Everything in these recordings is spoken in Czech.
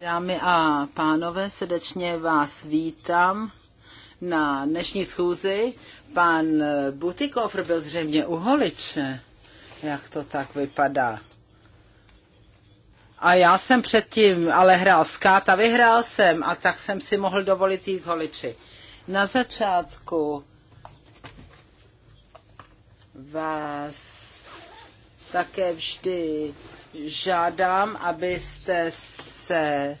Dámy a pánové, srdečně vás vítám na dnešní schůzi. Pan Butikofr byl zřejmě u holiče, jak to tak vypadá. A já jsem předtím ale hrál skát a vyhrál jsem a tak jsem si mohl dovolit jít k holiči. Na začátku vás také vždy žádám, abyste se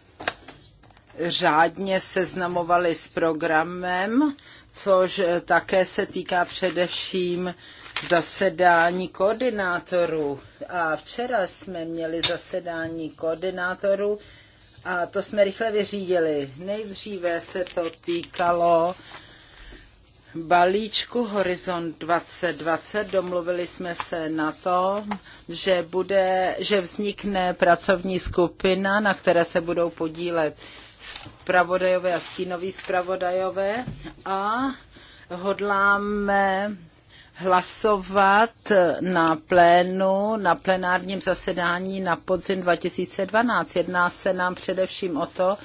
řádně seznamovali s programem, což také se týká především zasedání koordinátorů. A včera jsme měli zasedání koordinátorů a to jsme rychle vyřídili. Nejdříve se to týkalo balíčku Horizont 2020 domluvili jsme se na tom, že, bude, že vznikne pracovní skupina, na které se budou podílet zpravodajové a stínoví zpravodajové a hodláme hlasovat na plénu, na plenárním zasedání na podzim 2012. Jedná se nám především o to,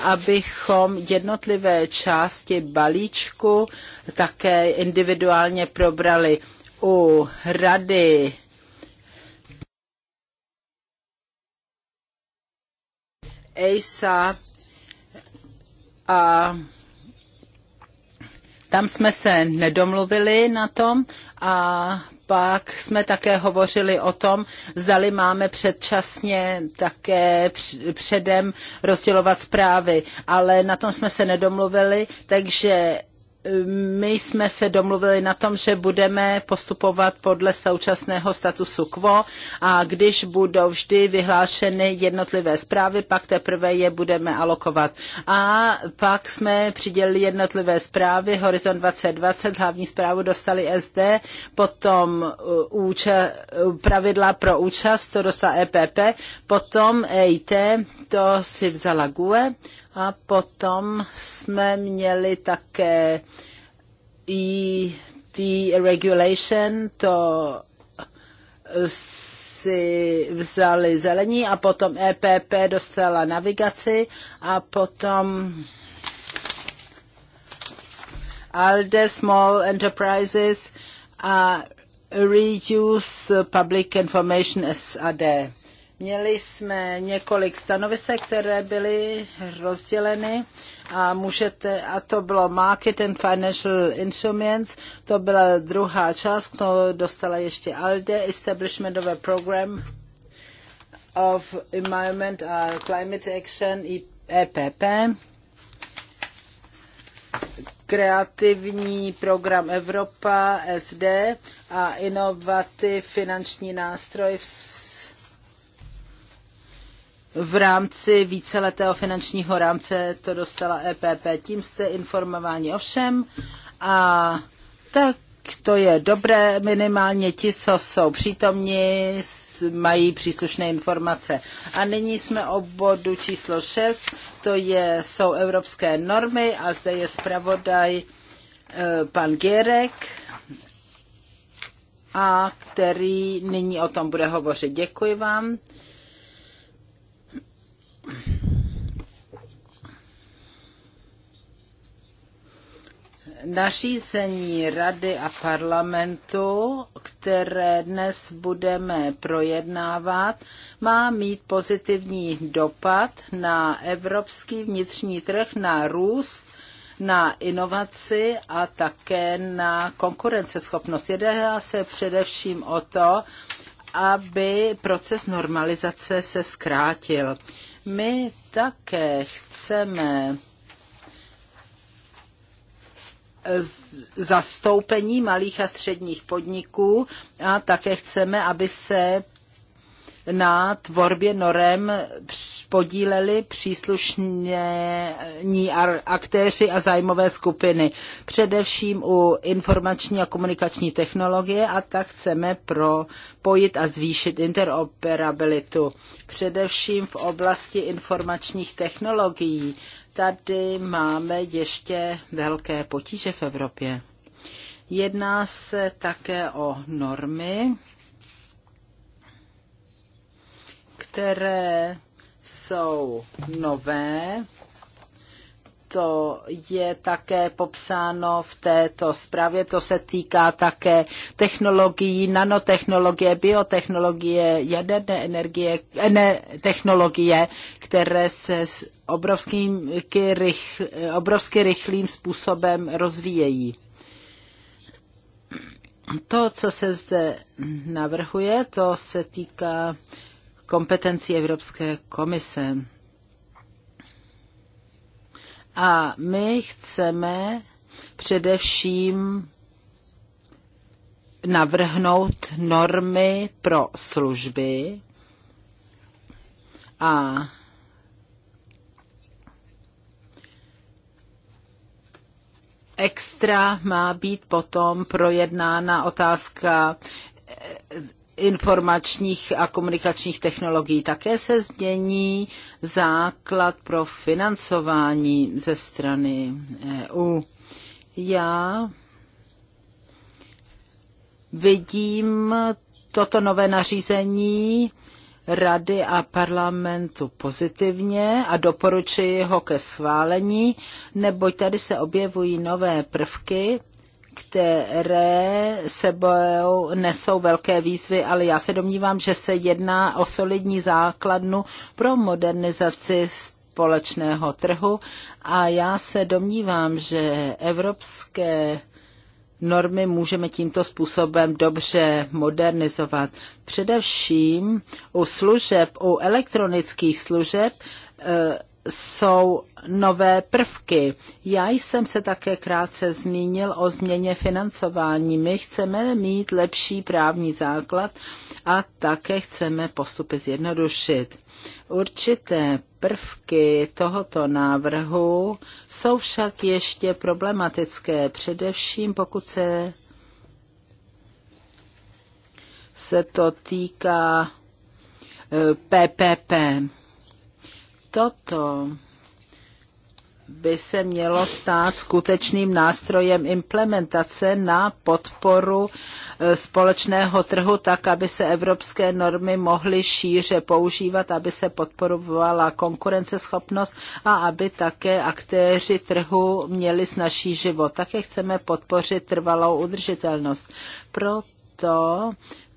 abychom jednotlivé části balíčku také individuálně probrali. U rady ASA a tam jsme se nedomluvili na tom a pak jsme také hovořili o tom, zdali máme předčasně také předem rozdělovat zprávy, ale na tom jsme se nedomluvili, takže my jsme se domluvili na tom, že budeme postupovat podle současného statusu quo a když budou vždy vyhlášeny jednotlivé zprávy, pak teprve je budeme alokovat. A pak jsme přidělili jednotlivé zprávy, Horizon 2020, hlavní zprávu dostali SD, potom uh, úča, uh, pravidla pro účast, to dostala EPP, potom EIT, to si vzala GUE a potom jsme měli také ET regulation, to si vzali zelení a potom EPP dostala navigaci a potom ALDE Small Enterprises a reduce Public Information SAD. Měli jsme několik stanovisek, které byly rozděleny a můžete, a to bylo Market and Financial Instruments, to byla druhá část, to dostala ještě ALDE, Establishmentové program of Environment a Climate Action EPP, kreativní program Evropa SD a inovativní finanční nástroj v v rámci víceletého finančního rámce to dostala EPP. Tím jste informováni o všem a tak to je dobré, minimálně ti, co jsou přítomní, mají příslušné informace. A nyní jsme o bodu číslo 6, to je, jsou evropské normy a zde je zpravodaj e, pan Gerek a který nyní o tom bude hovořit. Děkuji vám nařízení Rady a parlamentu, které dnes budeme projednávat, má mít pozitivní dopad na evropský vnitřní trh, na růst, na inovaci a také na konkurenceschopnost. Jedná se především o to, aby proces normalizace se zkrátil. My také chceme zastoupení malých a středních podniků a také chceme, aby se na tvorbě norem podíleli příslušní aktéři a zájmové skupiny, především u informační a komunikační technologie a tak chceme propojit a zvýšit interoperabilitu. Především v oblasti informačních technologií. Tady máme ještě velké potíže v Evropě. Jedná se také o normy, které jsou nové. To je také popsáno v této zprávě. To se týká také technologií, nanotechnologie, biotechnologie, jaderné energie, eh, ne, technologie, které se obrovským, rychl, eh, obrovsky rychlým způsobem rozvíjejí. To, co se zde navrhuje, to se týká kompetencí Evropské komise. A my chceme především navrhnout normy pro služby a extra má být potom projednána otázka informačních a komunikačních technologií. Také se změní základ pro financování ze strany EU. Já vidím toto nové nařízení Rady a parlamentu pozitivně a doporučuji ho ke schválení, neboť tady se objevují nové prvky, které sebou nesou velké výzvy, ale já se domnívám, že se jedná o solidní základnu pro modernizaci společného trhu a já se domnívám, že evropské normy můžeme tímto způsobem dobře modernizovat. Především u služeb, u elektronických služeb, eh, jsou nové prvky. Já jsem se také krátce zmínil o změně financování. My chceme mít lepší právní základ a také chceme postupy zjednodušit. Určité prvky tohoto návrhu jsou však ještě problematické, především pokud se, se to týká PPP eh, Toto by se mělo stát skutečným nástrojem implementace na podporu e, společného trhu, tak aby se evropské normy mohly šíře používat, aby se podporovala konkurenceschopnost a aby také aktéři trhu měli snažší život. Také chceme podpořit trvalou udržitelnost. Proto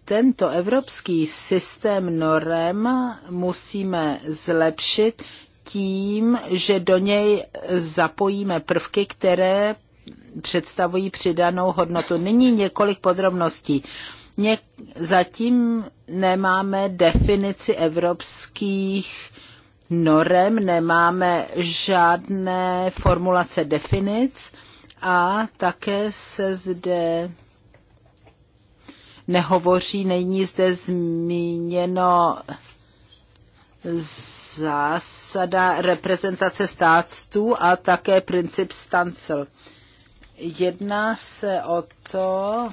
tento evropský systém norem musíme zlepšit tím, že do něj zapojíme prvky, které představují přidanou hodnotu. Nyní několik podrobností. Něk- zatím nemáme definici evropských norem, nemáme žádné formulace definic a také se zde nehovoří, není zde zmíněno zásada reprezentace států a také princip stancel. Jedná se o to,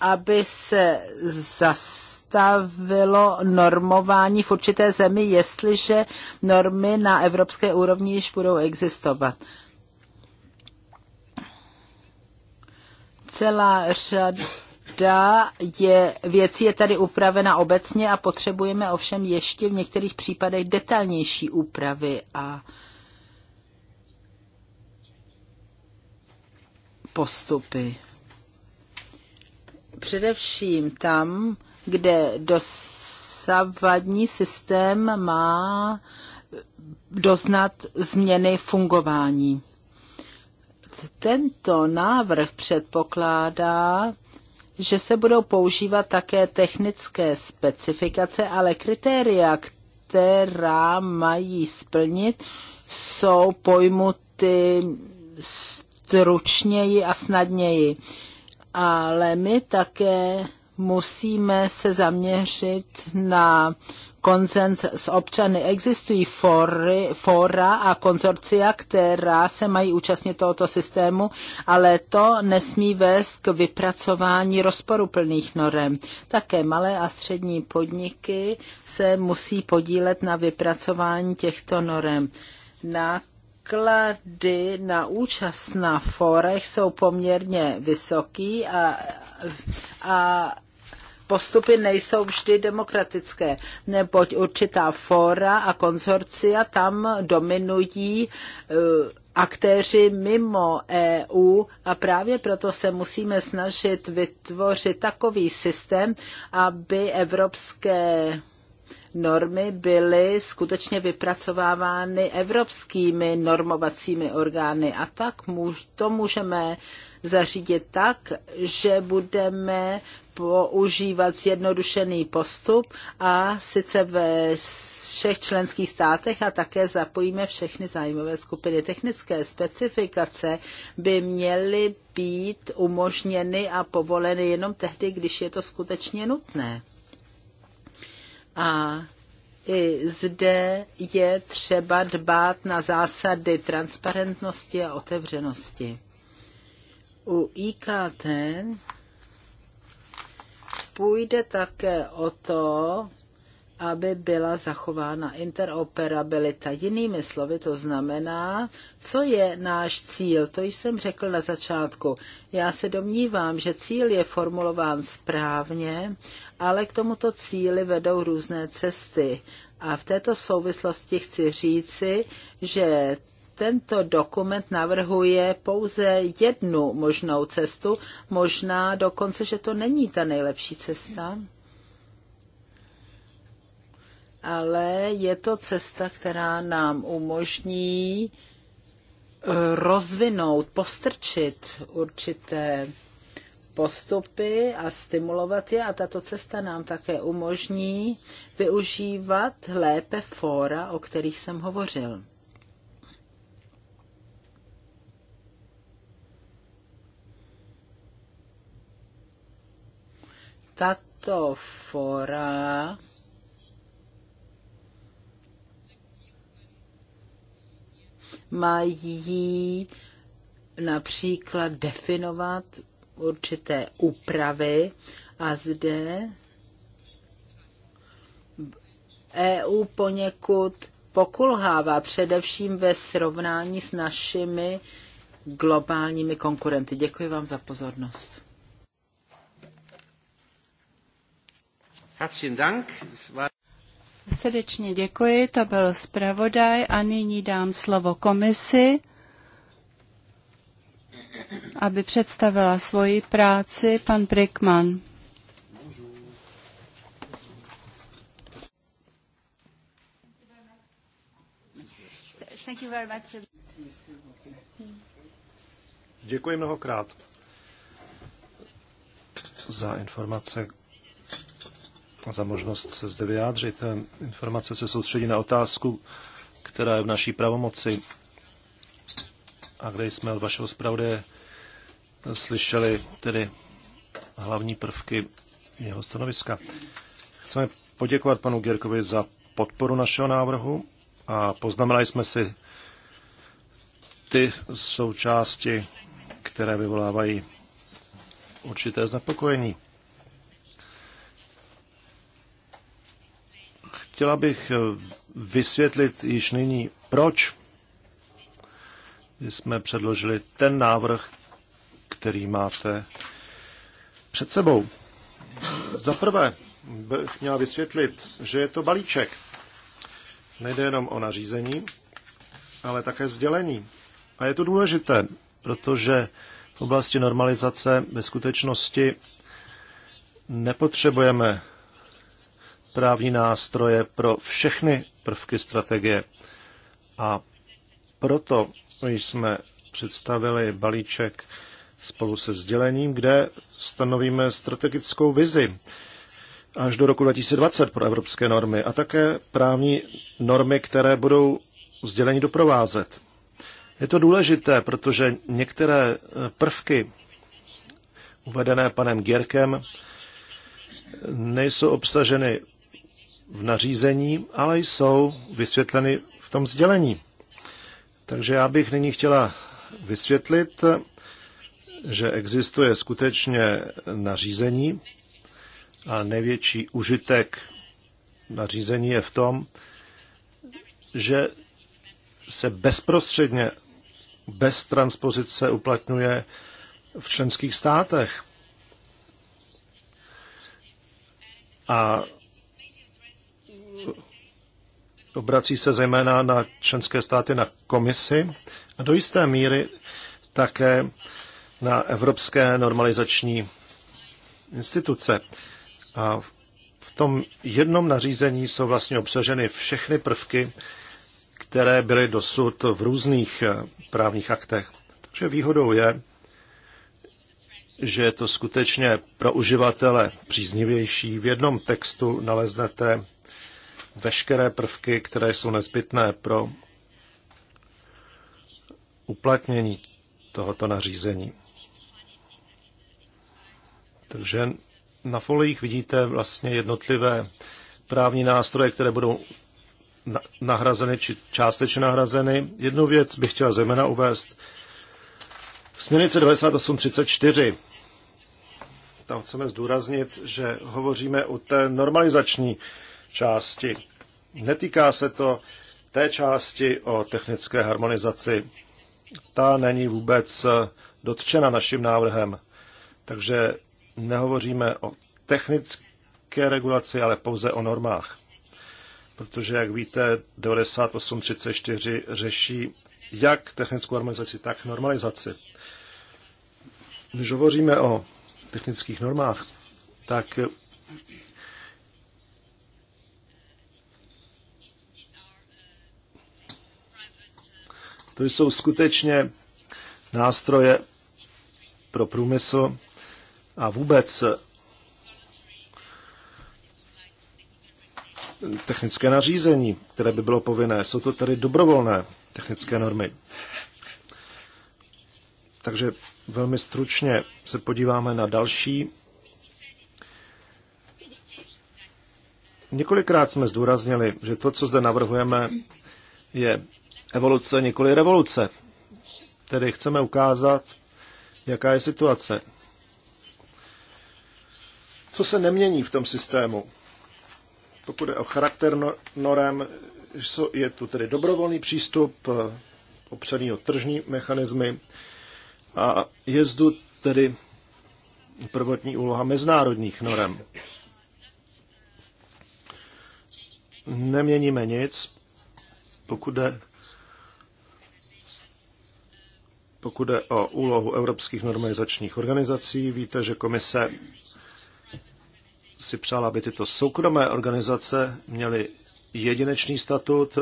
aby se zastavilo normování v určité zemi, jestliže normy na evropské úrovni již budou existovat. Celá řada Řada je, věc je tady upravena obecně a potřebujeme ovšem ještě v některých případech detailnější úpravy a postupy. Především tam, kde dosavadní systém má doznat změny fungování. Tento návrh předpokládá že se budou používat také technické specifikace, ale kritéria, která mají splnit, jsou pojmuty stručněji a snadněji. Ale my také musíme se zaměřit na konzens s občany. Existují fory, fora a konzorcia, která se mají účastnit tohoto systému, ale to nesmí vést k vypracování rozporuplných norem. Také malé a střední podniky se musí podílet na vypracování těchto norem. Na náklady na účast na forech jsou poměrně vysoký a, a postupy nejsou vždy demokratické, neboť určitá fóra a konzorcia tam dominují e, aktéři mimo EU a právě proto se musíme snažit vytvořit takový systém, aby evropské normy byly skutečně vypracovávány evropskými normovacími orgány. A tak to můžeme zařídit tak, že budeme používat zjednodušený postup a sice ve všech členských státech a také zapojíme všechny zájmové skupiny. Technické specifikace by měly být umožněny a povoleny jenom tehdy, když je to skutečně nutné. A i zde je třeba dbát na zásady transparentnosti a otevřenosti. U IKT půjde také o to, aby byla zachována interoperabilita. Jinými slovy to znamená, co je náš cíl. To jsem řekl na začátku. Já se domnívám, že cíl je formulován správně, ale k tomuto cíli vedou různé cesty. A v této souvislosti chci říci, že tento dokument navrhuje pouze jednu možnou cestu, možná dokonce, že to není ta nejlepší cesta, ale je to cesta, která nám umožní eh, rozvinout, postrčit určité postupy a stimulovat je a tato cesta nám také umožní využívat lépe fóra, o kterých jsem hovořil. tato fora mají například definovat určité úpravy a zde EU poněkud pokulhává především ve srovnání s našimi globálními konkurenty. Děkuji vám za pozornost. Srdečně děkuji, to byl zpravodaj a nyní dám slovo komisi, aby představila svoji práci pan Brickman. Děkuji mnohokrát za informace, za možnost se zde vyjádřit. Eh, Informace se soustředí na otázku, která je v naší pravomoci a kde jsme od vašeho zpravodaje slyšeli tedy hlavní prvky jeho stanoviska. Chceme poděkovat panu Gierkovi za podporu našeho návrhu a poznamenali jsme si ty součásti, které vyvolávají určité znepokojení. Chtěla bych eh, vysvětlit již nyní, proč jsme předložili ten návrh, který máte před sebou. Za prvé bych měla vysvětlit, že je to balíček. Nejde jenom o nařízení, ale také sdělení. A je to důležité, protože v oblasti normalizace ve skutečnosti nepotřebujeme právní nástroje pro všechny prvky strategie. A proto jsme představili balíček spolu se sdělením, kde stanovíme strategickou vizi až do roku 2020 pro evropské normy a také právní normy, které budou sdělení doprovázet. Je to důležité, protože některé eh, prvky uvedené panem Gierkem nejsou obsaženy v nařízení, ale jsou vysvětleny v tom sdělení. Takže já bych nyní chtěla vysvětlit, že existuje skutečně nařízení a největší užitek nařízení je v tom, že se bezprostředně bez transpozice uplatňuje v členských státech. A obrací se zejména na členské státy, na komisi a do jisté míry také na evropské normalizační instituce. A v tom jednom nařízení jsou vlastně obsaženy všechny prvky, které byly dosud v různých eh, právních aktech. Takže výhodou je, že je to skutečně pro uživatele příznivější. V jednom textu naleznete veškeré prvky, které jsou nezbytné pro uplatnění tohoto nařízení. Takže na foliích vidíte vlastně jednotlivé právní nástroje, které budou nahrazeny či částečně nahrazeny. Jednu věc bych chtěl zejména uvést. Směrnice 2834 Tam chceme zdůraznit, že hovoříme o té normalizační části Netýká se to té části o technické harmonizaci. Ta není vůbec eh, dotčena naším návrhem. Takže nehovoříme o technické regulaci, ale pouze o normách. Protože, jak víte, 9834 řeší jak technickou harmonizaci, tak normalizaci. Když hovoříme o technických normách, tak To jsou skutečně nástroje pro průmysl a vůbec eh, technické nařízení, které by bylo povinné. Jsou to tedy dobrovolné technické normy. Takže velmi stručně se podíváme na další. Několikrát jsme zdůraznili, že to, co zde navrhujeme, je evoluce, nikoli revoluce. Tedy chceme ukázat, jaká je situace. Co se nemění v tom systému? Pokud je o charakter no- norem, je tu tedy dobrovolný přístup, eh, opřený o tržní mechanismy a je zdu tedy prvotní úloha mezinárodních norem. Neměníme nic, pokud jde Pokud je o úlohu evropských normalizačních organizací, víte, že komise si přála, aby tyto soukromé organizace měly jedinečný statut,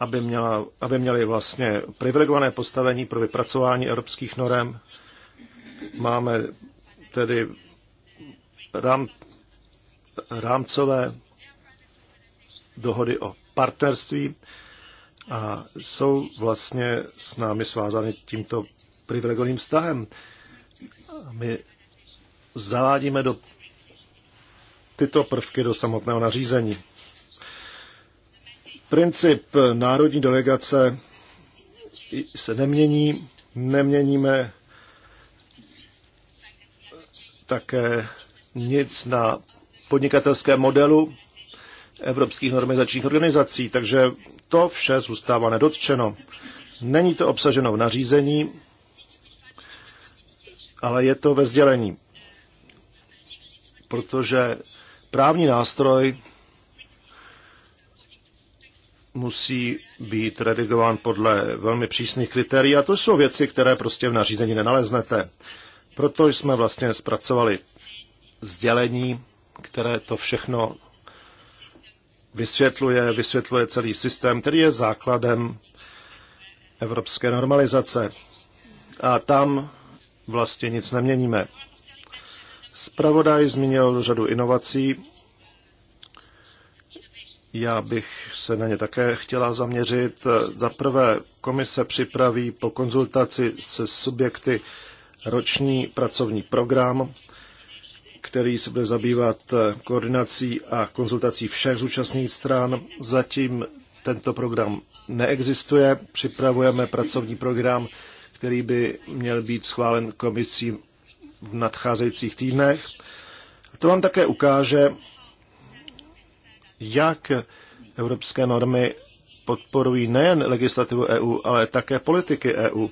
aby, měla, aby měly vlastně privilegované postavení pro vypracování evropských norem. Máme tedy rám, rámcové dohody o partnerství a jsou vlastně s námi svázány tímto privilegovaným vztahem. My zavádíme do tyto prvky do samotného nařízení. Princip národní delegace se nemění, neměníme také nic na podnikatelském modelu evropských normalizačních organizací, takže to vše zůstává nedotčeno. Není to obsaženo v nařízení, ale je to ve sdělení. Protože právní nástroj musí být redigován podle velmi přísných kritérií a to jsou věci, které prostě v nařízení nenaleznete. Proto jsme vlastně zpracovali sdělení, které to všechno vysvětluje, vysvětluje celý systém, který je základem evropské normalizace. A tam vlastně nic neměníme. Spravodaj zmínil řadu inovací. Já bych se na ně také chtěla zaměřit. Za prvé, komise připraví po konzultaci se subjekty roční pracovní program, který se bude zabývat eh, koordinací a konzultací všech zúčastněných stran. Zatím tento program neexistuje. Připravujeme pracovní program, který by měl být schválen komisí v nadcházejících týdnech. A to vám také ukáže, jak evropské normy podporují nejen legislativu EU, ale také politiky EU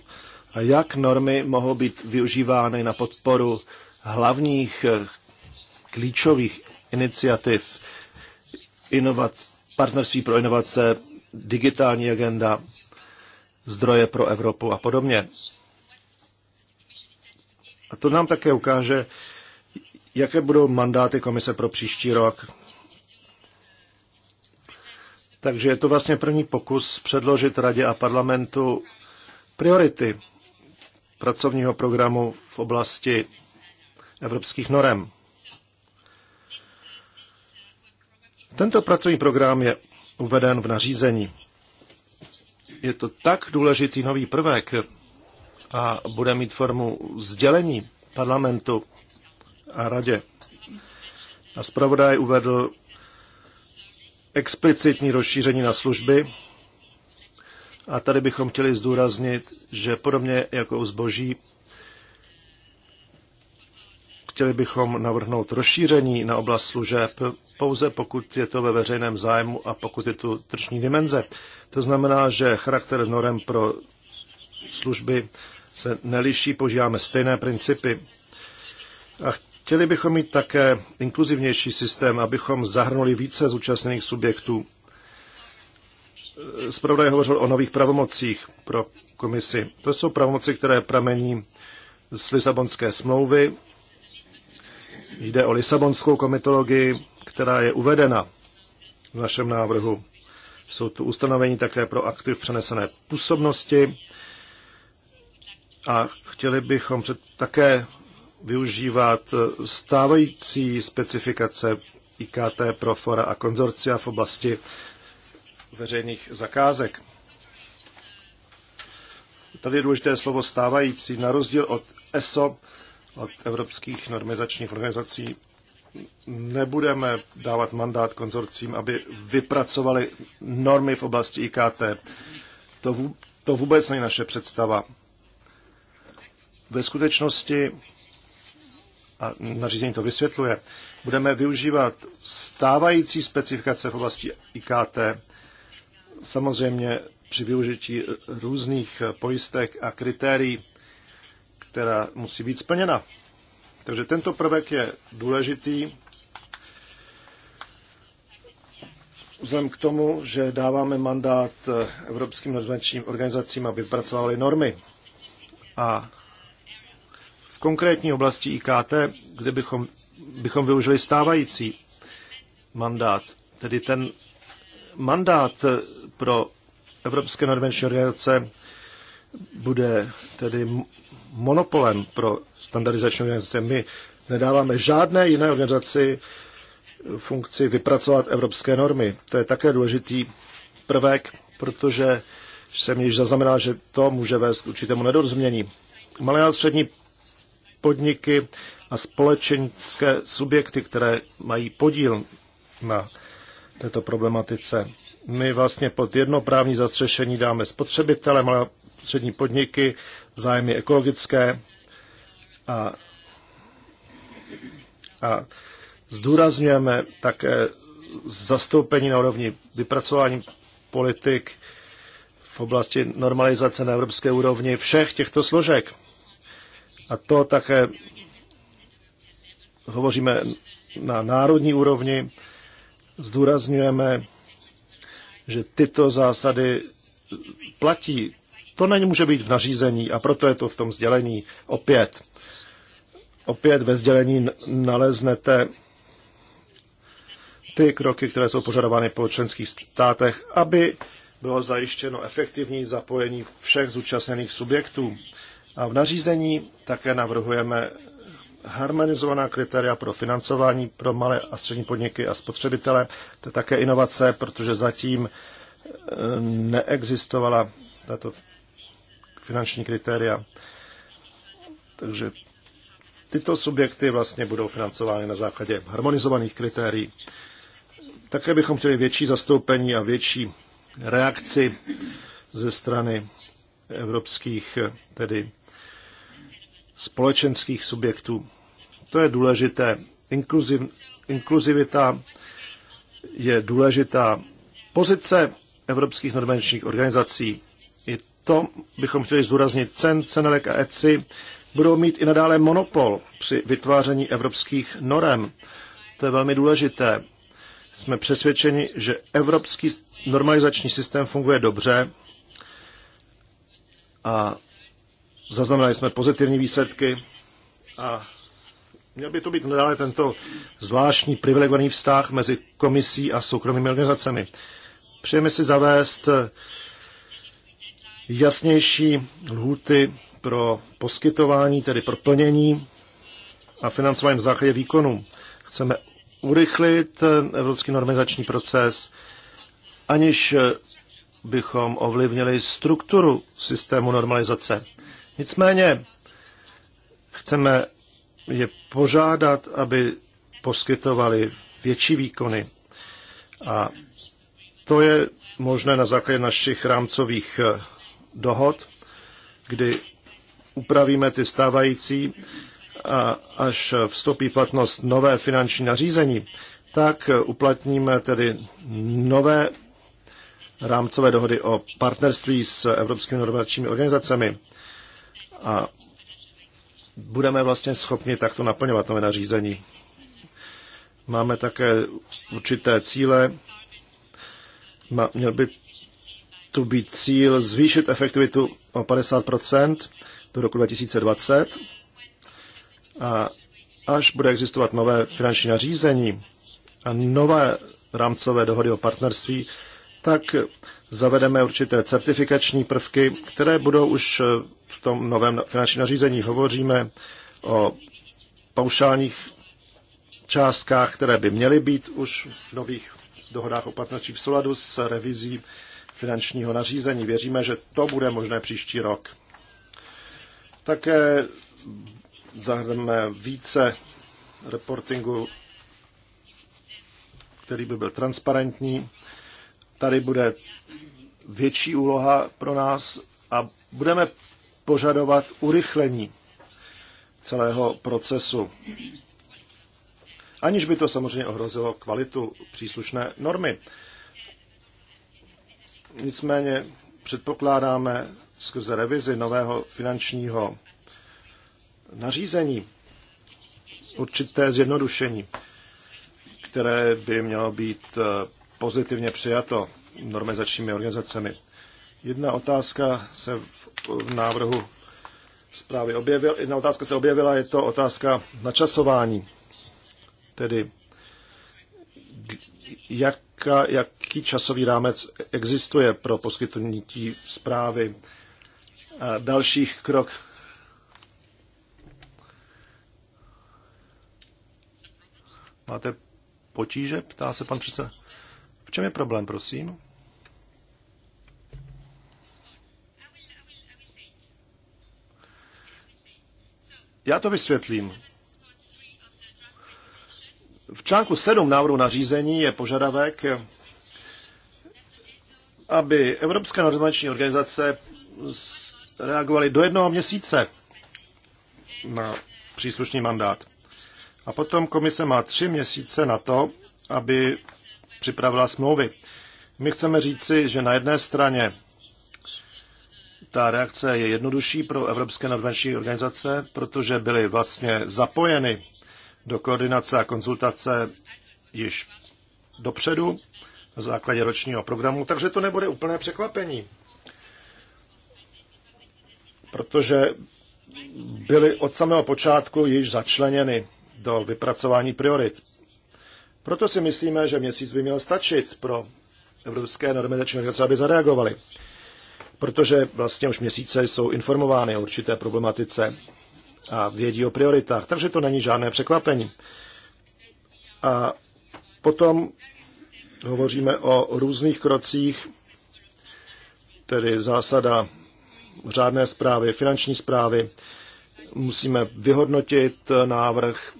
a jak normy mohou být využívány na podporu hlavních eh, klíčových iniciativ inovac, partnerství pro inovace, digitální agenda, zdroje pro Evropu a podobně. A to nám také ukáže, jaké budou mandáty komise pro příští rok. Takže je to vlastně první pokus předložit radě a parlamentu priority pracovního programu v oblasti evropských norem. Tento pracovní program je uveden v nařízení. Je to tak důležitý nový prvek a bude mít formu sdělení parlamentu a radě. A zpravodaj uvedl explicitní rozšíření na služby. A tady bychom chtěli zdůraznit, že podobně jako u zboží, chtěli bychom navrhnout rozšíření na oblast služeb pouze pokud je to ve veřejném zájmu a pokud je tu tržní dimenze. To znamená, že charakter norem pro služby se neliší, požíváme stejné principy. A chtěli bychom mít také inkluzivnější systém, abychom zahrnuli více zúčastněných subjektů. Zpravodaj hovořil o nových pravomocích pro komisi. To jsou pravomoci, které pramení z Lisabonské smlouvy. Jde o Lisabonskou komitologii která je uvedena v našem návrhu. Jsou tu ustanovení také pro aktiv přenesené působnosti a chtěli bychom před, také využívat stávající specifikace IKT pro fora a konzorcia v oblasti veřejných zakázek. Tady je důležité slovo stávající. Na rozdíl od ESO, od evropských normizačních organizací, nebudeme dávat mandát konzorcím, aby vypracovali normy v oblasti IKT. To, v, to vůbec není naše představa. Ve skutečnosti, a nařízení to vysvětluje, budeme využívat stávající specifikace v oblasti IKT, samozřejmě při využití různých pojistek a kritérií, která musí být splněna takže tento prvek je důležitý vzhledem k tomu, že dáváme mandát eh, evropským normačním organizacím, aby vypracovali normy. A v konkrétní oblasti IKT, kde bychom, bychom využili stávající mandát, tedy ten mandát eh, pro evropské normenční organizace bude tedy monopolem pro standardizační organizace. My nedáváme žádné jiné organizaci funkci vypracovat evropské normy. To je také důležitý prvek, protože jsem již zaznamenal, že to může vést k určitému nedorozumění. Malé a střední podniky a společenské subjekty, které mají podíl na této problematice. My vlastně pod jedno právní zastřešení dáme spotřebitele, malé střední podniky, zájmy ekologické a, a zdůrazňujeme také zastoupení na úrovni vypracování politik v oblasti normalizace na evropské úrovni všech těchto složek. A to také hovoříme na národní úrovni, zdůrazňujeme, že tyto zásady platí to není může být v nařízení a proto je to v tom sdělení. Opět, opět ve sdělení naleznete ty kroky, které jsou požadovány po členských státech, aby bylo zajištěno efektivní zapojení všech zúčastněných subjektů. A v nařízení také navrhujeme harmonizovaná kritéria pro financování pro malé a střední podniky a spotřebitele. To je také inovace, protože zatím e, neexistovala tato finanční kritéria. Takže tyto subjekty vlastně budou financovány na základě harmonizovaných kritérií. Také bychom chtěli větší zastoupení a větší reakci ze strany evropských, tedy společenských subjektů. To je důležité. Inkluziv, inkluzivita je důležitá. Pozice evropských normačních organizací to bychom chtěli zúraznit. Cen, Cenelek a ECI budou mít i nadále monopol při vytváření evropských norem. To je velmi důležité. Jsme přesvědčeni, že evropský normalizační systém funguje dobře a zaznamenali jsme pozitivní výsledky a měl by to být nadále tento zvláštní privilegovaný vztah mezi komisí a soukromými organizacemi. Přejeme si zavést jasnější lhuty pro poskytování, tedy pro plnění a financování v základě výkonu. Chceme urychlit evropský normalizační proces, aniž bychom ovlivnili strukturu systému normalizace. Nicméně chceme je požádat, aby poskytovali větší výkony. A to je možné na základě našich rámcových dohod, kdy upravíme ty stávající a až vstoupí platnost nové finanční nařízení, tak uplatníme tedy nové rámcové dohody o partnerství s evropskými normačními organizacemi a budeme vlastně schopni takto naplňovat nové nařízení. Máme také určité cíle. Měl by to být cíl zvýšit efektivitu o 50 do roku 2020 a až bude existovat nové finanční nařízení a nové rámcové dohody o partnerství, tak zavedeme určité certifikační prvky, které budou už v tom novém finančním nařízení. Hovoříme o paušálních částkách, které by měly být už v nových dohodách o partnerství v souladu s revizí finančního nařízení. Věříme, že to bude možné příští rok. Také zahrneme více reportingu, který by byl transparentní. Tady bude větší úloha pro nás a budeme požadovat urychlení celého procesu. Aniž by to samozřejmě ohrozilo kvalitu příslušné normy. Nicméně předpokládáme skrze revizi nového finančního nařízení určité zjednodušení, které by mělo být eh, pozitivně přijato normalizačními organizacemi. Jedna otázka se v, návrhu zprávy objevila, jedna otázka se objevila, je to otázka načasování, tedy jak, jaký časový rámec existuje pro poskytnutí zprávy a dalších krok. Máte potíže? Ptá se pan předseda. V čem je problém, prosím? Já to vysvětlím. V článku 7 návrhu nařízení je požadavek, aby Evropská normační organizace reagovaly do jednoho měsíce na příslušný mandát. A potom komise má tři měsíce na to, aby připravila smlouvy. My chceme říci, že na jedné straně ta reakce je jednodušší pro evropské nadvenční organizace, protože byly vlastně zapojeny do koordinace a konzultace již dopředu na základě ročního programu, takže to nebude úplné překvapení. Protože byly od samého počátku již začleněny do vypracování priorit. Proto si myslíme, že měsíc by měl stačit pro evropské normalizační organizace, aby zareagovali, Protože vlastně už měsíce jsou informovány o určité problematice a vědí o prioritách, takže to není žádné překvapení. A potom hovoříme o různých krocích, tedy zásada řádné zprávy, finanční zprávy. Musíme vyhodnotit návrh,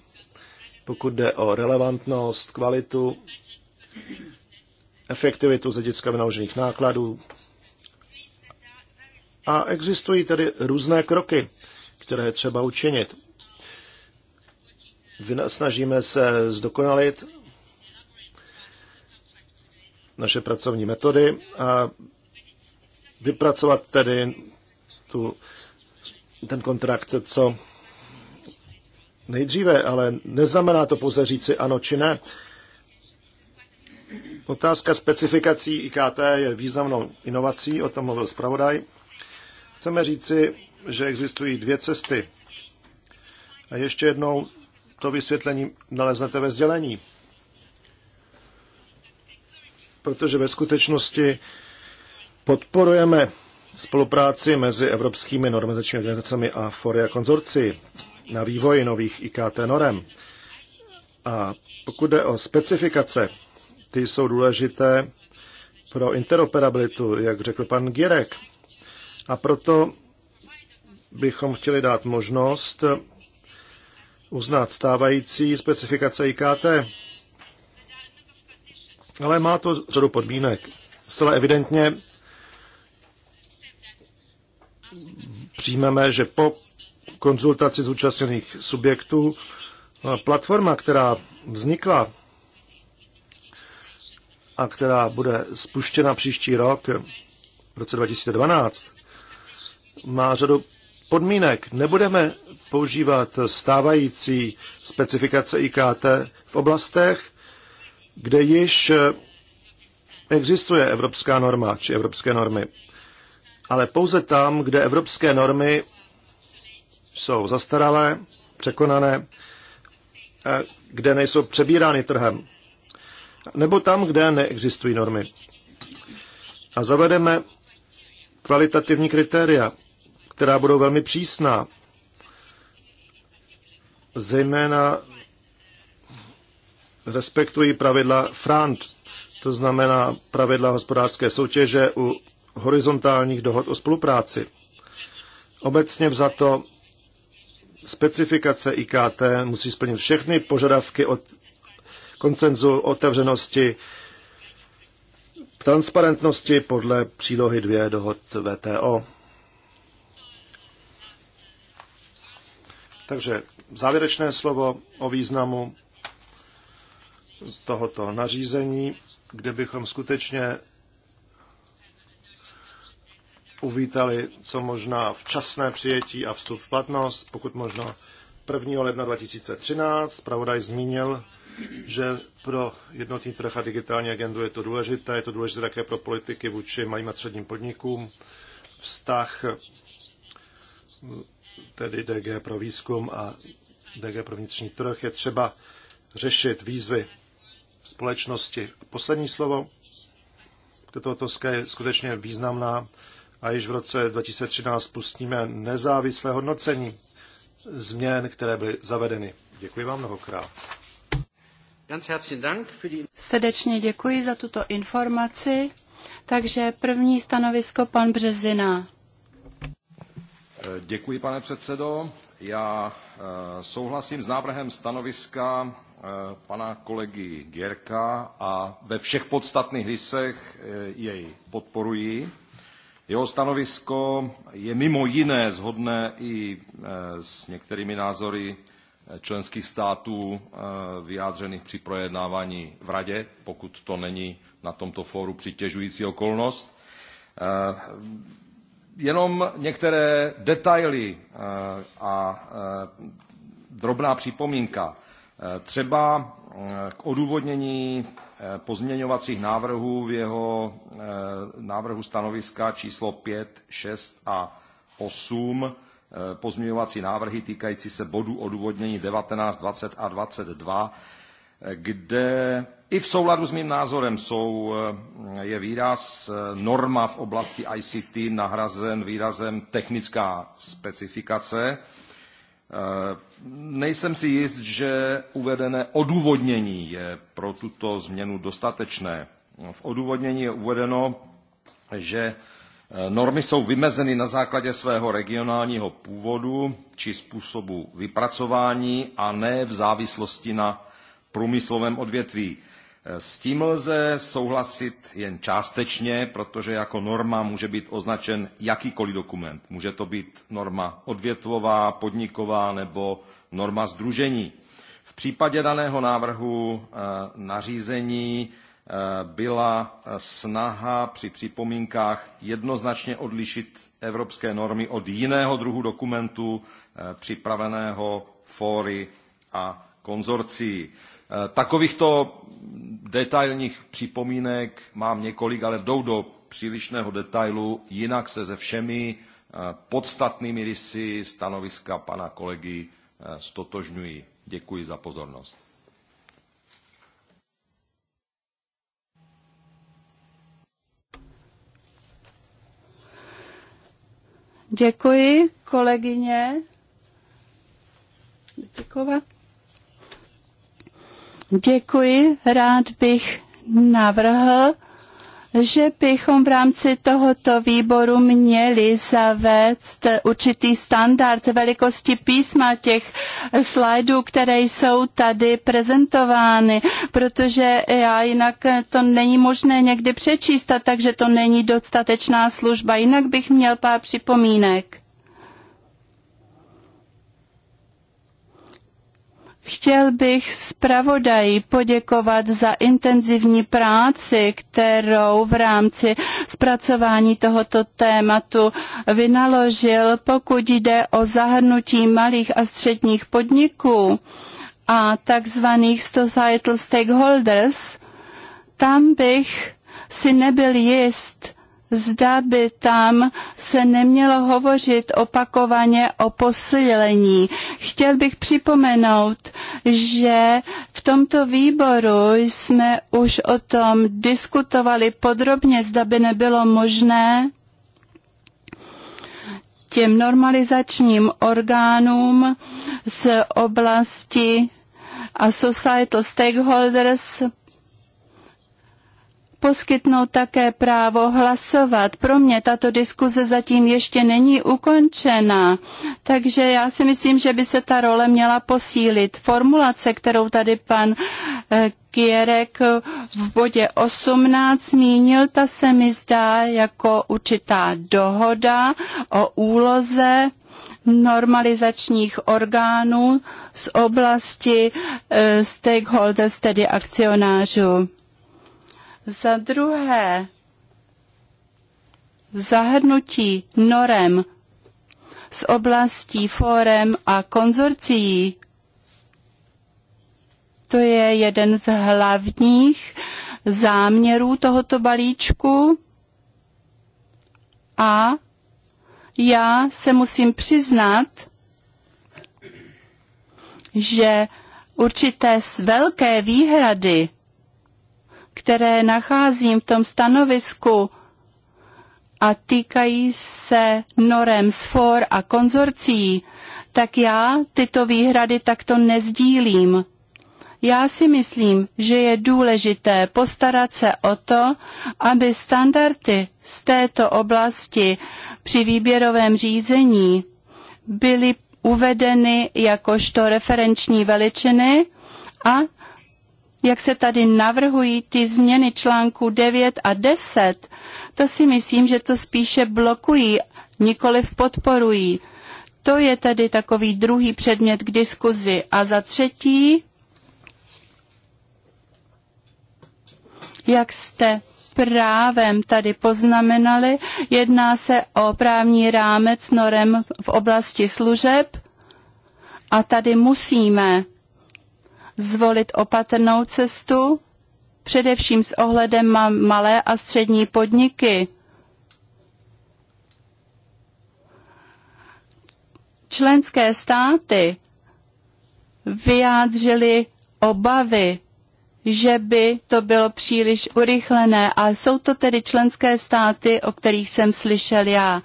pokud jde o relevantnost, kvalitu, efektivitu z hlediska vynaložených nákladů. A existují tedy různé kroky, které je třeba učinit. Snažíme se zdokonalit naše pracovní metody a vypracovat tedy tu, ten kontrakt co nejdříve, ale neznamená to pouze říci ano či ne. Otázka specifikací IKT je významnou inovací, o tom mluvil zpravodaj. Chceme říci, že existují dvě cesty. A ještě jednou to vysvětlení naleznete ve sdělení. Protože ve skutečnosti podporujeme spolupráci mezi evropskými normalizačními organizacemi a a konzorci na vývoji nových IKT norem. A pokud jde o specifikace, ty jsou důležité pro interoperabilitu, jak řekl pan Girek. A proto bychom chtěli dát možnost uznat stávající specifikace IKT. Ale má to řadu podmínek. Zcela evidentně přijmeme, že po konzultaci zúčastněných subjektů platforma, která vznikla a která bude spuštěna příští rok, v roce 2012, má řadu podmínek nebudeme používat stávající specifikace IKT v oblastech, kde již existuje evropská norma či evropské normy, ale pouze tam, kde evropské normy jsou zastaralé, překonané, kde nejsou přebírány trhem, nebo tam, kde neexistují normy. A zavedeme kvalitativní kritéria, která budou velmi přísná. Zejména respektují pravidla FRANT, to znamená pravidla hospodářské soutěže u horizontálních dohod o spolupráci. Obecně vzato specifikace IKT musí splnit všechny požadavky od koncenzu otevřenosti, transparentnosti podle přílohy 2 dohod VTO. Takže závěrečné slovo o významu tohoto nařízení, kde bychom skutečně uvítali co možná včasné přijetí a vstup v platnost, pokud možno 1. ledna 2013. Pravodaj zmínil, že pro jednotný trh a digitální agendu je to důležité. Je to důležité také pro politiky vůči malým a středním podnikům. Vztah tedy DG pro výzkum a DG pro vnitřní trh, je třeba řešit výzvy společnosti. Poslední slovo Toto této je skutečně významná a již v roce 2013 spustíme nezávislé hodnocení změn, které byly zavedeny. Děkuji vám mnohokrát. Srdečně děkuji za tuto informaci. Takže první stanovisko pan Březina Eh, děkuji, pane předsedo. Já eh, souhlasím s návrhem stanoviska eh, pana kolegy Gierka a ve všech podstatných rysech jej podporuji. Jeho stanovisko je mimo jiné zhodné i s některými názory členských států vyjádřených při projednávání v Radě, pokud to není na tomto fóru přitěžující okolnost. Jenom některé detaily eh, a eh, drobná připomínka. Eh, třeba k odůvodnění pozměňovacích návrhů v jeho návrhu stanoviska číslo 5, 6 a 8, pozměňovací návrhy týkající se bodů odůvodnění 19, 20 a 22, kde i v souladu s mým názorem jsou, eh, je výraz eh, norma v oblasti ICT nahrazen výrazem technická specifikace. Eh, nejsem si jist, že uvedené odůvodnění je pro tuto změnu dostatečné. V odůvodnění je uvedeno, že normy jsou vymezeny na základě svého regionálního původu či způsobu vypracování a ne v závislosti na průmyslovém odvětví. S tím lze souhlasit jen částečně, protože jako norma může být označen jakýkoliv dokument. Může to být norma odvětvová, podniková nebo norma združení. V případě daného návrhu eh, nařízení eh, byla eh, snaha při připomínkách jednoznačně odlišit evropské normy od jiného druhu dokumentu připraveného fóry a konzorcií. Takovýchto detailních připomínek mám několik, ale jdou do přílišného detailu, jinak se se všemi eh, podstatnými rysy stanoviska pana kolegy eh, stotožňuji. Děkuji za pozornost. Děkuji, kolegyně. Děkovat. Děkuji, rád bych navrhl, že bychom v rámci tohoto výboru měli zavést určitý standard velikosti písma těch slajdů, které jsou tady prezentovány, protože já jinak to není možné někdy přečíst, takže to není dostatečná služba. Jinak bych měl pár připomínek. Chtěl bych zpravodaji poděkovat za intenzivní práci, kterou v rámci zpracování tohoto tématu vynaložil, pokud jde o zahrnutí malých a středních podniků a takzvaných societal stakeholders. Tam bych si nebyl jist, zda by tam se nemělo hovořit opakovaně o posílení. Chtěl bych připomenout, že v tomto výboru jsme už o tom diskutovali podrobně, zda by nebylo možné těm normalizačním orgánům z oblasti a societal stakeholders poskytnout také právo hlasovat. Pro mě tato diskuze zatím ještě není ukončena, takže já si myslím, že by se ta role měla posílit. Formulace, kterou tady pan eh, Kierek v bodě 18 zmínil, ta se mi zdá jako určitá dohoda o úloze normalizačních orgánů z oblasti eh, stakeholders, tedy akcionářů. Za druhé, zahrnutí norem z oblastí fórem a konzorcií. To je jeden z hlavních záměrů tohoto balíčku a já se musím přiznat, že určité velké výhrady které nacházím v tom stanovisku a týkají se norem sfor a konzorcí, tak já tyto výhrady takto nezdílím. Já si myslím, že je důležité postarat se o to, aby standardy z této oblasti při výběrovém řízení byly uvedeny jakožto referenční veličiny a jak se tady navrhují ty změny článku 9 a 10, to si myslím, že to spíše blokují, nikoliv podporují. To je tedy takový druhý předmět k diskuzi. A za třetí, jak jste právem tady poznamenali, jedná se o právní rámec norem v oblasti služeb a tady musíme zvolit opatrnou cestu, především s ohledem na malé a střední podniky. Členské státy vyjádřily obavy, že by to bylo příliš urychlené a jsou to tedy členské státy, o kterých jsem slyšel já.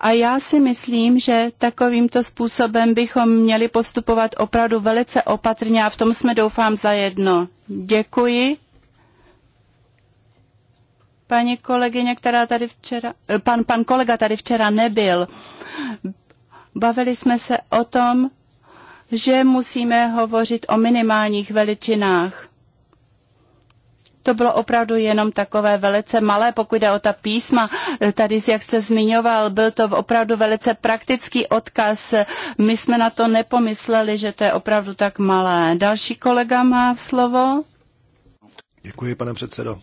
A já si myslím, že takovýmto způsobem bychom měli postupovat opravdu velice opatrně a v tom jsme doufám zajedno. Děkuji. Paní kolegyně, která tady včera, eh, pan, pan kolega tady včera nebyl, bavili jsme se o tom, že musíme hovořit o minimálních veličinách to bylo opravdu jenom takové velice malé, pokud jde o ta písma. E, tady, jak jste zmiňoval, byl to opravdu velice praktický odkaz. My jsme na to nepomysleli, že to je opravdu tak malé. Další kolega má v slovo. Děkuji, pane předsedo.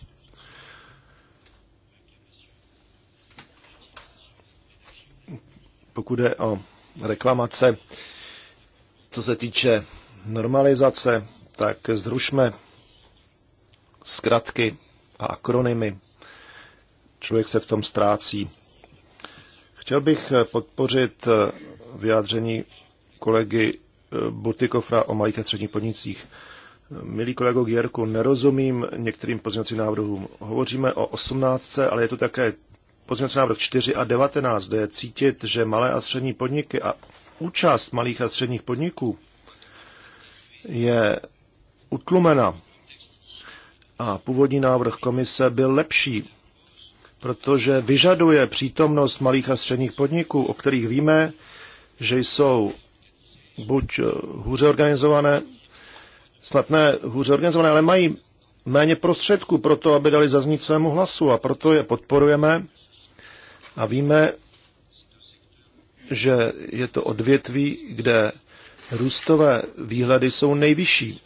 Pokud jde o reklamace, co se týče normalizace, tak zrušme zkratky a akronymy. Člověk se v tom ztrácí. Chtěl bych eh, podpořit eh, vyjádření kolegy eh, Butikofra o malých a středních podnicích. Milý kolego Gierku, nerozumím některým pozměňovacím návrhům. Hovoříme o 18, ale je to také pozměňovací návrh 4 a 19, kde je cítit, že malé a střední podniky a účast malých a středních podniků je utlumena a původní návrh komise byl lepší, protože vyžaduje přítomnost malých a středních podniků, o kterých víme, že jsou buď eh, hůře organizované, snad ne hůře organizované, ale mají méně prostředků pro to, aby dali zaznít svému hlasu a proto je podporujeme a víme, že je to odvětví, kde růstové výhledy jsou nejvyšší.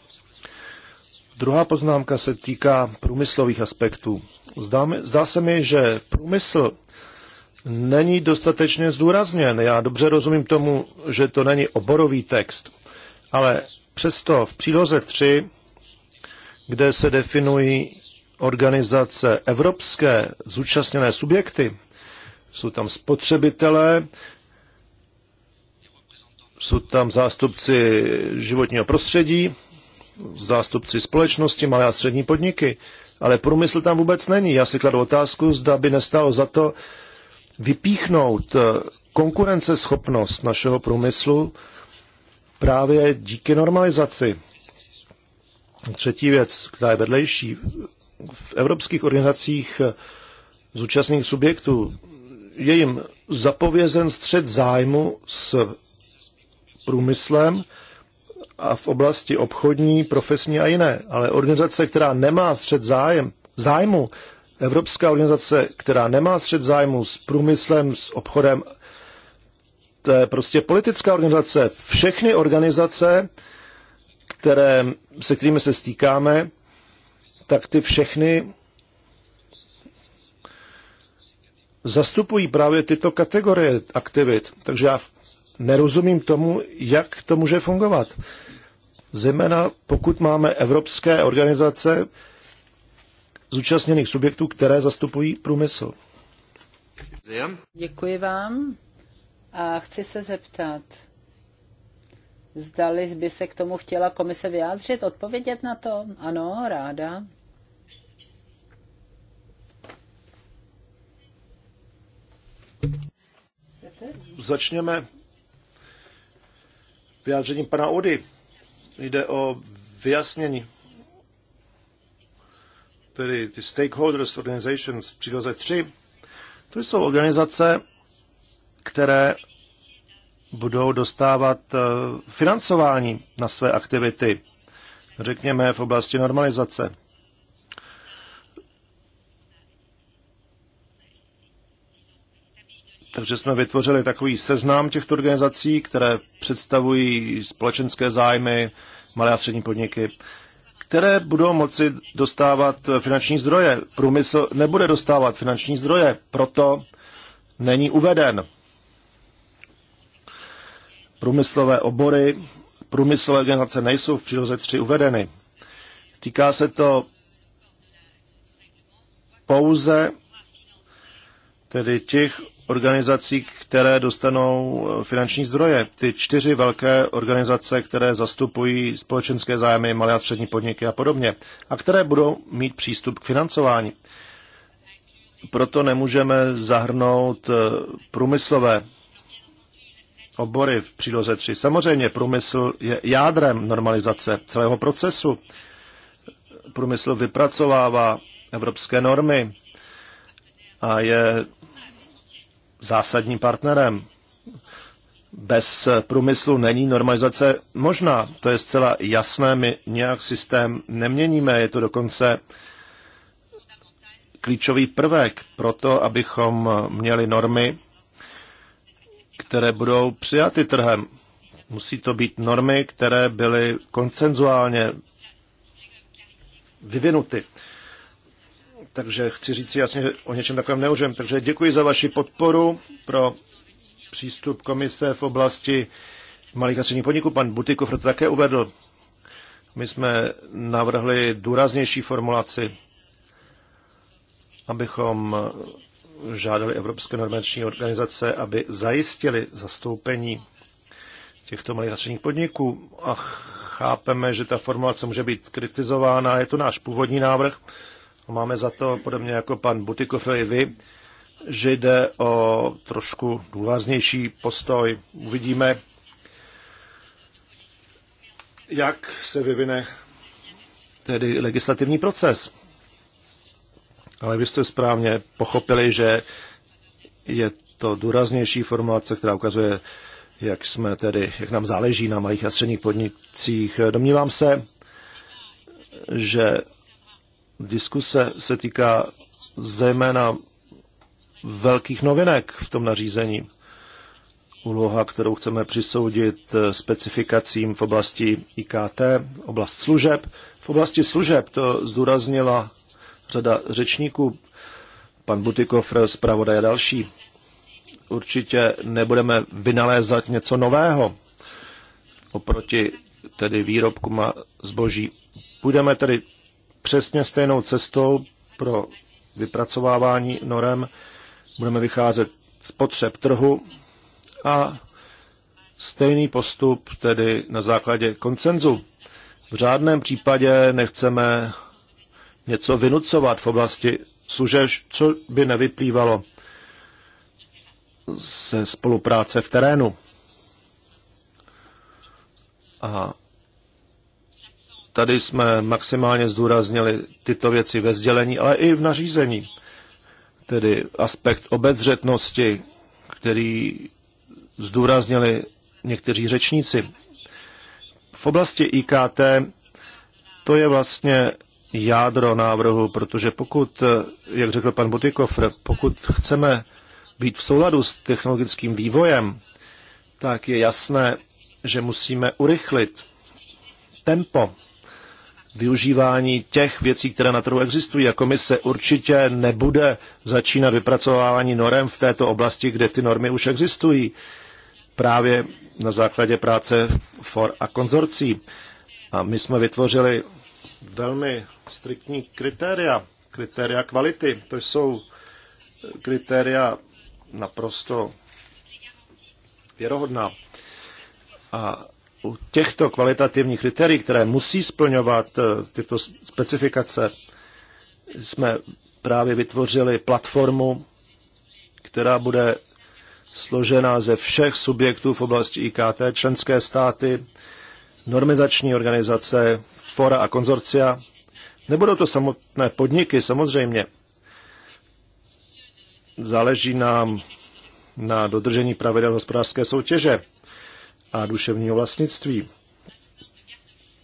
Druhá poznámka se týká průmyslových aspektů. Zdá, mi, zdá se mi, že průmysl není dostatečně zdůrazněn. Já dobře rozumím tomu, že to není oborový text, ale přesto v příloze 3, kde se definují organizace evropské zúčastněné subjekty, jsou tam spotřebitelé, jsou tam zástupci životního prostředí, zástupci společnosti, malé a střední podniky, ale průmysl tam vůbec není. Já si kladu otázku, zda by nestálo za to vypíchnout eh, konkurenceschopnost našeho průmyslu právě díky normalizaci. Třetí věc, která je vedlejší, v evropských organizacích eh, zúčastných subjektů je jim zapovězen střed zájmu s průmyslem a v oblasti obchodní, profesní a jiné. Ale organizace, která nemá střed zájem, zájmu, evropská organizace, která nemá střed zájmu s průmyslem, s obchodem, to je prostě politická organizace. Všechny organizace, které, se kterými se stýkáme, tak ty všechny zastupují právě tyto kategorie aktivit. Takže já nerozumím tomu, jak to může fungovat zejména pokud máme evropské organizace zúčastněných subjektů, které zastupují průmysl. Děkuji vám a chci se zeptat, zdali by se k tomu chtěla komise vyjádřit, odpovědět na to? Ano, ráda. Začněme vyjádřením pana Ody jde o vyjasnění. Tedy ty stakeholders organizations v příloze 3, to jsou organizace, které budou dostávat eh, financování na své aktivity, řekněme v oblasti normalizace. Takže jsme vytvořili takový seznam těchto organizací, které představují společenské zájmy, malé a střední podniky, které budou moci dostávat finanční zdroje. Průmysl nebude dostávat finanční zdroje, proto není uveden. Průmyslové obory, průmyslové organizace nejsou v příloze 3 uvedeny. Týká se to pouze tedy těch organizací, které dostanou eh, finanční zdroje. Ty čtyři velké organizace, které zastupují společenské zájmy, malé a střední podniky a podobně, a které budou mít přístup k financování. Proto nemůžeme zahrnout eh, průmyslové obory v příloze 3. Samozřejmě průmysl je jádrem normalizace celého procesu. Průmysl vypracovává evropské normy a je zásadním partnerem. Bez průmyslu není normalizace možná. To je zcela jasné, my nějak systém neměníme, je to dokonce klíčový prvek pro to, abychom měli normy, které budou přijaty trhem. Musí to být normy, které byly koncenzuálně vyvinuty. Takže chci říct si jasně, že o něčem takovém neužijeme. Takže děkuji za vaši podporu pro přístup komise v oblasti malých a středních podniků. Pan Butikov to také uvedl. My jsme navrhli důraznější formulaci, abychom žádali Evropské normační organizace, aby zajistili zastoupení těchto malých a středních podniků. A chápeme, že ta formulace může být kritizována. Je to náš původní návrh a máme za to, podobně jako pan Butikov i vy, že jde o trošku důraznější postoj. Uvidíme, jak se vyvine tedy legislativní proces. Ale vy jste správně pochopili, že je to důraznější formulace, která ukazuje, jak jsme tedy, jak nám záleží na malých a středních podnicích. Domnívám se, že diskuse se týká zejména velkých novinek v tom nařízení. Úloha, kterou chceme přisoudit specifikacím v oblasti IKT, oblast služeb. V oblasti služeb to zdůraznila řada řečníků, pan Butikov, zpravodaj a další. Určitě nebudeme vynalézat něco nového oproti tedy výrobku a zboží. Budeme tedy přesně stejnou cestou pro vypracovávání norem. Budeme vycházet z potřeb trhu a stejný postup, tedy na základě koncenzu. V žádném případě nechceme něco vynucovat v oblasti služeb, co by nevyplývalo ze spolupráce v terénu. A Tady jsme maximálně zdůraznili tyto věci ve sdělení, ale i v nařízení. Tedy aspekt obezřetnosti, který zdůraznili někteří řečníci. V oblasti IKT to je vlastně jádro návrhu, protože pokud, jak řekl pan Butikofr, pokud chceme být v souladu s technologickým vývojem, tak je jasné, že musíme urychlit tempo využívání těch věcí, které na trhu existují. A komise určitě nebude začínat vypracovávání norem v této oblasti, kde ty normy už existují, právě na základě práce for a konzorcí. A my jsme vytvořili velmi striktní kritéria, kritéria kvality. To jsou kritéria naprosto věrohodná. A u těchto kvalitativních kritérií, které musí splňovat eh, tyto specifikace, jsme právě vytvořili platformu, která bude složena ze všech subjektů v oblasti IKT, členské státy, normizační organizace, fora a konzorcia. Nebudou to samotné podniky, samozřejmě. Záleží nám na dodržení pravidel hospodářské soutěže a duševního vlastnictví.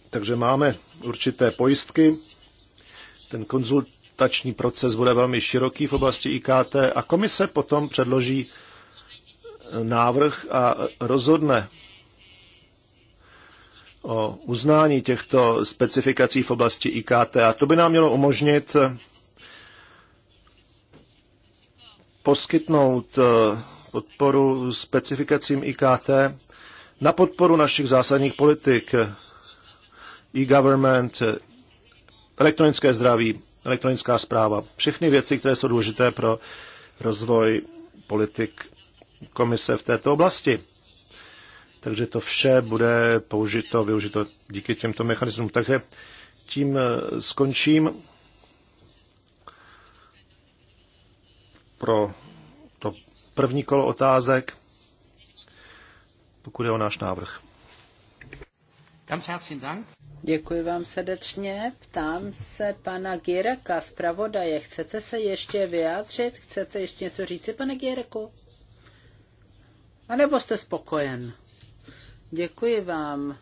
Takže máme určité pojistky. Ten konzultační proces bude velmi široký v oblasti IKT a komise potom předloží návrh a rozhodne o uznání těchto specifikací v oblasti IKT. A to by nám mělo umožnit poskytnout eh, podporu specifikacím IKT na podporu našich zásadních politik, e-government, elektronické zdraví, elektronická zpráva, všechny věci, které jsou důležité pro rozvoj politik komise v této oblasti. Takže to vše bude použito, využito díky těmto mechanismům. Takže tím eh, skončím pro to první kolo otázek pokud je o náš návrh. Děkuji vám srdečně. Ptám se pana Gireka, zpravodaje. Chcete se ještě vyjádřit? Chcete ještě něco říci, pane Gireku? A nebo jste spokojen? Děkuji vám.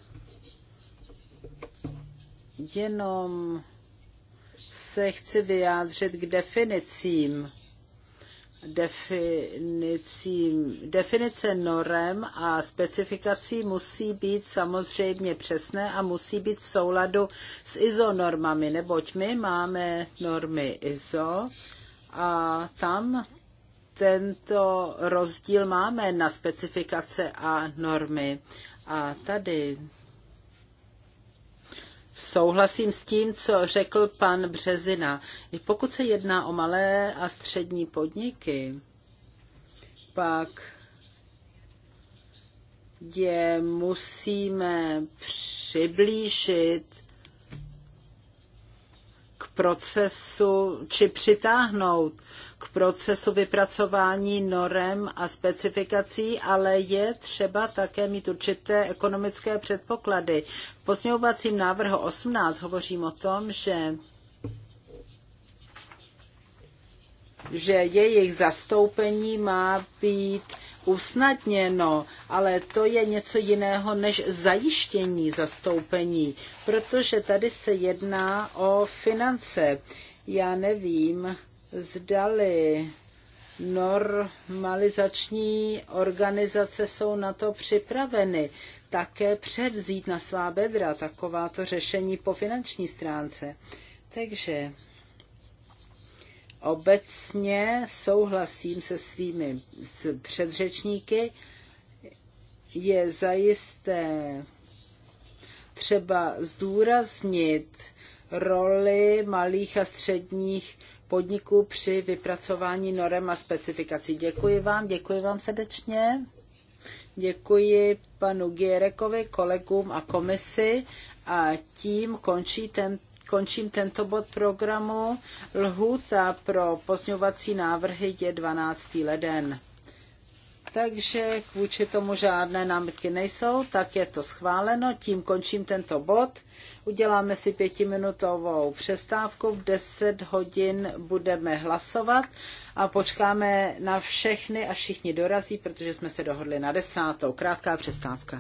Jenom se chci vyjádřit k definicím definicí, definice norem a specifikací musí být samozřejmě přesné a musí být v souladu s ISO normami, neboť my máme normy ISO a tam tento rozdíl máme na specifikace a normy. A tady Souhlasím s tím, co řekl pan Březina. Pokud se jedná o malé a střední podniky, pak je musíme přiblížit k procesu či přitáhnout k procesu vypracování norem a specifikací, ale je třeba také mít určité ekonomické předpoklady. V pozměňovacím návrhu 18 hovořím o tom, že že jejich zastoupení má být usnadněno, ale to je něco jiného než zajištění zastoupení, protože tady se jedná o finance. Já nevím, zdali normalizační organizace jsou na to připraveny také převzít na svá bedra takováto řešení po finanční stránce. Takže obecně souhlasím se svými s předřečníky. Je zajisté třeba zdůraznit roli malých a středních podniků při vypracování norem a specifikací. Děkuji vám, děkuji vám srdečně. Děkuji panu Gierekovi, kolegům a komisi a tím končí ten, končím tento bod programu. Lhůta pro pozňovací návrhy je 12. leden. Takže k vůči tomu žádné námitky nejsou, tak je to schváleno. Tím končím tento bod. Uděláme si pětiminutovou přestávku. V 10 hodin budeme hlasovat a počkáme na všechny a všichni dorazí, protože jsme se dohodli na desátou. Krátká přestávka.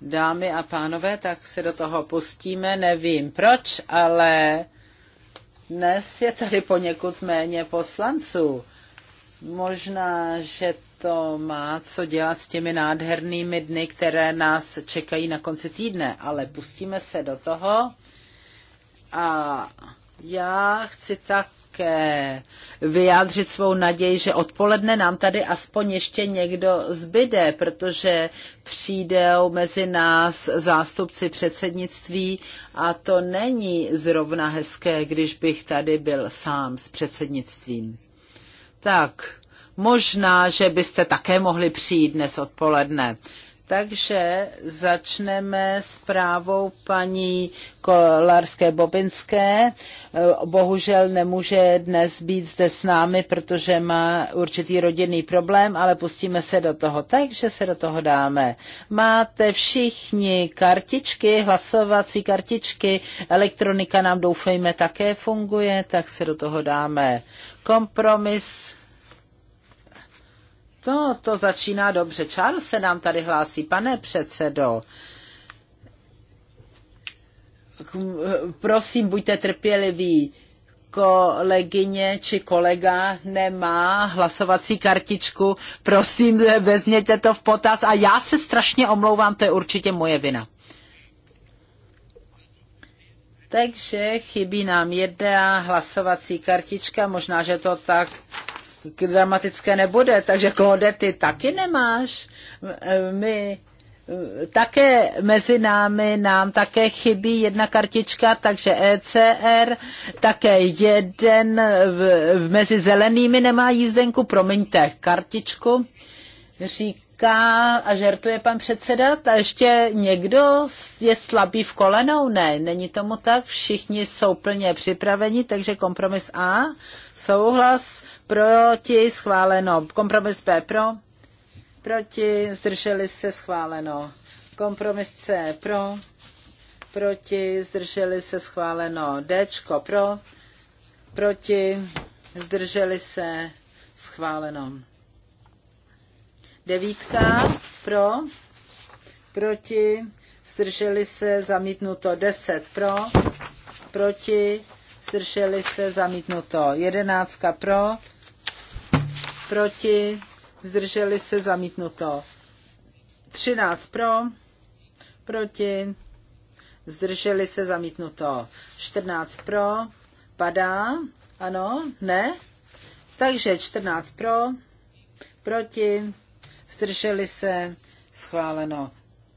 Dámy a pánové, tak se do toho pustíme, nevím proč, ale dnes je tady poněkud méně poslanců. Možná, že to má co dělat s těmi nádhernými dny, které nás čekají na konci týdne, ale pustíme se do toho. A já chci tak také vyjádřit svou naději, že odpoledne nám tady aspoň ještě někdo zbyde, protože přijdou mezi nás zástupci předsednictví a to není zrovna hezké, když bych tady byl sám s předsednictvím. Tak, možná, že byste také mohli přijít dnes odpoledne. Takže začneme s právou paní Kolarské Bobinské. Eh, bohužel nemůže dnes být zde s námi, protože má určitý rodinný problém, ale pustíme se do toho, takže se do toho dáme. Máte všichni kartičky, hlasovací kartičky, elektronika nám doufejme také funguje, tak se do toho dáme. Kompromis to, to začíná dobře. Charles se nám tady hlásí. Pane předsedo, prosím, buďte trpěliví. Kolegyně či kolega nemá hlasovací kartičku. Prosím, vezměte to v potaz. A já se strašně omlouvám, to je určitě moje vina. Takže chybí nám jedna hlasovací kartička, možná, že to tak dramatické nebude, takže Klode, ty taky nemáš. My také mezi námi nám také chybí jedna kartička, takže ECR, také jeden v, mezi zelenými nemá jízdenku, promiňte, kartičku, říká a žertuje pan předseda, a ještě někdo je slabý v kolenou? Ne, není tomu tak, všichni jsou plně připraveni, takže kompromis A, souhlas, proti, schváleno. Kompromis B pro, proti, zdrželi se, schváleno. Kompromis C pro, proti, zdrželi se, schváleno. D pro, proti, zdrželi se, schváleno. Devítka pro, proti, zdrželi se, zamítnuto. Deset pro, proti, zdrželi se, zamítnuto. Jedenáctka pro, proti, zdrželi se zamítnuto. 13 pro, proti, zdrželi se zamítnuto. 14 pro, padá, ano, ne. Takže 14 pro, proti, zdrželi se, schváleno.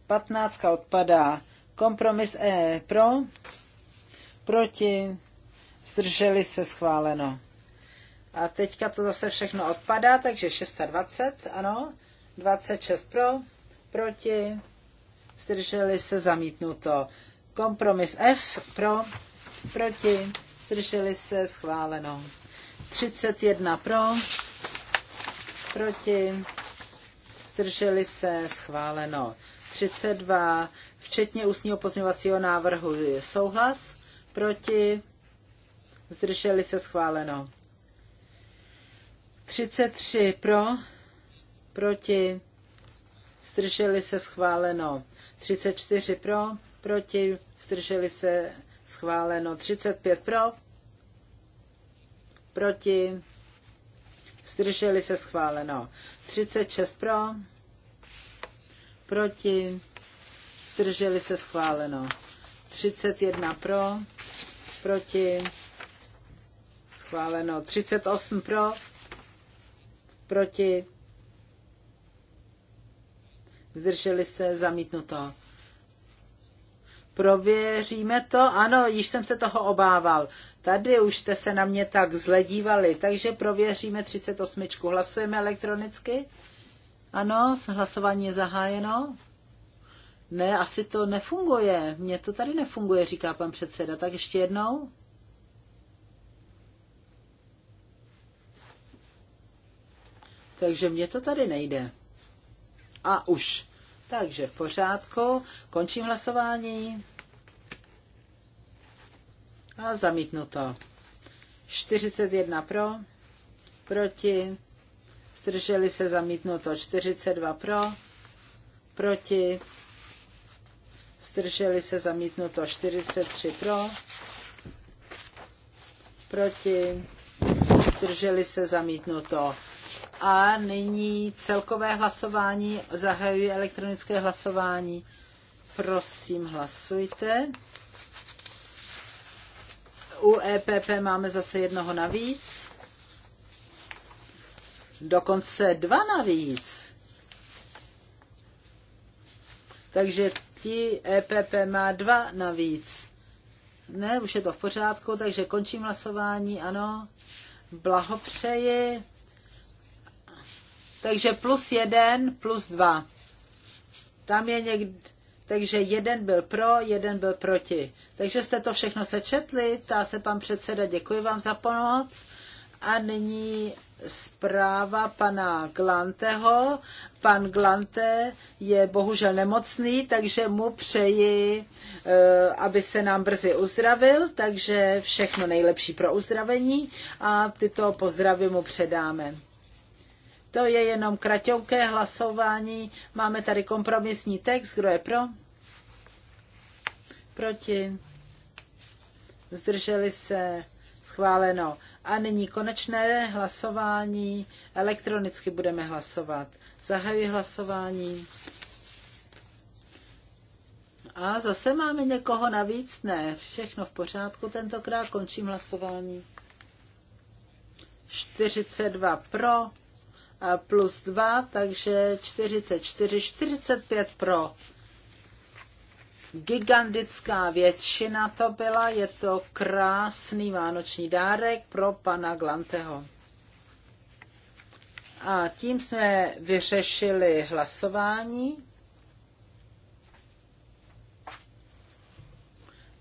15 odpadá. Kompromis E pro, proti, zdrželi se, schváleno. A teďka to zase všechno odpadá, takže 620, ano, 26 pro, proti, zdrželi se zamítnuto. Kompromis F pro, proti, zdrželi se schváleno. 31 pro, proti, zdrželi se schváleno. 32, včetně ústního pozměvacího návrhu souhlas, proti, zdrželi se schváleno. 33 pro, proti, zdrželi se schváleno. 34 pro, proti, zdrželi se schváleno. 35 pro, proti, zdrželi se schváleno. 36 pro, proti, zdrželi se schváleno. 31 pro, proti, schváleno. 38 pro, proti, zdrželi se, zamítnuto. Prověříme to? Ano, již jsem se toho obával. Tady už jste se na mě tak zledívali, takže prověříme 38. Hlasujeme elektronicky? Ano, hlasování je zahájeno. Ne, asi to nefunguje. Mně to tady nefunguje, říká pan předseda. Tak ještě jednou. Takže mě to tady nejde. A už. Takže v pořádku. Končím hlasování. A zamítnuto. 41 pro, proti, zdrželi se zamítnuto. 42 pro, proti, zdrželi se zamítnuto. 43 pro, proti, zdrželi se zamítnuto. A nyní celkové hlasování. Zahajuji elektronické hlasování. Prosím, hlasujte. U EPP máme zase jednoho navíc. Dokonce dva navíc. Takže ti EPP má dva navíc. Ne, už je to v pořádku, takže končím hlasování, ano. Blahopřeji. Takže plus jeden, plus dva. Tam je někde, takže jeden byl pro, jeden byl proti. Takže jste to všechno sečetli, tá se pan předseda, děkuji vám za pomoc. A nyní zpráva pana Glanteho. Pan Glante je bohužel nemocný, takže mu přeji, eh, aby se nám brzy uzdravil, takže všechno nejlepší pro uzdravení a tyto pozdravy mu předáme. To je jenom kratěvké hlasování. Máme tady kompromisní text. Kdo je pro? Proti? Zdrželi se? Schváleno. A nyní konečné hlasování. Elektronicky budeme hlasovat. Zahajuji hlasování. A zase máme někoho navíc? Ne, všechno v pořádku. Tentokrát končím hlasování. 42 pro, plus 2, takže 44, 45 pro. Gigantická většina to byla, je to krásný vánoční dárek pro pana Glanteho. A tím jsme vyřešili hlasování.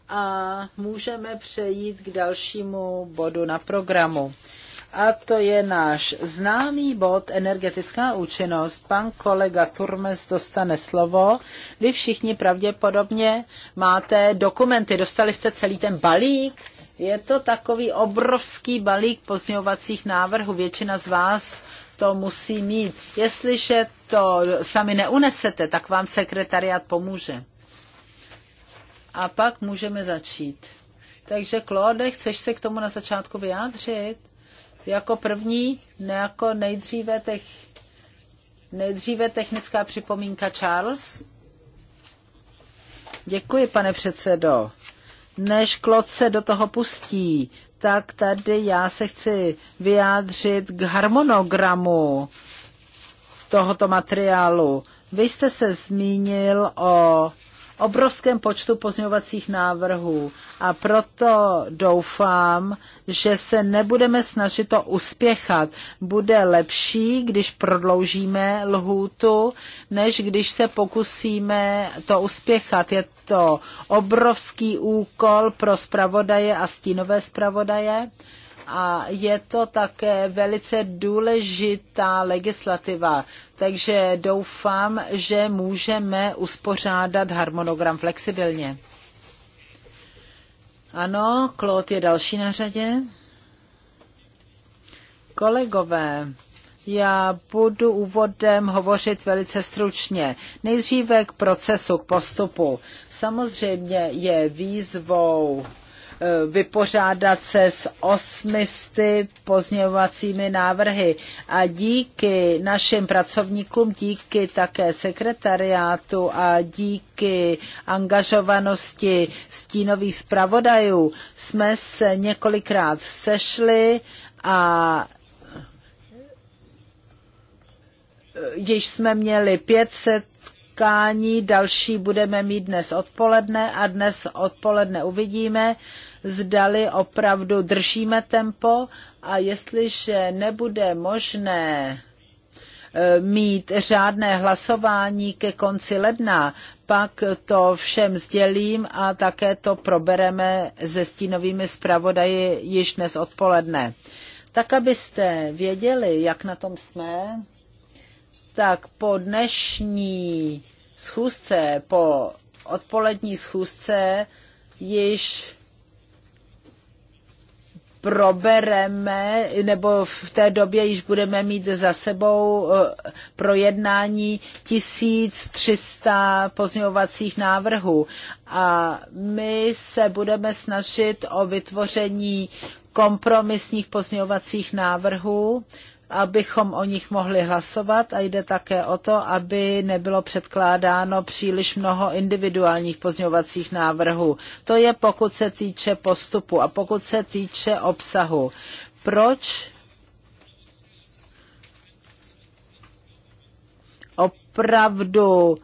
A můžeme přejít k dalšímu bodu na programu a to je náš známý bod energetická účinnost. Pan kolega Turmes dostane slovo. Vy všichni pravděpodobně máte dokumenty, dostali jste celý ten balík. Je to takový obrovský balík pozměňovacích návrhů. Většina z vás to musí mít. Jestliže to sami neunesete, tak vám sekretariat pomůže. A pak můžeme začít. Takže, Claude, chceš se k tomu na začátku vyjádřit? Jako první, ne jako nejdříve, tech, nejdříve technická připomínka Charles. Děkuji, pane předsedo. Než Klod se do toho pustí, tak tady já se chci vyjádřit k harmonogramu tohoto materiálu. Vy jste se zmínil o obrovském počtu pozňovacích návrhů a proto doufám, že se nebudeme snažit to uspěchat. Bude lepší, když prodloužíme lhůtu, než když se pokusíme to uspěchat. Je to obrovský úkol pro zpravodaje a stínové zpravodaje a je to také velice důležitá legislativa, takže doufám, že můžeme uspořádat harmonogram flexibilně. Ano, Klot je další na řadě. Kolegové, já budu úvodem hovořit velice stručně. Nejdříve k procesu, k postupu. Samozřejmě je výzvou Eh, vypořádat se s osmisty pozměňovacími návrhy. A díky našim pracovníkům, díky také sekretariátu a díky angažovanosti stínových zpravodajů jsme se několikrát sešli a eh, již jsme měli 500 další budeme mít dnes odpoledne a dnes odpoledne uvidíme, zdali opravdu držíme tempo a jestliže nebude možné eh, mít řádné hlasování ke konci ledna, pak to všem sdělím a také to probereme se stínovými zpravodaji již dnes odpoledne. Tak, abyste věděli, jak na tom jsme, tak po dnešní schůzce, po odpolední schůzce již probereme, nebo v té době již budeme mít za sebou eh, projednání 1300 pozměňovacích návrhů. A my se budeme snažit o vytvoření kompromisních pozměňovacích návrhů, abychom o nich mohli hlasovat a jde také o to, aby nebylo předkládáno příliš mnoho individuálních pozňovacích návrhů. To je pokud se týče postupu a pokud se týče obsahu. Proč opravdu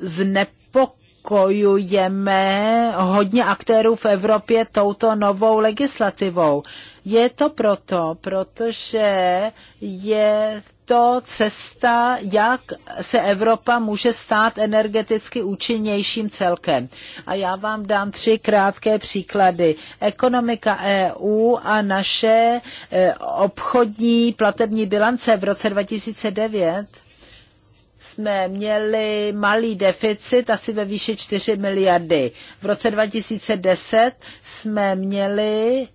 znepokojujeme hodně aktérů v Evropě touto novou legislativou. Je to proto, protože je to cesta, jak se Evropa může stát energeticky účinnějším celkem. A já vám dám tři krátké příklady. Ekonomika EU a naše eh, obchodní platební bilance v roce 2009 jsme měli malý deficit asi ve výši 4 miliardy. V roce 2010 jsme měli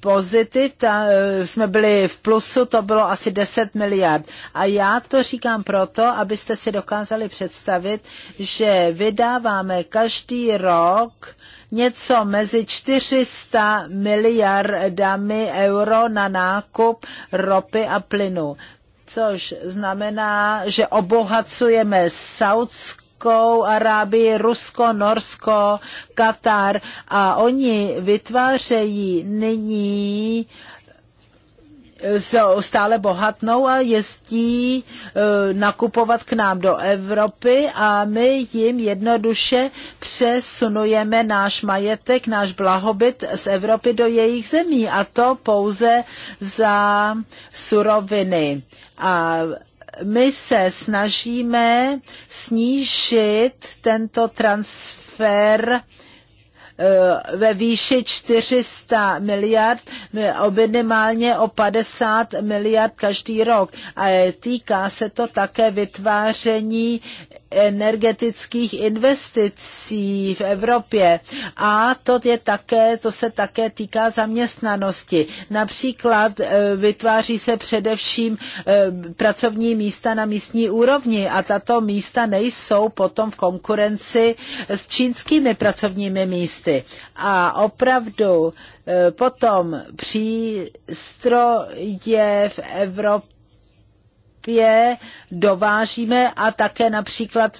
pozitiv, ta, eh, jsme byli v plusu, to bylo asi 10 miliard. A já to říkám proto, abyste si dokázali představit, že vydáváme každý rok něco mezi 400 miliardami euro na nákup ropy a plynu což znamená, že obohacujeme Saudskou Saudskou Arábii, Rusko, Norsko, Katar a oni vytvářejí nyní eh, stále bohatnou a jezdí eh, nakupovat k nám do Evropy a my jim jednoduše přesunujeme náš majetek, náš blahobyt z Evropy do jejich zemí a to pouze za suroviny. A my se snažíme snížit tento transfer eh, ve výši 400 miliard, eh, minimálně o 50 miliard každý rok. A týká se to také vytváření energetických investicí v Evropě. A to, je také, to se také týká zaměstnanosti. Například e, vytváří se především e, pracovní místa na místní úrovni a tato místa nejsou potom v konkurenci s čínskými pracovními místy. A opravdu e, potom přístroje v Evropě Evropě dovážíme a také například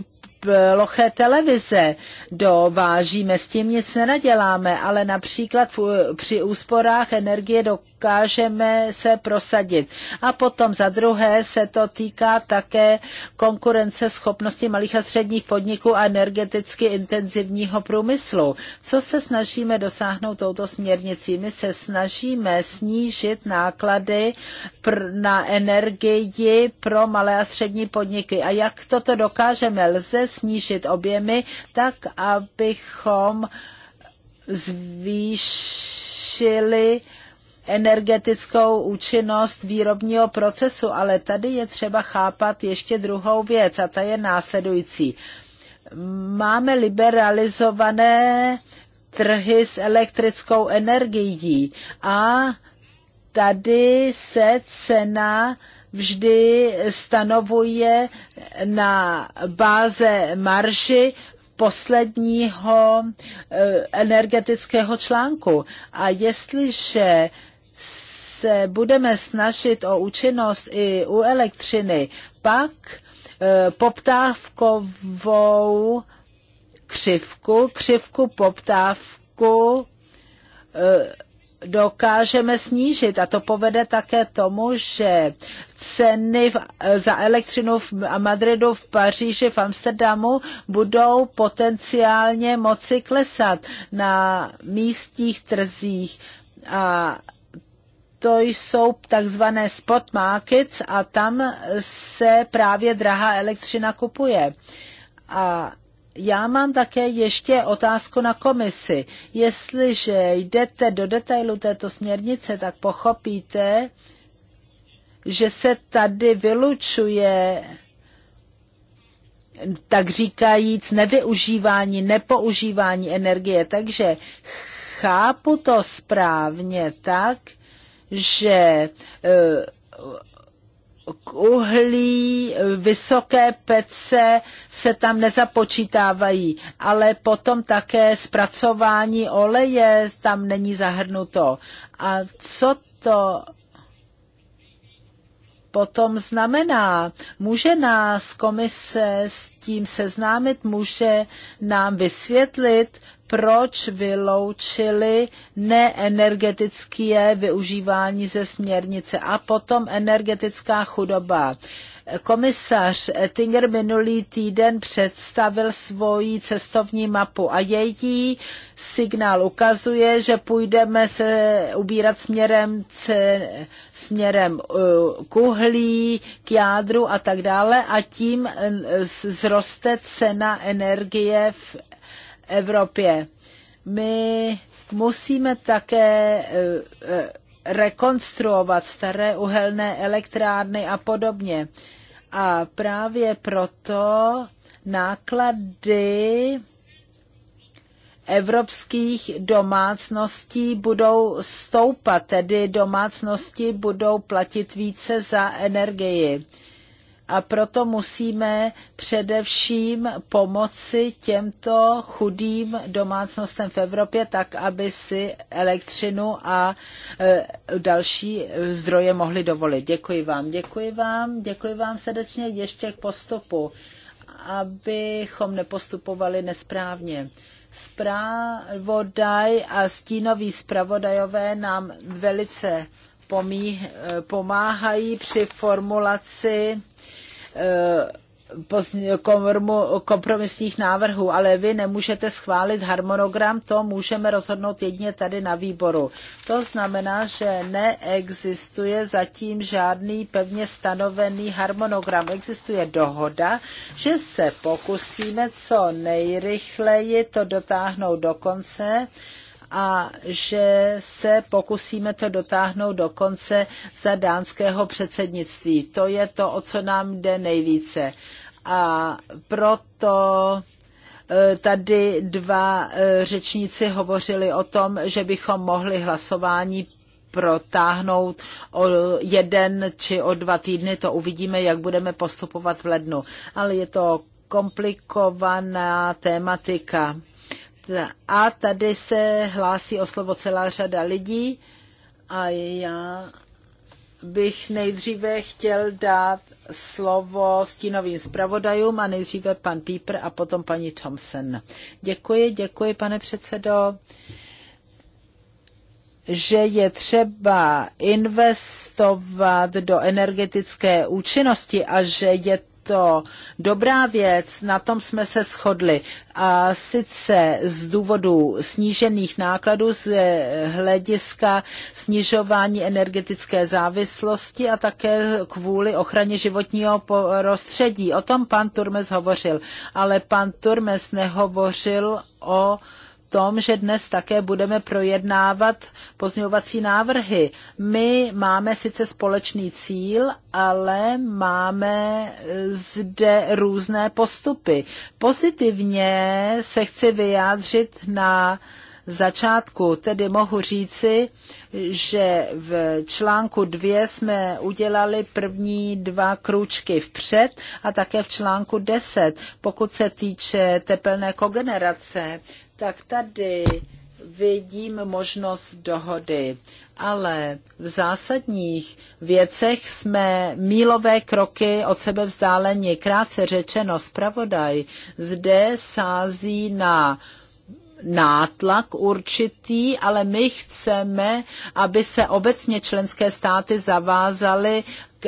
ploché televize. Dovážíme, s tím nic nenaděláme, ale například při úsporách energie dokážeme se prosadit. A potom za druhé se to týká také konkurence schopnosti malých a středních podniků a energeticky intenzivního průmyslu. Co se snažíme dosáhnout touto směrnicí? My se snažíme snížit náklady na energii pro malé a střední podniky. A jak toto dokážeme? Lze snížit objemy, tak abychom zvýšili energetickou účinnost výrobního procesu, ale tady je třeba chápat ještě druhou věc a ta je následující. Máme liberalizované trhy s elektrickou energií a tady se cena vždy stanovuje na báze marži posledního eh, energetického článku. A jestliže se budeme snažit o účinnost i u elektřiny, pak eh, poptávkovou křivku, křivku poptávku eh, dokážeme snížit. A to povede také tomu, že ceny za elektřinu v Madridu, v Paříži, v Amsterdamu budou potenciálně moci klesat na místních trzích. A to jsou takzvané spot markets a tam se právě drahá elektřina kupuje. A já mám také ještě otázku na komisi. Jestliže jdete do detailu této směrnice, tak pochopíte, že se tady vylučuje tak říkajíc nevyužívání, nepoužívání energie. Takže chápu to správně tak, že eh, k uhlí, vysoké pece se tam nezapočítávají, ale potom také zpracování oleje tam není zahrnuto. A co to potom znamená? Může nás komise s tím seznámit, může nám vysvětlit, proč vyloučili neenergetické využívání ze směrnice a potom energetická chudoba. Komisař Tinger minulý týden představil svoji cestovní mapu a její signál ukazuje, že půjdeme se ubírat směrem, c, směrem uh, k uhlí, k jádru a tak dále a tím uh, zroste cena energie v Evropě. My musíme také e, e, rekonstruovat staré uhelné elektrárny a podobně. A právě proto náklady evropských domácností budou stoupat, tedy domácnosti budou platit více za energii a proto musíme především pomoci těmto chudým domácnostem v Evropě tak, aby si elektřinu a e, další zdroje mohli dovolit. Děkuji vám, děkuji vám, děkuji vám srdečně ještě k postupu, abychom nepostupovali nesprávně zpravodaj a stínoví zpravodajové nám velice e, pomáhají při formulaci Eh, kompromisních návrhů, ale vy nemůžete schválit harmonogram, to můžeme rozhodnout jedně tady na výboru. To znamená, že neexistuje zatím žádný pevně stanovený harmonogram. Existuje dohoda, že se pokusíme co nejrychleji to dotáhnout do konce a že se pokusíme to dotáhnout do konce za dánského předsednictví. To je to, o co nám jde nejvíce. A proto e, tady dva e, řečníci hovořili o tom, že bychom mohli hlasování protáhnout o jeden či o dva týdny. To uvidíme, jak budeme postupovat v lednu. Ale je to komplikovaná tématika. A tady se hlásí o slovo celá řada lidí a já bych nejdříve chtěl dát slovo stínovým zpravodajům a nejdříve pan Píper a potom paní Thompson. Děkuji, děkuji, pane předsedo že je třeba investovat do energetické účinnosti a že je to dobrá věc, na tom jsme se shodli. A sice z důvodu snížených nákladů, z hlediska snižování energetické závislosti a také kvůli ochraně životního prostředí. O tom pan Turmes hovořil, ale pan Turmes nehovořil o tom, že dnes také budeme projednávat pozňovací návrhy. My máme sice společný cíl, ale máme e, zde různé postupy. Pozitivně se chci vyjádřit na začátku. Tedy mohu říci, že v článku 2 jsme udělali první dva krůčky vpřed a také v článku 10, pokud se týče tepelné kogenerace tak tady vidím možnost dohody. Ale v zásadních věcech jsme mílové kroky od sebe vzdáleni. Krátce řečeno, zpravodaj zde sází na nátlak určitý, ale my chceme, aby se obecně členské státy zavázaly k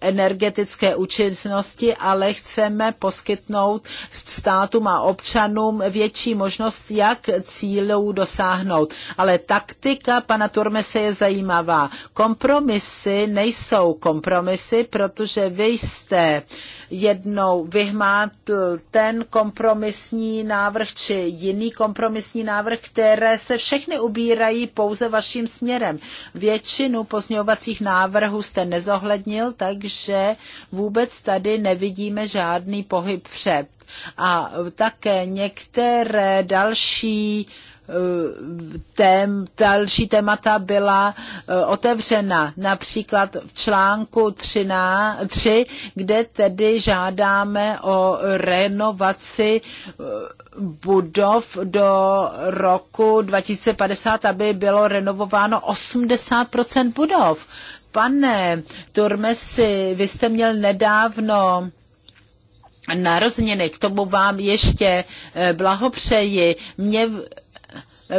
energetické účinnosti, ale chceme poskytnout státům a občanům větší možnost, jak cílů dosáhnout. Ale taktika pana Turmese je zajímavá. Kompromisy nejsou kompromisy, protože vy jste jednou vyhmátl ten kompromisní návrh či jiný kompromisní návrh, které se všechny ubírají pouze vaším směrem. Většinu pozměňovacích návrhů jste nezohlednil, takže že vůbec tady nevidíme žádný pohyb před. A také některé další eh, tém, další témata byla eh, otevřena, například v článku 13, 3, kde tedy žádáme o renovaci eh, budov do roku 2050, aby bylo renovováno 80 budov. Pane Turmesi, vy jste měl nedávno narozeniny, k tomu vám ještě eh, blahopřeji. Mě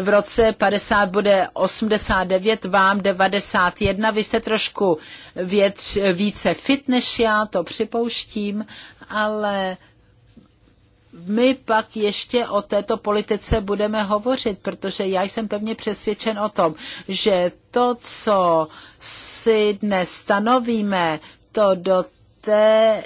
v roce 50 bude 89, vám 91, vy jste trošku věc, více fit než já, to připouštím, ale my pak ještě o této politice budeme hovořit, protože já jsem pevně přesvědčen o tom, že to, co si dnes stanovíme, to do té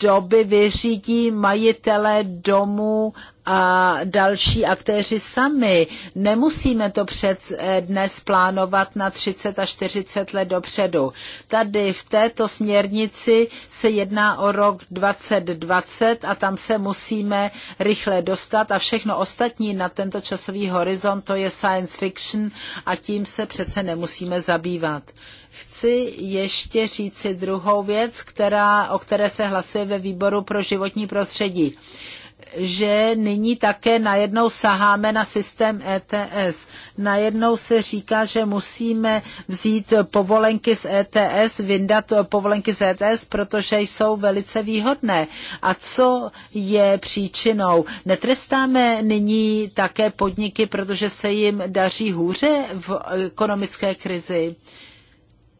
doby vyřídí majitele domů a další aktéři sami. Nemusíme to před eh, dnes plánovat na 30 a 40 let dopředu. Tady v této směrnici se jedná o rok 2020 a tam se musíme rychle dostat a všechno ostatní na tento časový horizont, to je science fiction a tím se přece nemusíme zabývat. Chci ještě říci druhou věc, která, o které se hlasuje ve výboru pro životní prostředí že nyní také najednou saháme na systém ETS. Najednou se říká, že musíme vzít povolenky z ETS, vyndat povolenky z ETS, protože jsou velice výhodné. A co je příčinou? Netrestáme nyní také podniky, protože se jim daří hůře v ekonomické krizi? Uh,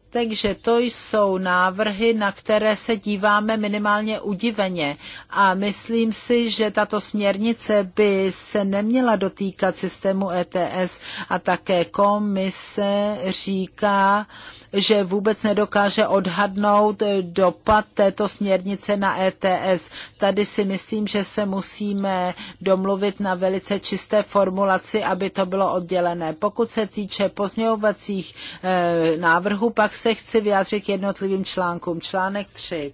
takže to jsou návrhy, na které se díváme minimálně udiveně. A myslím si, že tato směrnice by se neměla dotýkat systému ETS a také komise říká, že vůbec nedokáže odhadnout dopad této směrnice na ETS. Tady si myslím, že se musíme domluvit na velice čisté formulaci, aby to bylo oddělené. Pokud se týče pozměňovacích eh, návrhů, pak se chci vyjádřit k jednotlivým článkům. Článek 3.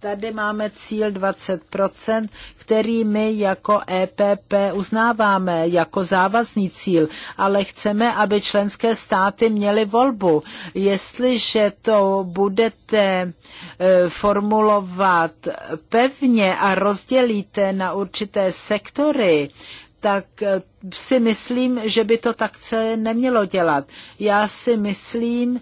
Tady máme cíl 20%, který my jako EPP uznáváme jako závazný cíl, ale chceme, aby členské státy měly volbu. Jestliže to budete e, formulovat pevně a rozdělíte na určité sektory, tak e, si myslím, že by to tak se nemělo dělat. Já si myslím,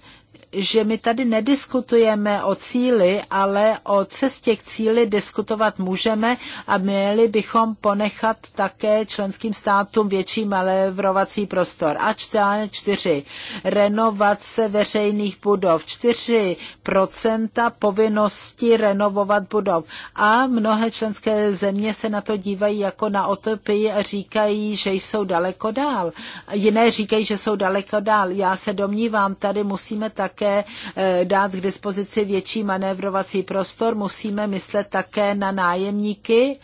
že my tady nediskutujeme o cíli, ale o cestě k cíli diskutovat můžeme a měli bychom ponechat také členským státům větší malévrovací prostor. A čtyři. Renovace veřejných budov. čtyři procenta povinnosti renovovat budov. A mnohé členské země se na to dívají jako na otopii a říkají, že jsou daleko dál. Jiné říkají, že jsou daleko dál. Já se domnívám, tady musíme tak také eh, dát k dispozici větší manévrovací prostor. Musíme myslet také na nájemníky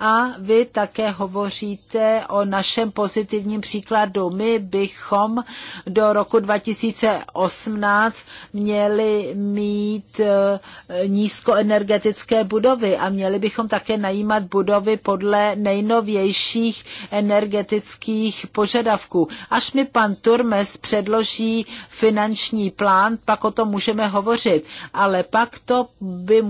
a vy také hovoříte o našem pozitivním příkladu. My bychom do roku 2018 měli mít e, nízkoenergetické budovy a měli bychom také najímat budovy podle nejnovějších energetických požadavků. Až mi pan Turmes předloží finanční plán, pak o tom můžeme hovořit, ale pak to by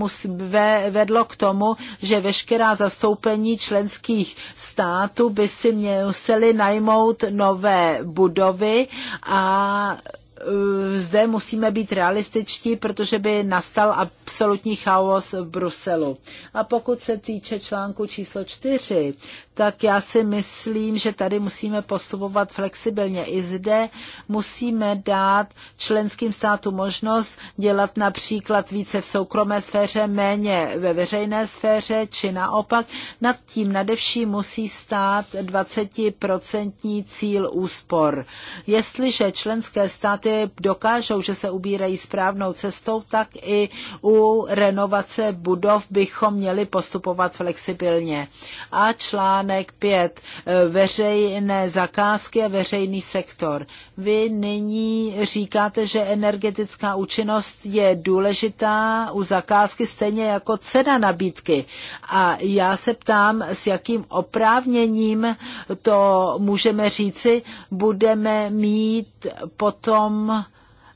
vedlo k tomu, že veškerá zastoupení zastoupení členských států by si museli najmout nové budovy a e, zde musíme být realističtí, protože by nastal absolutní chaos v Bruselu. A pokud se týče článku číslo čtyři, tak já si myslím, že tady musíme postupovat flexibilně. I zde musíme dát členským státům možnost dělat například více v soukromé sféře, méně ve veřejné sféře, či naopak. Nad tím nadevším musí stát 20% cíl úspor. Jestliže členské státy dokážou, že se ubírají správnou cestou, tak i u renovace budov bychom měli postupovat flexibilně. A člán článek 5, eh, veřejné zakázky a veřejný sektor. Vy nyní říkáte, že energetická účinnost je důležitá u zakázky stejně jako cena nabídky. A já se ptám, s jakým oprávněním to můžeme říci, budeme mít potom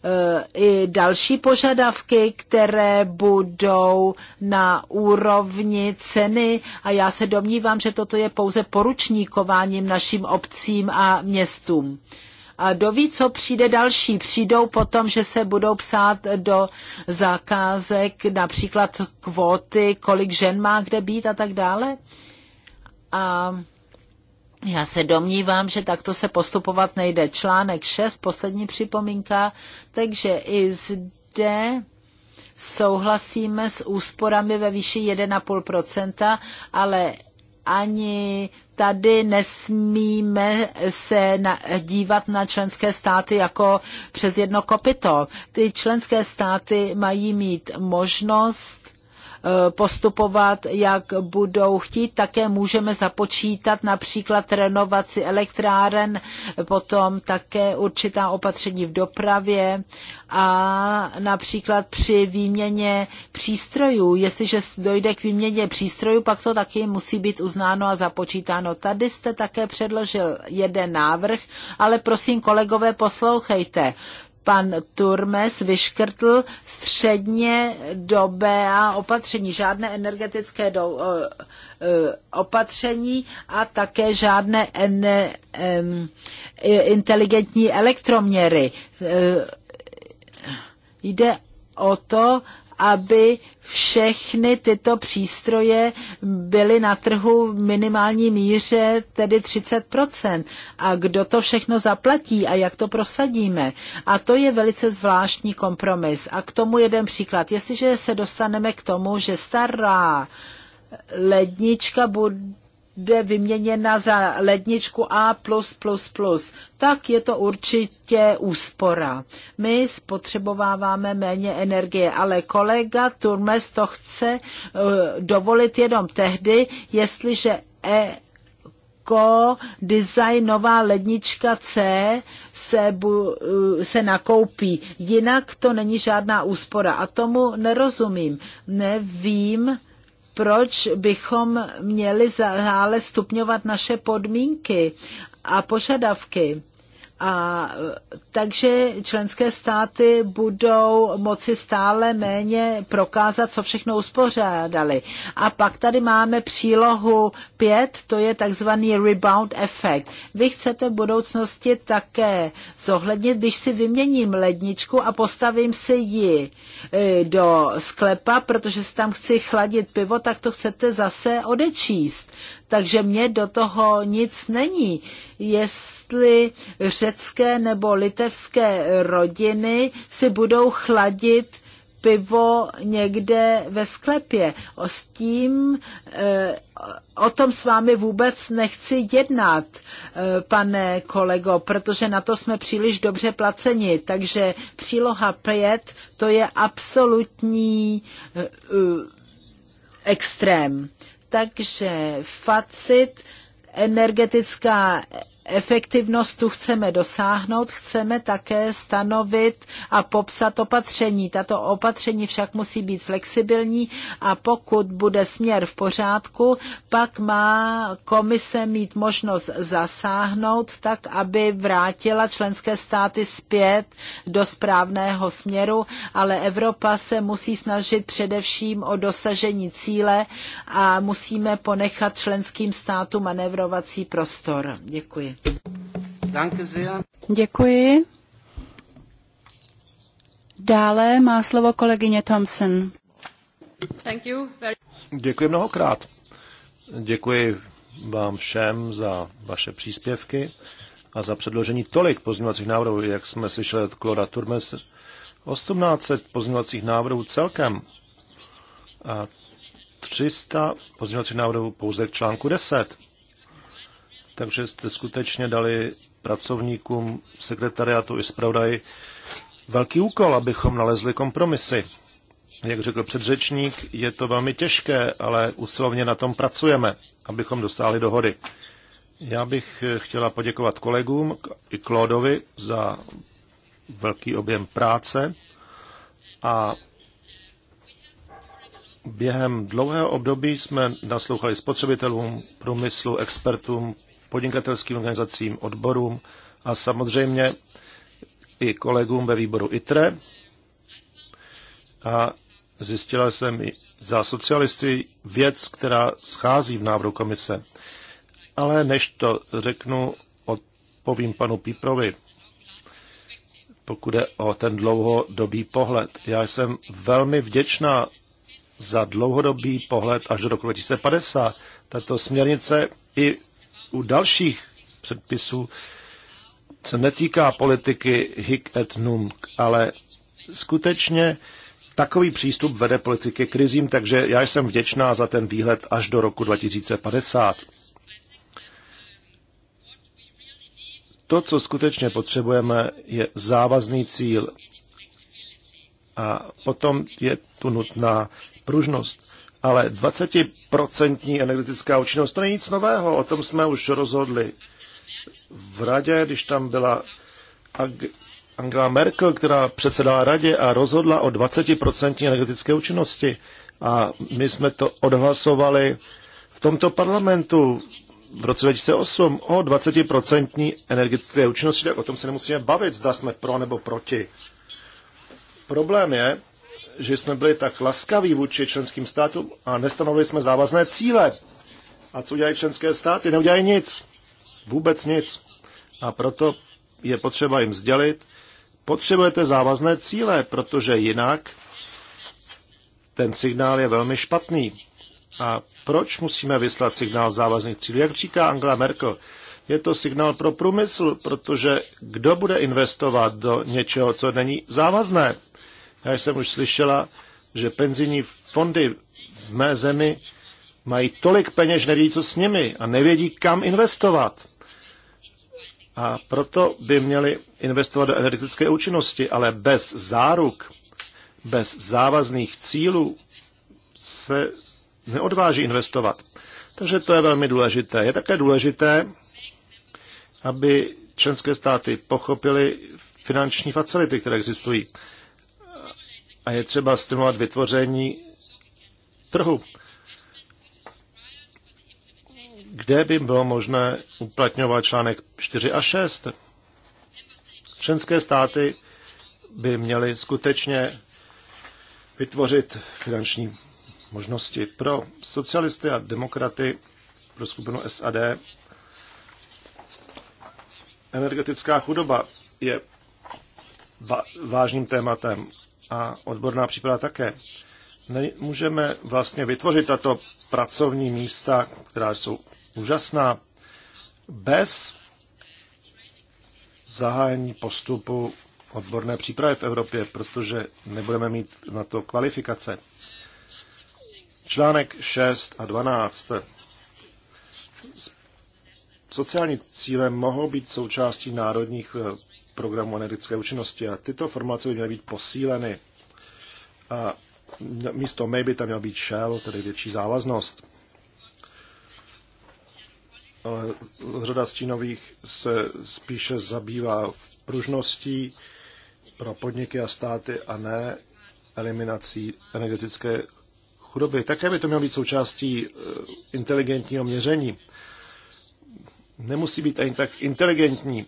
Eh, i další požadavky, které budou na úrovni ceny a já se domnívám, že toto je pouze poručníkováním našim obcím a městům. A ví, co přijde další. Přijdou potom, že se budou psát do zakázek například kvóty, kolik žen má kde být a tak dále. A já se domnívám, že takto se postupovat nejde. Článek 6, poslední připomínka, takže i zde souhlasíme s úsporami ve výši 1,5%, ale ani tady nesmíme se na, dívat na členské státy jako přes jedno kopito. Ty členské státy mají mít možnost Eh, postupovat, jak budou chtít. Také můžeme započítat například renovaci elektráren, potom také určitá opatření v dopravě a například při výměně přístrojů. Jestliže dojde k výměně přístrojů, pak to taky musí být uznáno a započítáno. Tady jste také předložil jeden návrh, ale prosím kolegové, poslouchejte pan Turmes vyškrtl středně dobé a opatření, žádné energetické do, uh, uh, opatření a také žádné ene, um, inteligentní elektroměry. Uh, jde o to, aby všechny tyto přístroje byly na trhu v minimální míře, tedy 30%. A kdo to všechno zaplatí a jak to prosadíme? A to je velice zvláštní kompromis. A k tomu jeden příklad. Jestliže se dostaneme k tomu, že stará lednička bude bude vyměněna za ledničku A++, tak je to určitě úspora. My spotřebováváme méně energie, ale kolega Turmes to chce eh, dovolit jenom tehdy, jestliže e jako design nová lednička C se, bu, eh, se nakoupí. Jinak to není žádná úspora a tomu nerozumím. Nevím, proč bychom měli zále stupňovat naše podmínky a požadavky. A e, takže členské státy budou moci stále méně prokázat, co všechno uspořádali. A pak tady máme přílohu 5, to je takzvaný rebound effect. Vy chcete v budoucnosti také zohlednit, když si vyměním ledničku a postavím si ji e, do sklepa, protože si tam chci chladit pivo, tak to chcete zase odečíst. Takže mě do toho nic není. Jest jestli řecké nebo litevské rodiny si budou chladit pivo někde ve sklepě. O, s tím, e, o tom s vámi vůbec nechci jednat, e, pane kolego, protože na to jsme příliš dobře placeni. Takže příloha 5 to je absolutní e, extrém. Takže facit energetická efektivnost tu chceme dosáhnout, chceme také stanovit a popsat opatření. Tato opatření však musí být flexibilní a pokud bude směr v pořádku, pak má komise mít možnost zasáhnout tak, aby vrátila členské státy zpět do správného směru, ale Evropa se musí snažit především o dosažení cíle a musíme ponechat členským státům manévrovací prostor. Děkuji. Děkuji. Dále má slovo kolegyně Thompson. Děkuji mnohokrát. Děkuji vám všem za vaše příspěvky a za předložení tolik pozměňovacích návrhů, jak jsme slyšeli od Kloda Turmes. 1800 pozměňovacích návrhů celkem a 300 pozměňovacích návrhů pouze k článku 10 takže jste skutečně dali pracovníkům sekretariátu i zpravodaji velký úkol, abychom nalezli kompromisy. Jak řekl předřečník, je to velmi těžké, ale usilovně na tom pracujeme, abychom dosáhli dohody. Já bych chtěla poděkovat kolegům i Klódovi za velký objem práce a během dlouhého období jsme naslouchali spotřebitelům, průmyslu, expertům, podnikatelským organizacím, odborům a samozřejmě i kolegům ve výboru ITRE. A zjistila jsem i za socialisty věc, která schází v návrhu komise. Ale než to řeknu, odpovím panu Píprovi, pokud je o ten dlouhodobý pohled. Já jsem velmi vděčná za dlouhodobý pohled až do roku 2050. Tato směrnice i u dalších předpisů se netýká politiky hic et nunc, ale skutečně takový přístup vede politiky krizím, takže já jsem vděčná za ten výhled až do roku 2050. To, co skutečně potřebujeme, je závazný cíl. A potom je tu nutná pružnost. Ale 20% energetická účinnost, to není nic nového, o tom jsme už rozhodli v radě, když tam byla Angela Merkel, která předsedala radě a rozhodla o 20% energetické účinnosti. A my jsme to odhlasovali v tomto parlamentu v roce 2008 o 20% energetické účinnosti, tak o tom se nemusíme bavit, zda jsme pro nebo proti. Problém je, že jsme byli tak laskaví vůči členským státům a nestanovili jsme závazné cíle. A co dělají členské státy? Neudělají nic. Vůbec nic. A proto je potřeba jim sdělit, potřebujete závazné cíle, protože jinak ten signál je velmi špatný. A proč musíme vyslat signál závazných cílů? Jak říká Angela Merkel, je to signál pro průmysl, protože kdo bude investovat do něčeho, co není závazné? Já jsem už slyšela, že penzijní fondy v mé zemi mají tolik peněz, neví co s nimi a nevědí, kam investovat. A proto by měli investovat do energetické účinnosti, ale bez záruk, bez závazných cílů se neodváží investovat. Takže to je velmi důležité. Je také důležité, aby členské státy pochopily finanční facility, které existují a je třeba stimulovat vytvoření trhu, kde by bylo možné uplatňovat článek 4 a 6. Členské státy by měly skutečně vytvořit finanční možnosti. Pro socialisty a demokraty, pro skupinu SAD, energetická chudoba je vážným tématem a odborná příprava také. Můžeme vlastně vytvořit tato pracovní místa, která jsou úžasná, bez zahájení postupu odborné přípravy v Evropě, protože nebudeme mít na to kvalifikace. Článek 6 a 12. Sociální cíle mohou být součástí národních eh, programu energetické účinnosti a tyto formace by měly být posíleny. A místo may by tam měl být shell, tedy větší závaznost. Ale řada stínových se spíše zabývá v pružností pro podniky a státy a ne eliminací energetické chudoby. Také by to mělo být součástí e, inteligentního měření. Nemusí být ani tak inteligentní,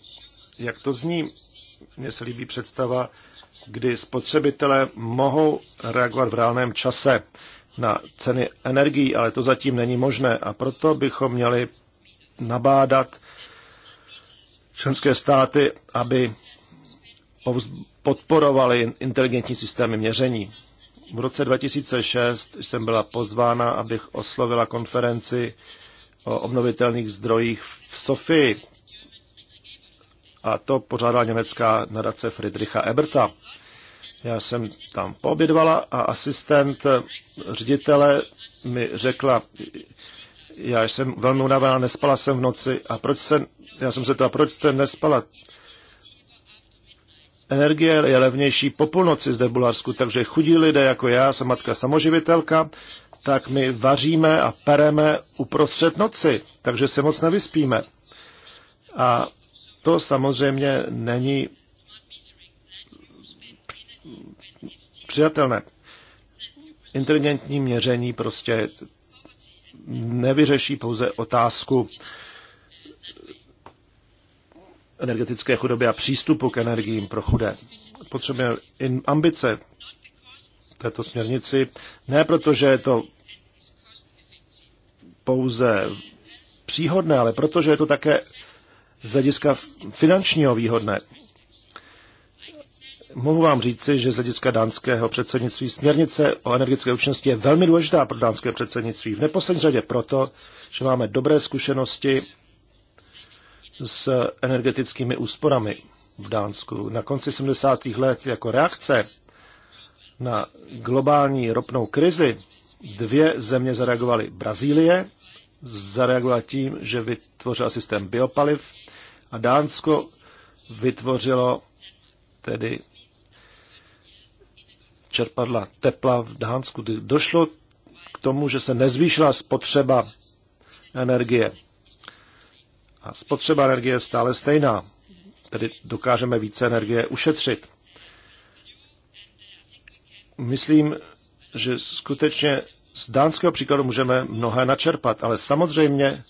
jak to zní. Mně se líbí představa, kdy spotřebitelé mohou reagovat v reálném čase na ceny energií, ale to zatím není možné a proto bychom měli nabádat členské státy, aby podporovali inteligentní systémy měření. V roce 2006 jsem byla pozvána, abych oslovila konferenci o obnovitelných zdrojích v Sofii, a to pořádá německá nadace Friedricha Eberta. Já jsem tam poobědvala a asistent ředitele mi řekla, já jsem velmi unavená, nespala jsem v noci a proč jsem, já jsem se ptala, proč jste nespala? Energie je levnější po půlnoci zde v Bulharsku, takže chudí lidé jako já, jsem matka samoživitelka, tak my vaříme a pereme uprostřed noci, takže se moc nevyspíme. A to samozřejmě není přijatelné. Inteligentní měření prostě nevyřeší pouze otázku energetické chudoby a přístupu k energiím pro chudé. Potřebujeme ambice této směrnici, ne protože je to pouze příhodné, ale protože je to také z hlediska finančního výhodné. Mohu vám říci, že z hlediska dánského předsednictví směrnice o energetické účinnosti je velmi důležitá pro dánské předsednictví. V neposlední řadě proto, že máme dobré zkušenosti s energetickými úsporami v Dánsku. Na konci 70. let jako reakce na globální ropnou krizi dvě země zareagovaly. Brazílie zareagovala tím, že vytvořila systém biopaliv, a Dánsko vytvořilo tedy čerpadla tepla v Dánsku. Došlo k tomu, že se nezvýšila spotřeba energie. A spotřeba energie je stále stejná, tedy dokážeme více energie ušetřit. Myslím, že skutečně z dánského příkladu můžeme mnohé načerpat, ale samozřejmě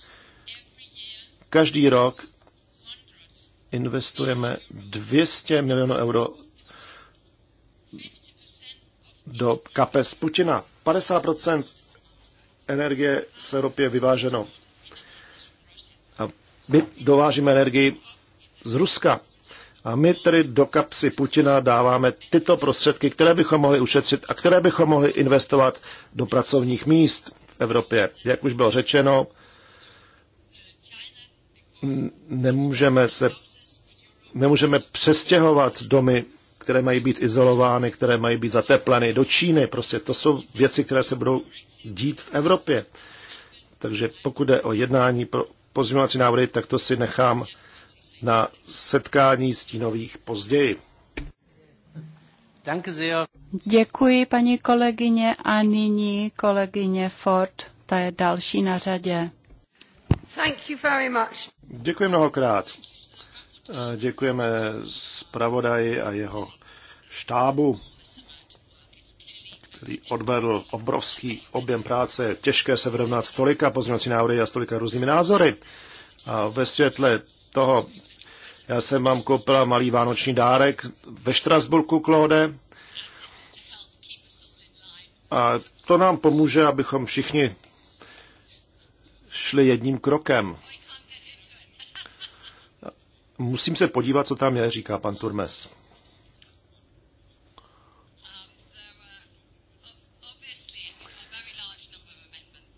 každý rok investujeme 200 milionů euro do kapes Putina. 50% energie v Evropě vyváženo. A my dovážíme energii z Ruska. A my tedy do kapsy Putina dáváme tyto prostředky, které bychom mohli ušetřit a které bychom mohli investovat do pracovních míst v Evropě. Jak už bylo řečeno, nemůžeme se nemůžeme přestěhovat domy, které mají být izolovány, které mají být zatepleny do Číny. Prostě to jsou věci, které se budou dít v Evropě. Takže pokud jde o jednání pro pozměňovací návrhy, tak to si nechám na setkání stínových později. Děkuji, paní kolegyně, a nyní kolegyně Ford, ta je další na řadě. Děkuji mnohokrát. Děkujeme zpravodaji a jeho štábu, který odvedl obrovský objem práce. Je těžké se vyrovnat s tolika pozměňovací návrhy a s tolika různými názory. A ve světle toho, já jsem vám koupila malý vánoční dárek ve Štrasburku, Klóde. A to nám pomůže, abychom všichni šli jedním krokem. Musím se podívat, co tam je, říká pan Turmes.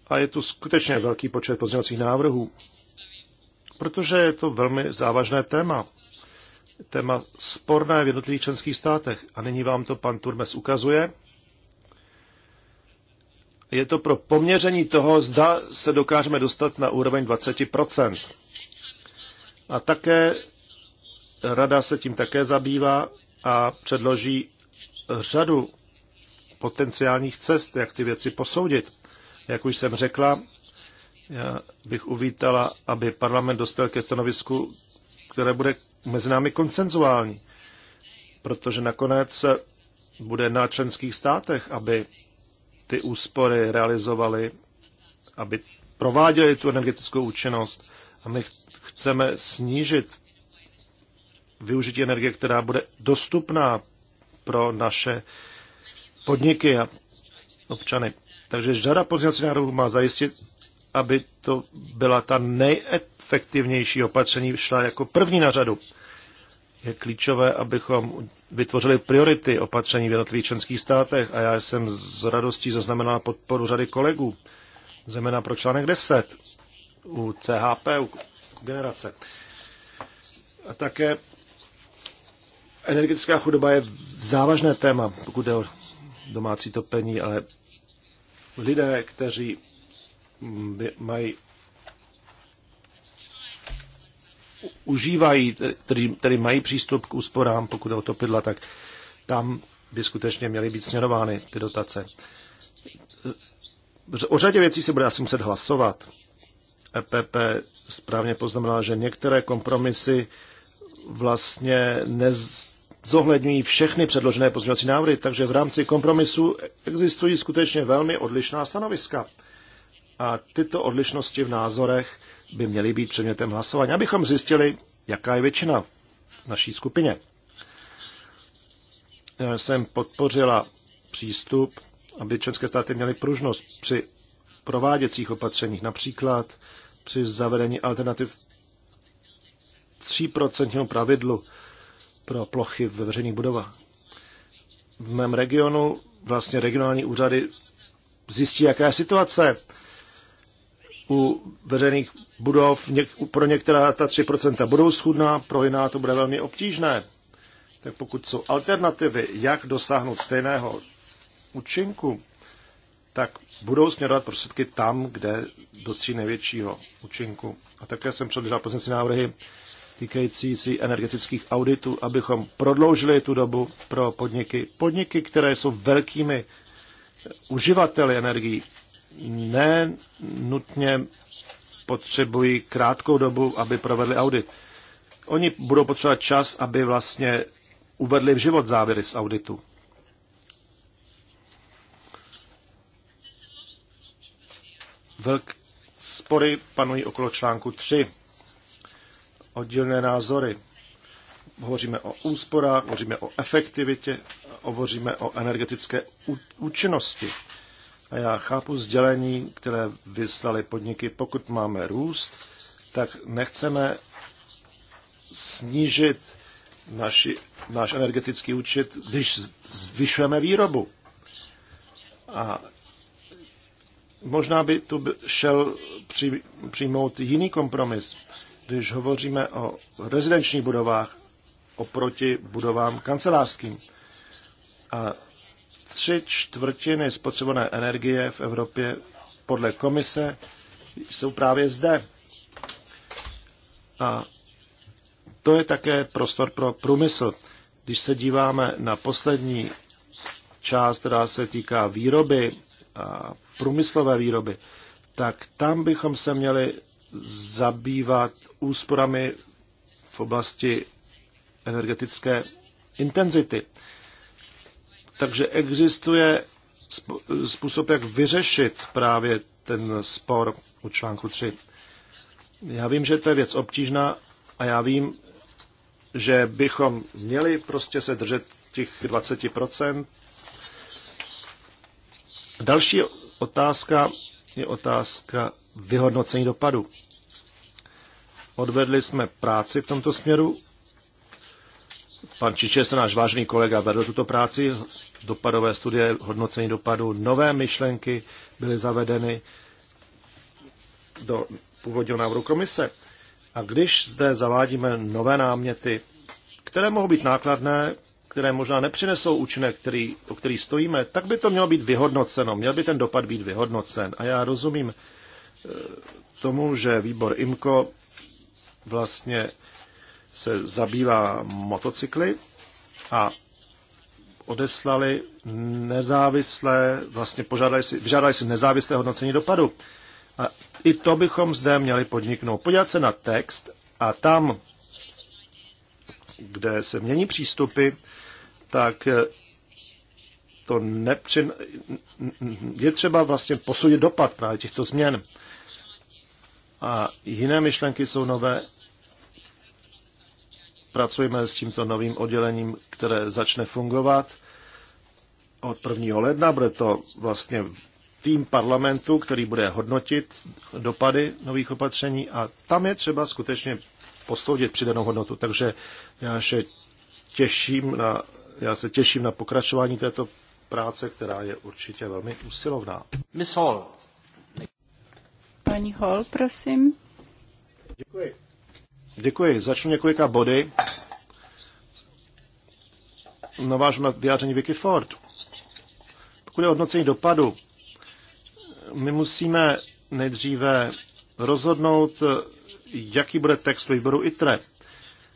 A je tu skutečně velký počet pozměňovacích návrhů, protože je to velmi závažné téma. Téma sporné v jednotlivých členských státech. A nyní vám to pan Turmes ukazuje. Je to pro poměření toho, zda se dokážeme dostat na úroveň 20 a také Rada se tím také zabývá a předloží řadu potenciálních cest, jak ty věci posoudit. Jak už jsem řekla, já bych uvítala, aby parlament dospěl ke stanovisku, které bude mezi námi koncenzuální, protože nakonec bude na členských státech, aby ty úspory realizovali, aby prováděli tu energetickou účinnost. A my chceme snížit využití energie, která bude dostupná pro naše podniky a občany. Takže řada pozměňovacích návrhů má zajistit, aby to byla ta nejefektivnější opatření, šla jako první na řadu. Je klíčové, abychom vytvořili priority opatření v jednotlivých členských státech a já jsem s radostí zaznamenal podporu řady kolegů, zejména pro článek 10 u CHP, u generace. A také Energetická chudoba je závažné téma, pokud jde o domácí topení, ale lidé, kteří mají užívají, tedy, tedy mají přístup k úsporám, pokud jde o topidla, tak tam by skutečně měly být směrovány ty dotace. O řadě věcí se bude asi muset hlasovat. EPP správně poznamenala, že některé kompromisy vlastně nez, zohledňují všechny předložené pozměňovací návrhy, takže v rámci kompromisu existují skutečně velmi odlišná stanoviska. A tyto odlišnosti v názorech by měly být předmětem hlasování, abychom zjistili, jaká je většina v naší skupině. Já jsem podpořila přístup, aby členské státy měly pružnost při prováděcích opatřeních, například při zavedení alternativ 3% pravidlu pro plochy ve veřejných budovách. V mém regionu vlastně regionální úřady zjistí, jaká je situace u veřejných budov. Něk- pro některá ta 3% budou schudná, pro jiná to bude velmi obtížné. Tak pokud jsou alternativy, jak dosáhnout stejného účinku, tak budou směrovat prostředky tam, kde docílí největšího účinku. A také jsem předložil pozměňovací návrhy, týkající si energetických auditů, abychom prodloužili tu dobu pro podniky. Podniky, které jsou velkými uživateli energií, ne nutně potřebují krátkou dobu, aby provedli audit. Oni budou potřebovat čas, aby vlastně uvedli v život závěry z auditu. Velk spory panují okolo článku 3 oddělné názory. Hovoříme o úsporách, hovoříme o efektivitě, hovoříme o energetické účinnosti. A já chápu sdělení, které vyslali podniky, pokud máme růst, tak nechceme snížit naši, náš energetický účet, když zvyšujeme výrobu. A možná by tu šel přijmout jiný kompromis když hovoříme o rezidenčních budovách oproti budovám kancelářským. A tři čtvrtiny spotřebované energie v Evropě podle komise jsou právě zde. A to je také prostor pro průmysl. Když se díváme na poslední část, která se týká výroby a průmyslové výroby, tak tam bychom se měli zabývat úsporami v oblasti energetické intenzity. Takže existuje způsob, jak vyřešit právě ten spor u článku 3. Já vím, že to je věc obtížná a já vím, že bychom měli prostě se držet těch 20%. Další otázka je otázka vyhodnocení dopadu. Odvedli jsme práci v tomto směru. Pan Čičes, náš vážný kolega, vedl tuto práci. Dopadové studie, hodnocení dopadu, nové myšlenky byly zavedeny do původního návrhu komise. A když zde zavádíme nové náměty, které mohou být nákladné, které možná nepřinesou účinek, který, o který stojíme, tak by to mělo být vyhodnoceno, měl by ten dopad být vyhodnocen. A já rozumím tomu, že výbor IMCO vlastně se zabývá motocykly a odeslali nezávislé, vlastně požádali si, vyžádali si nezávislé hodnocení dopadu. A i to bychom zde měli podniknout. Podívat se na text a tam, kde se mění přístupy, tak eh, to nepřin... je třeba vlastně posudit dopad právě těchto změn a jiné myšlenky jsou nové. Pracujeme s tímto novým oddělením, které začne fungovat od 1. ledna. Bude to vlastně tým parlamentu, který bude hodnotit dopady nových opatření a tam je třeba skutečně posoudit přidanou hodnotu. Takže já se těším na, já se těším na pokračování této práce, která je určitě velmi usilovná. Miss Hall. Paní Hall, prosím. Děkuji. Děkuji. Začnu několika body. Navážu na vyjádření Vicky Ford. Pokud je hodnocení dopadu, my musíme nejdříve rozhodnout, jaký bude text výboru ITRE.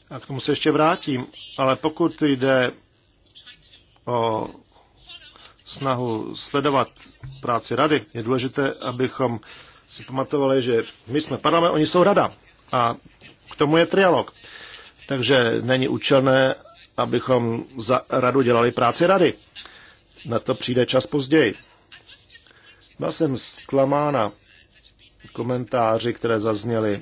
A k tomu se ještě vrátím. Ale pokud jde o snahu sledovat práci rady, je důležité, abychom si pamatovali, že my jsme parlament, oni jsou rada. A k tomu je trialog. Takže není účelné, abychom za radu dělali práci rady. Na to přijde čas později. Byla jsem zklamána komentáři, které zazněly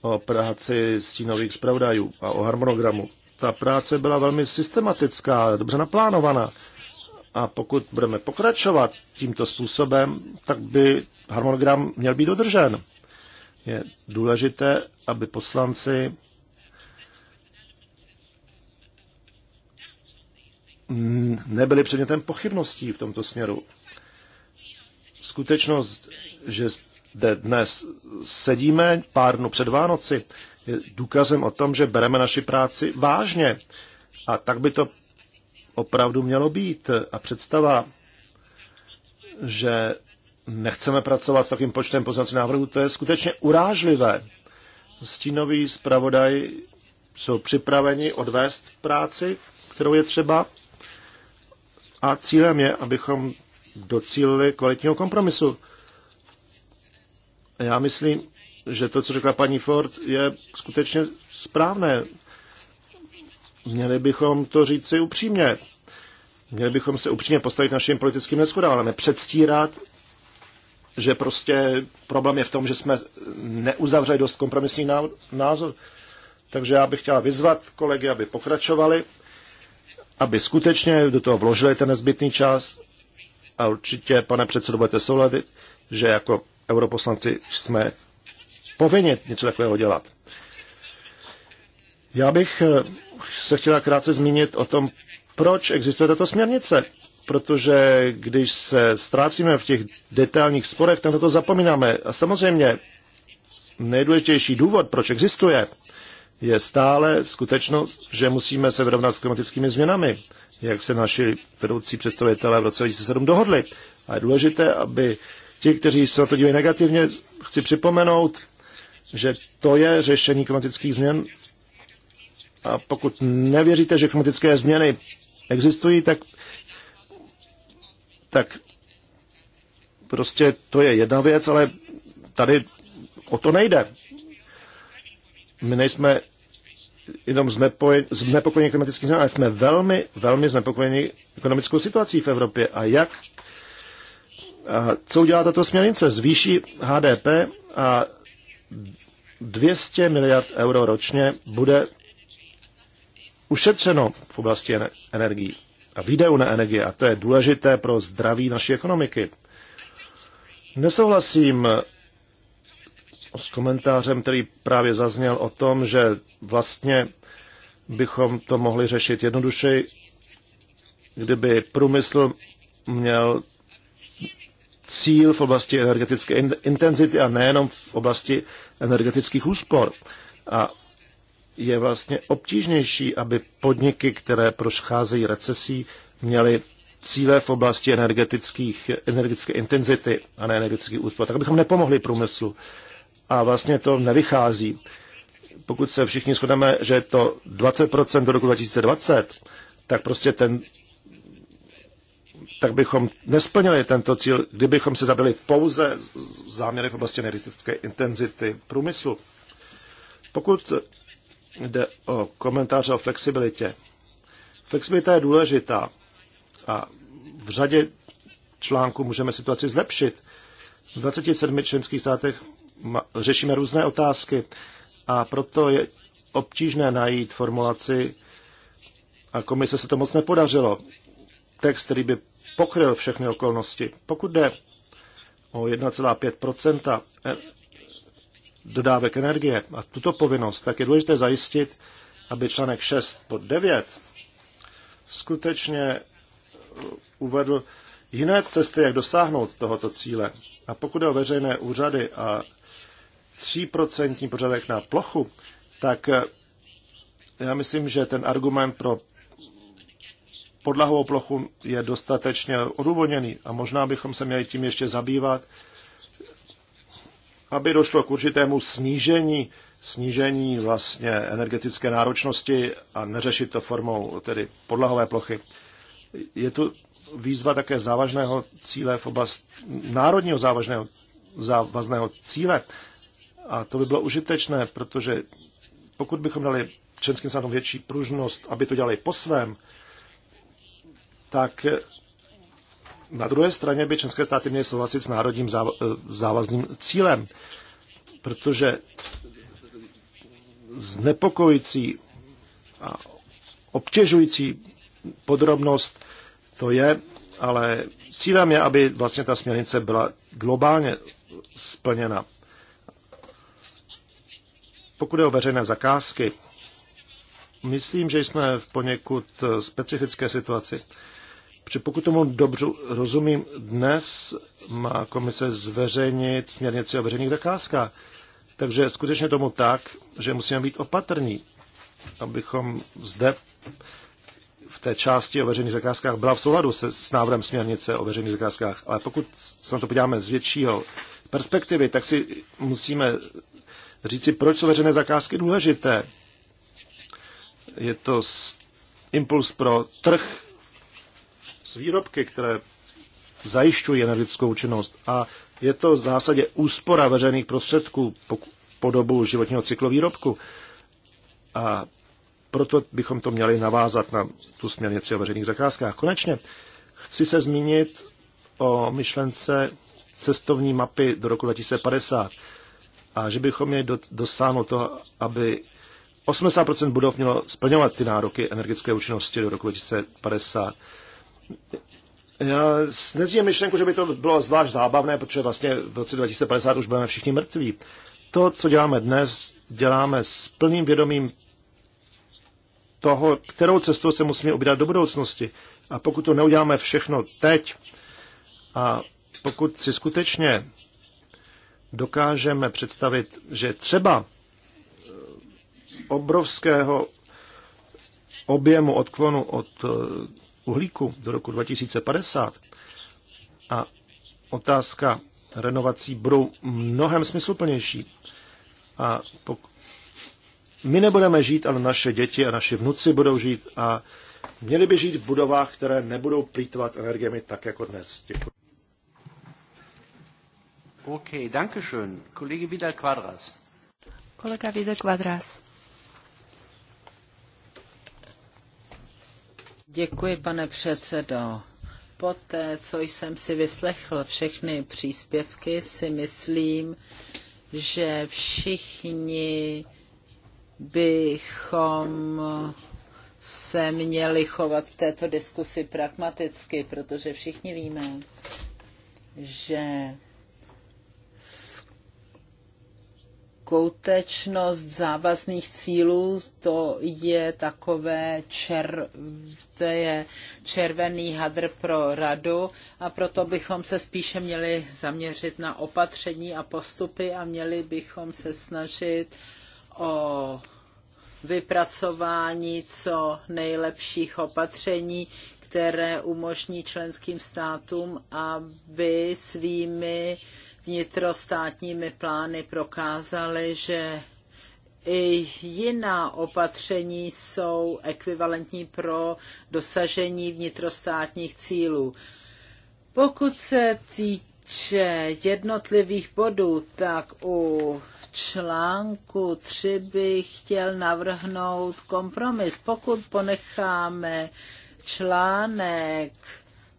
o práci stínových zpravodajů a o harmonogramu. Ta práce byla velmi systematická, dobře naplánovaná. A pokud budeme pokračovat tímto způsobem, tak by harmonogram měl být dodržen. Je důležité, aby poslanci nebyli předmětem pochybností v tomto směru. Skutečnost, že zde dnes sedíme pár dnů před Vánoci, je důkazem o tom, že bereme naši práci vážně. A tak by to opravdu mělo být. A představa, že nechceme pracovat s takým počtem poznacích návrhů, to je skutečně urážlivé. Stínoví zpravodaj jsou připraveni odvést práci, kterou je třeba. A cílem je, abychom docílili kvalitního kompromisu. Já myslím, že to, co řekla paní Ford, je skutečně správné. Měli bychom to říct, si upřímně. Měli bychom se upřímně postavit našim politickým neschodám, ale předstírat, že prostě problém je v tom, že jsme neuzavřeli dost kompromisní názor. Takže já bych chtěla vyzvat kolegy, aby pokračovali, aby skutečně do toho vložili ten nezbytný čas a určitě, pane předsedo, budete souhlasit, že jako europoslanci jsme povinni něco takového dělat. Já bych eh, se chtěla krátce zmínit o tom, proč existuje tato směrnice. Protože když se ztrácíme v těch detailních sporech, tak na to zapomínáme. A samozřejmě nejdůležitější důvod, proč existuje, je stále skutečnost, že musíme se vyrovnat s klimatickými změnami, jak se naši vedoucí představitelé v roce 2007 dohodli. A je důležité, aby ti, kteří se na to dívají negativně, chci připomenout, že to je řešení klimatických změn a pokud nevěříte, že klimatické změny existují, tak, tak prostě to je jedna věc, ale tady o to nejde. My nejsme jenom znepokojení znepokojeni klimatickým ale jsme velmi, velmi znepokojeni ekonomickou situací v Evropě. A jak a co udělá tato směrnice? Zvýší HDP a 200 miliard euro ročně bude ušetřeno v oblasti energií a výdajů na energie a to je důležité pro zdraví naší ekonomiky. Nesouhlasím s komentářem, který právě zazněl o tom, že vlastně bychom to mohli řešit jednodušeji, kdyby průmysl měl cíl v oblasti energetické intenzity a nejenom v oblasti energetických úspor. A je vlastně obtížnější, aby podniky, které proscházejí recesí, měly cíle v oblasti energetických, energetické intenzity a ne energetických úspor, tak abychom nepomohli průmyslu. A vlastně to nevychází. Pokud se všichni shodneme, že je to 20% do roku 2020, tak prostě ten tak bychom nesplnili tento cíl, kdybychom se zabili pouze záměry v oblasti energetické intenzity průmyslu. Pokud jde o komentáře o flexibilitě. Flexibilita je důležitá a v řadě článků můžeme situaci zlepšit. V 27 členských státech řešíme různé otázky a proto je obtížné najít formulaci a komise se to moc nepodařilo. Text, který by pokryl všechny okolnosti. Pokud jde o 1,5 dodávek energie a tuto povinnost, tak je důležité zajistit, aby článek 6 pod 9 skutečně uh, uvedl jiné cesty, jak dosáhnout tohoto cíle. A pokud je o veřejné úřady a 3% požadavek na plochu, tak uh, já myslím, že ten argument pro podlahovou plochu je dostatečně odůvodněný a možná bychom se měli tím ještě zabývat aby došlo k určitému snížení, snížení vlastně energetické náročnosti a neřešit to formou tedy podlahové plochy. Je tu výzva také závažného cíle v oblast národního závažného, závazného cíle. A to by bylo užitečné, protože pokud bychom dali členským státům větší pružnost, aby to dělali po svém, tak na druhé straně by české státy měly souhlasit s národním eh, závazným cílem, protože znepokojící a obtěžující podrobnost to je, ale cílem je, aby vlastně ta směrnice byla globálně splněna. Pokud je o veřejné zakázky, myslím, že jsme v poněkud eh, specifické situaci. Pokud tomu dobře rozumím, dnes má komise zveřejnit směrnici o veřejných zakázkách. Takže je skutečně tomu tak, že musíme být opatrní, abychom zde v té části o veřejných zakázkách byla v souladu se, s návrhem směrnice o veřejných zakázkách. Ale pokud se na to podíváme z většího perspektivy, tak si musíme říci, proč jsou veřejné zakázky důležité. Je to impuls pro trh, s výrobky, které zajišťují energetickou účinnost. A je to v zásadě úspora veřejných prostředků po dobu životního cyklu výrobku. A proto bychom to měli navázat na tu směrnici o veřejných zakázkách. Konečně chci se zmínit o myšlence cestovní mapy do roku 2050 a že bychom měli dosáhnout toho, aby 80% budov mělo splňovat ty nároky energetické účinnosti do roku 2050. Já nezdím myšlenku, že by to bylo zvlášť zábavné, protože vlastně v roce 2050 už budeme všichni mrtví. To, co děláme dnes, děláme s plným vědomím toho, kterou cestou se musíme obydat do budoucnosti. A pokud to neuděláme všechno teď, a pokud si skutečně dokážeme představit, že třeba eh, obrovského objemu odklonu od eh, uhlíku do roku 2050 a otázka renovací budou mnohem smysluplnější. A pok- my nebudeme žít, ale naše děti a naši vnuci budou žít a měli by žít v budovách, které nebudou plítvat energiemi tak jako dnes. Děkuji. OK, danke schön. Kollege Vidal Quadras. Kollege Vidal Quadras. Děkuji, pane předsedo. Poté, co jsem si vyslechl všechny příspěvky, si myslím, že všichni bychom se měli chovat v této diskusi pragmaticky, protože všichni víme, že skutečnost závazných cílů, to je takové čer, to je červený hadr pro radu a proto bychom se spíše měli zaměřit na opatření a postupy a měli bychom se snažit o vypracování co nejlepších opatření, které umožní členským státům, aby svými vnitrostátními plány prokázaly, že i jiná opatření jsou ekvivalentní pro dosažení vnitrostátních cílů. Pokud se týče jednotlivých bodů, tak u článku 3 bych chtěl navrhnout kompromis. Pokud ponecháme článek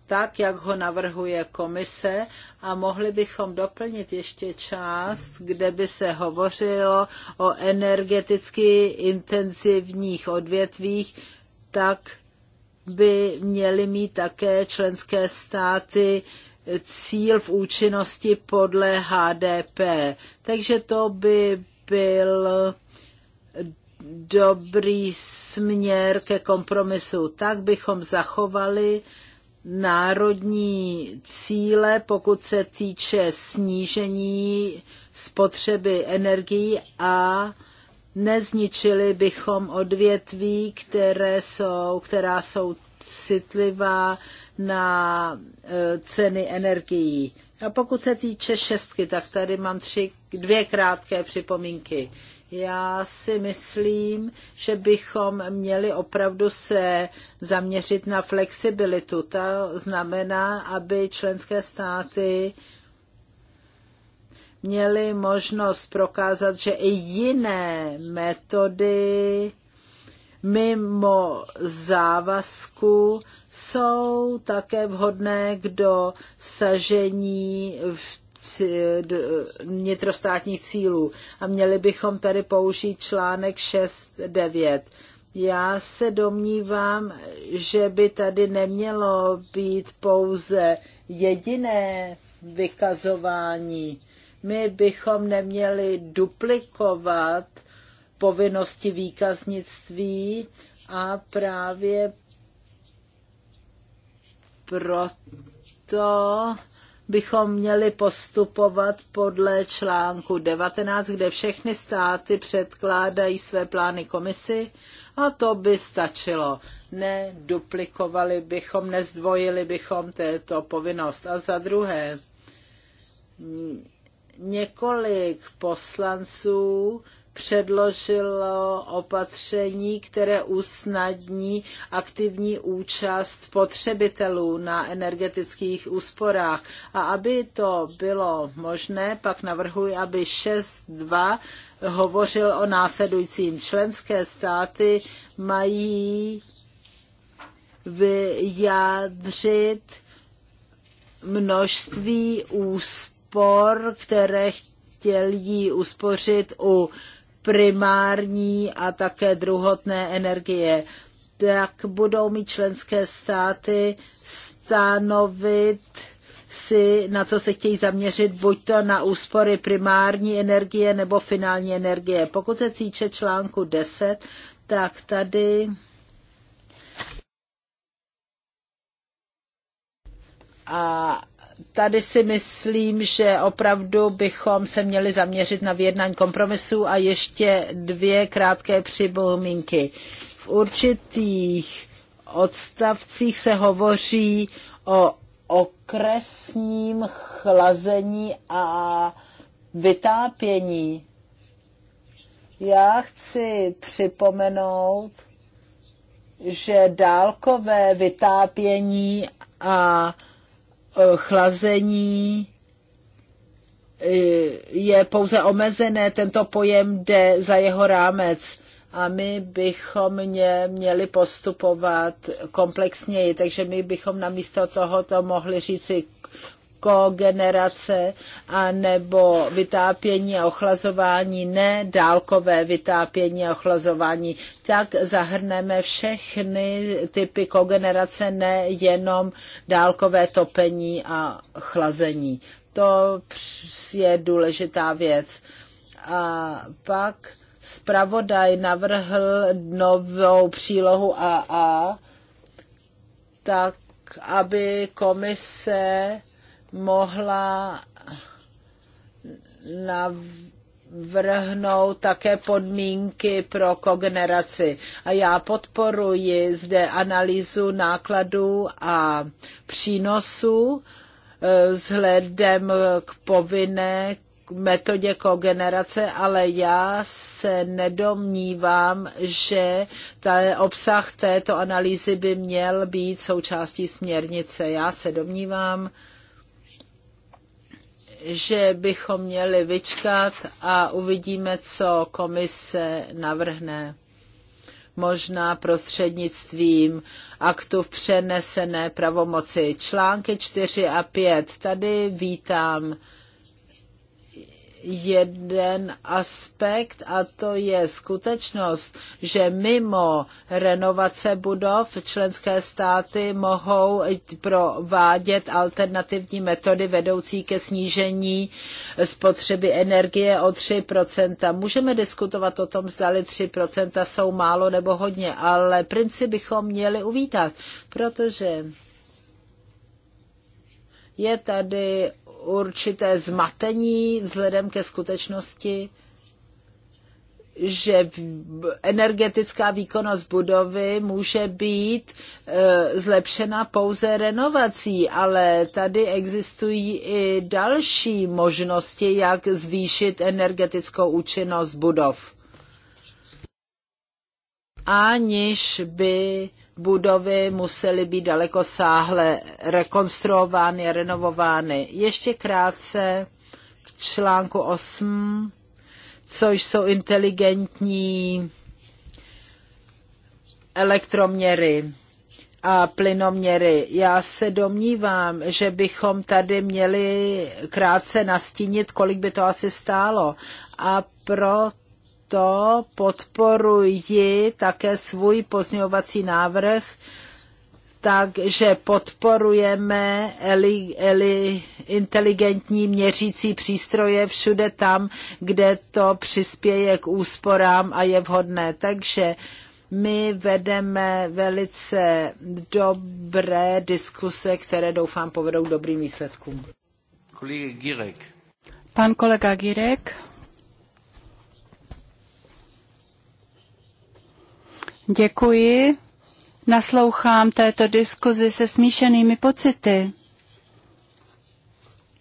tak, jak ho navrhuje komise a mohli bychom doplnit ještě část, kde by se hovořilo o energeticky intenzivních odvětvích, tak by měly mít také členské státy cíl v účinnosti podle HDP. Takže to by byl dobrý směr ke kompromisu. Tak bychom zachovali národní cíle, pokud se týče snížení spotřeby energií a nezničili bychom odvětví, které jsou, která jsou citlivá na e, ceny energií. A pokud se týče šestky, tak tady mám tři, dvě krátké připomínky. Já si myslím, že bychom měli opravdu se zaměřit na flexibilitu. To znamená, aby členské státy měly možnost prokázat, že i jiné metody mimo závazku jsou také vhodné k dosažení v vnitrostátních cílů. A měli bychom tady použít článek 6.9. Já se domnívám, že by tady nemělo být pouze jediné vykazování. My bychom neměli duplikovat povinnosti výkaznictví a právě proto bychom měli postupovat podle článku 19, kde všechny státy předkládají své plány komisi a to by stačilo. Neduplikovali bychom, nezdvojili bychom této povinnost. A za druhé, několik poslanců předložilo opatření, které usnadní aktivní účast spotřebitelů na energetických úsporách. A aby to bylo možné, pak navrhuji, aby 6.2 hovořil o následujícím. Členské státy mají vyjádřit množství úspor, které chtějí uspořit u primární a také druhotné energie. Tak budou mít členské státy stanovit si, na co se chtějí zaměřit, buď to na úspory primární energie nebo finální energie. Pokud se týče článku 10, tak tady a tady si myslím, že opravdu bychom se měli zaměřit na vyjednání kompromisů a ještě dvě krátké připomínky. V určitých odstavcích se hovoří o okresním chlazení a vytápění. Já chci připomenout, že dálkové vytápění a Eh, chlazení eh, je pouze omezené, tento pojem jde za jeho rámec a my bychom mě měli postupovat komplexněji, takže my bychom namísto tohoto mohli říci kogenerace a nebo vytápění a ochlazování, ne dálkové vytápění a ochlazování, tak zahrneme všechny typy kogenerace, ne jenom dálkové topení a chlazení. To je důležitá věc. A pak zpravodaj navrhl novou přílohu AA, tak aby komise mohla navrhnout také podmínky pro kogeneraci. A já podporuji zde analýzu nákladů a přínosů eh, vzhledem k povinné metodě kogenerace, ale já se nedomnívám, že ta obsah této analýzy by měl být součástí směrnice. Já se domnívám, že bychom měli vyčkat a uvidíme, co komise navrhne. Možná prostřednictvím aktu přenesené pravomoci. Články 4 a 5. Tady vítám jeden aspekt a to je skutečnost, že mimo renovace budov členské státy mohou provádět alternativní metody vedoucí ke snížení spotřeby energie o 3%. Můžeme diskutovat o tom, zdali 3% jsou málo nebo hodně, ale princip bychom měli uvítat, protože je tady určité zmatení vzhledem ke skutečnosti, že energetická výkonnost budovy může být e, zlepšena pouze renovací, ale tady existují i další možnosti, jak zvýšit energetickou účinnost budov. Aniž by budovy musely být daleko sáhle rekonstruovány a renovovány. Ještě krátce k článku 8, což jsou inteligentní elektroměry a plynoměry. Já se domnívám, že bychom tady měli krátce nastínit, kolik by to asi stálo. A proto proto podporuji také svůj pozměňovací návrh, takže podporujeme eli, eli, inteligentní měřící přístroje všude tam, kde to přispěje k úsporám a je vhodné. Takže my vedeme velice dobré diskuse, které doufám povedou k dobrým výsledkům. Girek. Pan kolega Girek. Děkuji. Naslouchám této diskuzi se smíšenými pocity.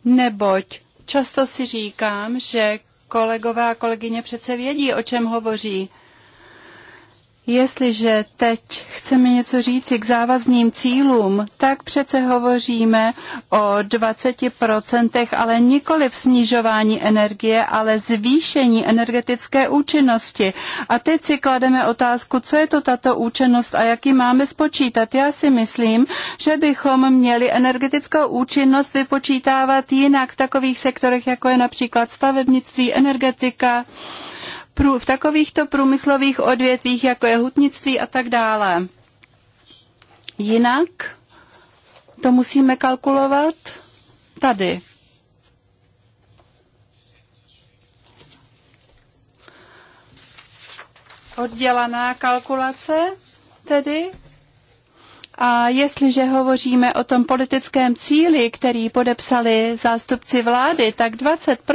Neboť často si říkám, že kolegové a kolegyně přece vědí, o čem hovoří. Jestliže teď chceme něco říci k závazným cílům, tak přece hovoříme o 20%, ale nikoli v snižování energie, ale zvýšení energetické účinnosti. A teď si klademe otázku, co je to tato účinnost a jak ji máme spočítat. Já si myslím, že bychom měli energetickou účinnost vypočítávat jinak v takových sektorech, jako je například stavebnictví, energetika, v takovýchto průmyslových odvětvích, jako je hutnictví a tak dále. Jinak to musíme kalkulovat tady. Oddělaná kalkulace tedy a jestliže hovoříme o tom politickém cíli, který podepsali zástupci vlády, tak 20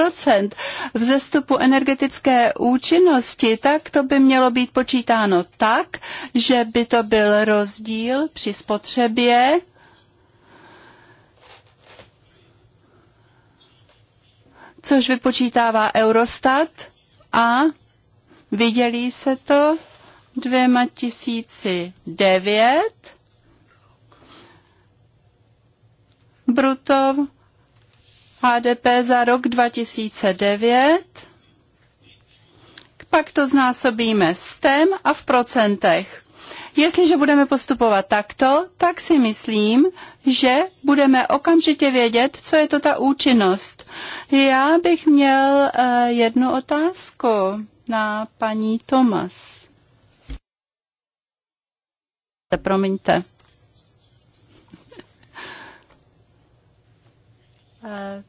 vzestupu energetické účinnosti, tak to by mělo být počítáno tak, že by to byl rozdíl při spotřebě což vypočítává Eurostat a vydělí se to dvěma tisíci devět Bruto HDP za rok 2009, pak to znásobíme stem a v procentech. Jestliže budeme postupovat takto, tak si myslím, že budeme okamžitě vědět, co je to ta účinnost. Já bych měl uh, jednu otázku na paní Tomas. Promiňte. Eh,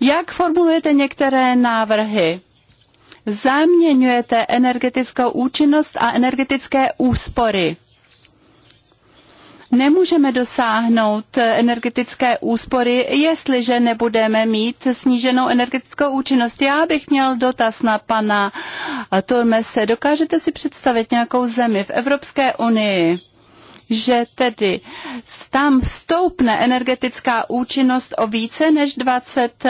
jak formulujete některé návrhy? Zaměňujete energetickou účinnost a energetické úspory. Nemůžeme dosáhnout energetické úspory, jestliže nebudeme mít sníženou energetickou účinnost. Já bych měl dotaz na pana Turmese. Dokážete si představit nějakou zemi v Evropské unii, že tedy tam stoupne energetická účinnost o více než 20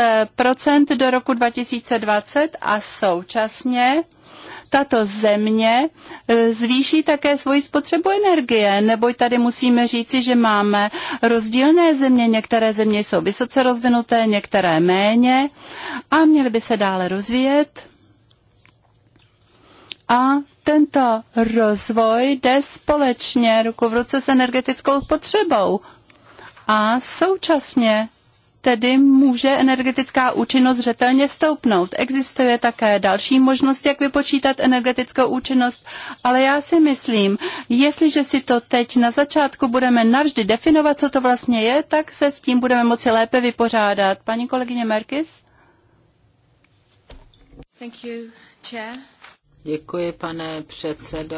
do roku 2020 a současně tato země eh, zvýší také svoji spotřebu energie, neboť tady musíme říci, že máme rozdílné země, některé země jsou vysoce rozvinuté, některé méně a měly by se dále rozvíjet a tento rozvoj jde společně ruku v ruce s energetickou potřebou. A současně tedy může energetická účinnost řetelně stoupnout. Existuje také další možnost, jak vypočítat energetickou účinnost, ale já si myslím, jestliže si to teď na začátku budeme navždy definovat, co to vlastně je, tak se s tím budeme moci lépe vypořádat. Paní kolegyně Merkis? Thank you, chair. Děkuji, pane předsedo.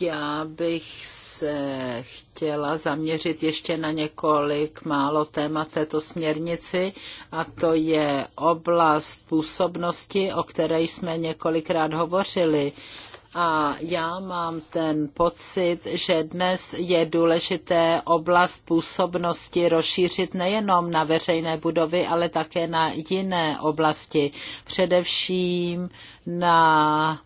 Já bych se chtěla zaměřit ještě na několik málo témat této směrnici a to je oblast působnosti, o které jsme několikrát hovořili a já mám ten pocit, že dnes je důležité oblast působnosti rozšířit nejenom na veřejné budovy, ale také na jiné oblasti, především na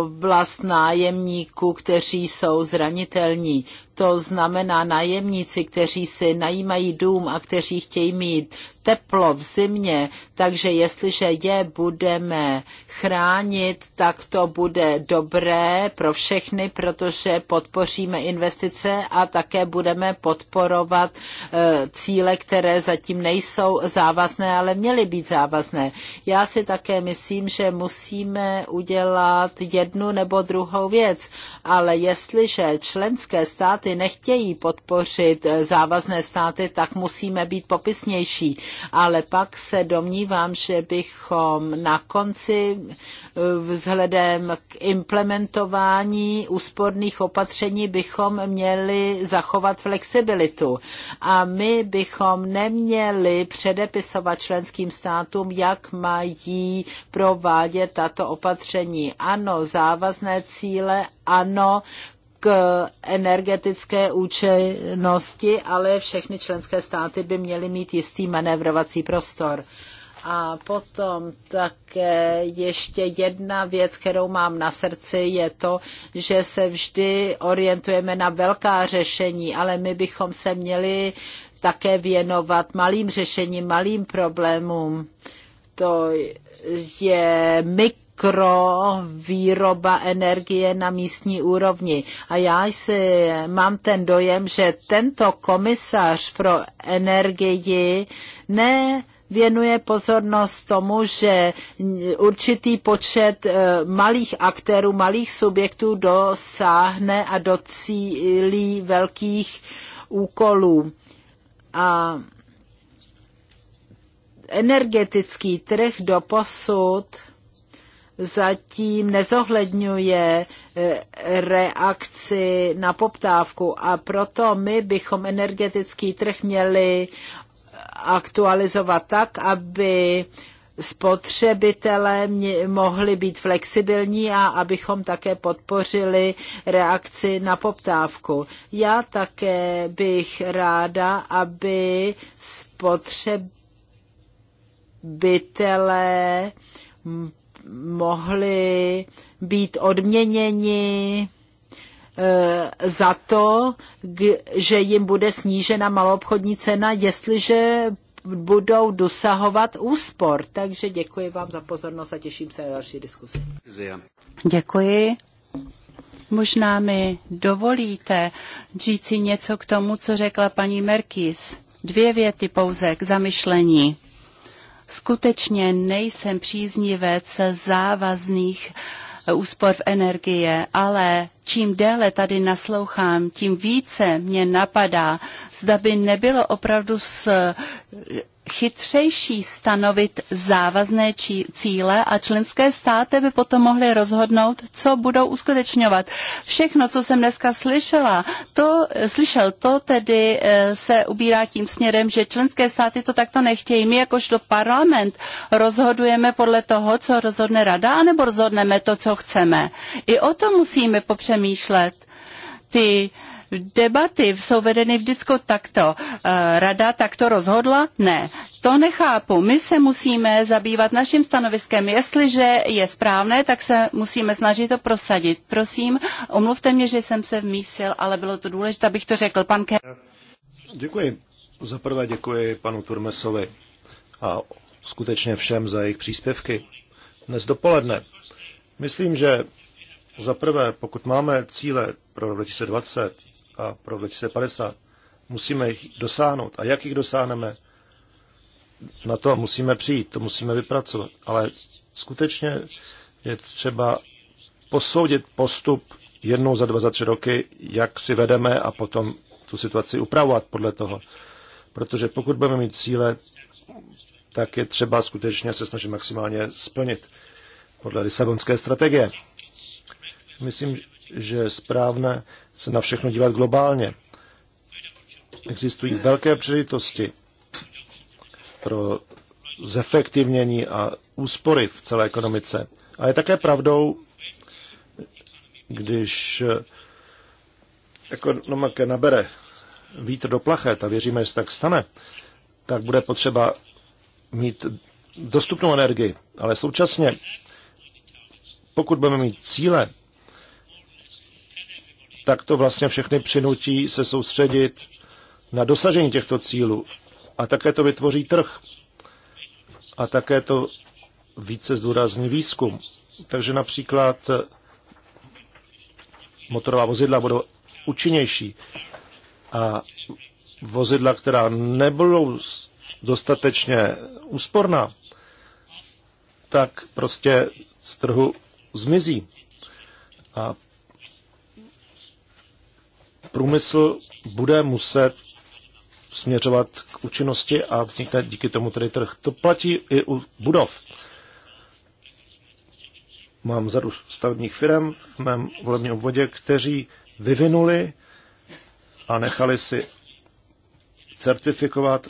oblast nájemníků, kteří jsou zranitelní. To znamená nájemníci, kteří si najímají dům a kteří chtějí mít teplo v zimě, takže jestliže je budeme chránit, tak to bude dobré pro všechny, protože podpoříme investice a také budeme podporovat eh, cíle, které zatím nejsou závazné, ale měly být závazné. Já si také myslím, že musíme udělat jednu nebo druhou věc, ale jestliže členské státy nechtějí podpořit eh, závazné státy, tak musíme být popisnější ale pak se domnívám, že bychom na konci eh, vzhledem k implementování úsporných opatření bychom měli zachovat flexibilitu. A my bychom neměli předepisovat členským státům, jak mají provádět tato opatření. Ano, závazné cíle, ano, k energetické účinnosti, ale všechny členské státy by měly mít jistý manévrovací prostor. A potom také ještě jedna věc, kterou mám na srdci, je to, že se vždy orientujeme na velká řešení, ale my bychom se měli také věnovat malým řešením, malým problémům. To je mik výroba energie na místní úrovni. A já si mám ten dojem, že tento komisař pro energii ne věnuje pozornost tomu, že určitý počet eh, malých aktérů, malých subjektů dosáhne a docílí velkých úkolů. A energetický trh doposud posud zatím nezohledňuje eh, reakci na poptávku a proto my bychom energetický trh měli aktualizovat tak, aby spotřebitelé mohli být flexibilní a abychom také podpořili reakci na poptávku. Já také bych ráda, aby spotřebitelé mohli být odměněni eh, za to, že jim bude snížena maloobchodní cena, jestliže budou dosahovat úspor. Takže děkuji vám za pozornost a těším se na další diskusi. Děkuji. Možná mi dovolíte říci něco k tomu, co řekla paní Merkis. Dvě věty pouze k zamyšlení skutečně nejsem příznivec závazných úspor v energie, ale čím déle tady naslouchám, tím více mě napadá, zda by nebylo opravdu s chytřejší stanovit závazné či- cíle a členské státy by potom mohly rozhodnout, co budou uskutečňovat. Všechno, co jsem dneska slyšela, to, slyšel, to tedy eh, se ubírá tím směrem, že členské státy to takto nechtějí. My jakožto parlament rozhodujeme podle toho, co rozhodne rada, anebo rozhodneme to, co chceme. I o tom musíme popřemýšlet. Ty uh, Debaty jsou vedeny vždycky takto. Eh, rada takto rozhodla? Ne. To nechápu. My se musíme zabývat naším stanoviskem. Jestliže je správné, tak se musíme snažit to prosadit. Prosím, omluvte mě, že jsem se vmísil, ale bylo to důležité, abych to řekl. Pan Ke... Děkuji. Za prvé děkuji panu Turmesovi a skutečně všem za jejich příspěvky. Dnes dopoledne. Myslím, že za prvé, pokud máme cíle pro 2020, a pro 2050. Musíme jich dosáhnout. A jak jich dosáhneme? Na to musíme přijít, to musíme vypracovat. Ale skutečně je třeba posoudit postup jednou za dva, za tři roky, jak si vedeme a potom tu situaci upravovat podle toho. Protože pokud budeme mít cíle, tak je třeba skutečně se snažit maximálně splnit podle Lisabonské strategie. Myslím, že je správné, se na všechno dívat globálně. Existují velké příležitosti pro zefektivnění a úspory v celé ekonomice. A je také pravdou, když ekonomika nabere vítr do plachet a věříme, že se tak stane, tak bude potřeba mít dostupnou energii. Ale současně, pokud budeme mít cíle, tak to vlastně všechny přinutí se soustředit na dosažení těchto cílů. A také to vytvoří trh. A také to více zdůrazní výzkum. Takže například eh, motorová vozidla budou účinnější a vozidla, která nebudou dostatečně úsporná, tak prostě z trhu zmizí. A průmysl bude muset směřovat k účinnosti a vznikne díky tomu tedy trh. To platí i u budov. Mám zadu stavebních firm v mém volebním obvodě, kteří vyvinuli a nechali si certifikovat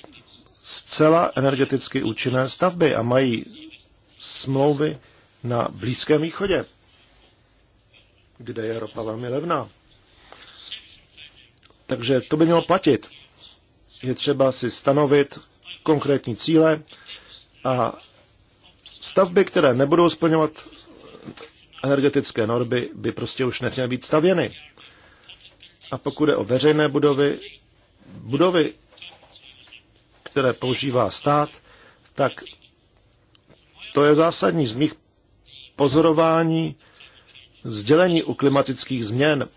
zcela energeticky účinné stavby a mají smlouvy na Blízkém východě, kde je ropa velmi levná. Takže to by mělo platit. Je třeba si stanovit konkrétní cíle a stavby, které nebudou splňovat energetické normy, by prostě už neměly být stavěny. A pokud je o veřejné budovy, budovy, které používá stát, tak to je zásadní z mých pozorování sdělení u klimatických změn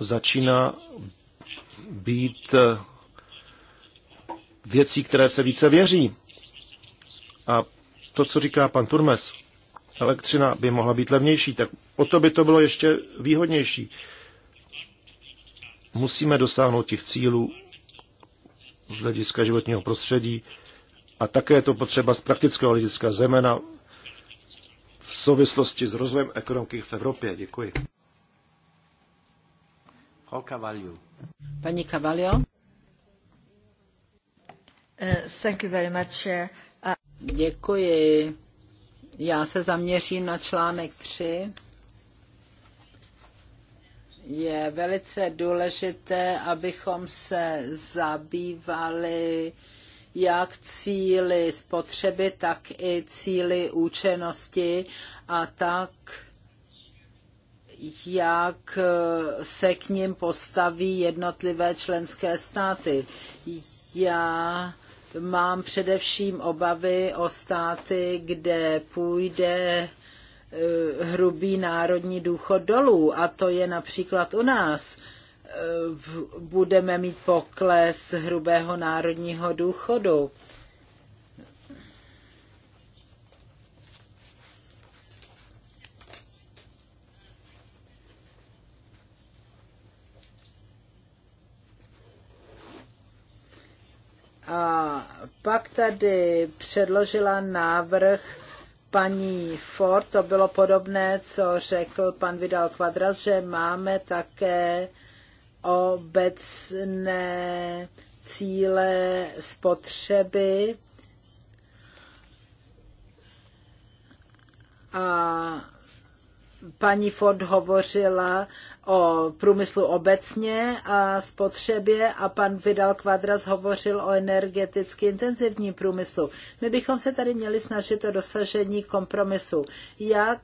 začíná být eh, věcí, které se více věří. A to, co říká pan Turmes, elektřina by mohla být levnější, tak o to by to bylo ještě výhodnější. Musíme dosáhnout těch cílů z hlediska životního prostředí a také je to potřeba z praktického hlediska zemena v souvislosti s rozvojem ekonomiky v Evropě. Děkuji. Frau Cavallo. Uh, thank you very much, Chair. Uh... Děkuji. Já se zaměřím na článek 3 je velice důležité, abychom se zabývali jak cíly spotřeby, tak i cíly účinnosti a tak jak eh, se k ním postaví jednotlivé členské státy. Já mám především obavy o státy, kde půjde eh, hrubý národní důchod dolů, a to je například u nás. Eh, budeme mít pokles hrubého národního důchodu A pak tady předložila návrh paní Ford, to bylo podobné, co řekl pan Vidal Quadras, že máme také obecné cíle spotřeby a paní Ford hovořila o průmyslu obecně a spotřebě a pan Vidal Quadras hovořil o energeticky intenzivním průmyslu. My bychom se tady měli snažit o dosažení kompromisu. Jak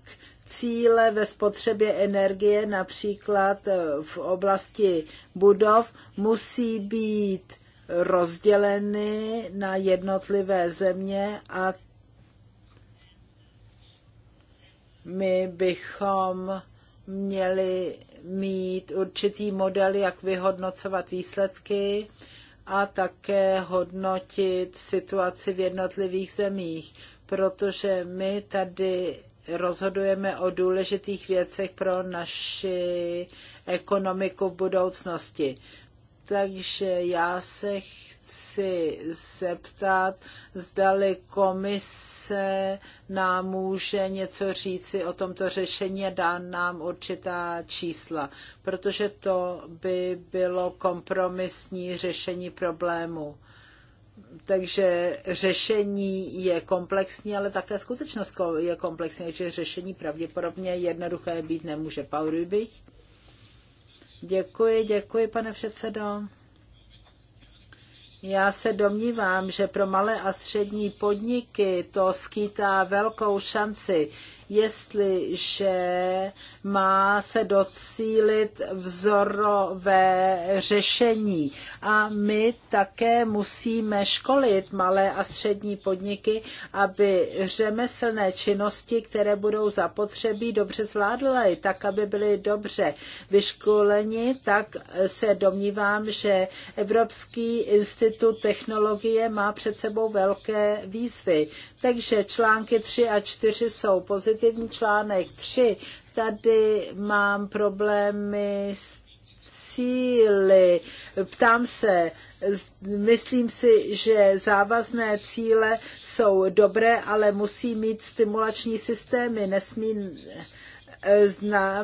cíle ve spotřebě energie, například eh, v oblasti budov, musí být rozděleny na jednotlivé země a my bychom měli mít určitý model, jak vyhodnocovat výsledky a také hodnotit situaci v jednotlivých zemích, protože my tady rozhodujeme o důležitých věcech pro naši ekonomiku v budoucnosti. Takže já se chci zeptat, zdali komise nám může něco říci o tomto řešení a dá nám určitá čísla, protože to by bylo kompromisní řešení problému. Takže řešení je komplexní, ale také skutečnost je komplexní, takže řešení pravděpodobně jednoduché být nemůže. Paul Rübich? Děkuji, děkuji, pane předsedo. Já se domnívám, že pro malé a střední podniky to skýtá velkou šanci jestliže má se docílit vzorové řešení. A my také musíme školit malé a střední podniky, aby řemeslné činnosti, které budou zapotřebí, dobře zvládly, tak aby byly dobře vyškoleni, tak se domnívám, že Evropský institut technologie má před sebou velké výzvy. Takže články 3 a 4 jsou pozitivní pozitivní článek 3, tady mám problémy s cíly. Ptám se, myslím si, že závazné cíle jsou dobré, ale musí mít stimulační systémy, nesmí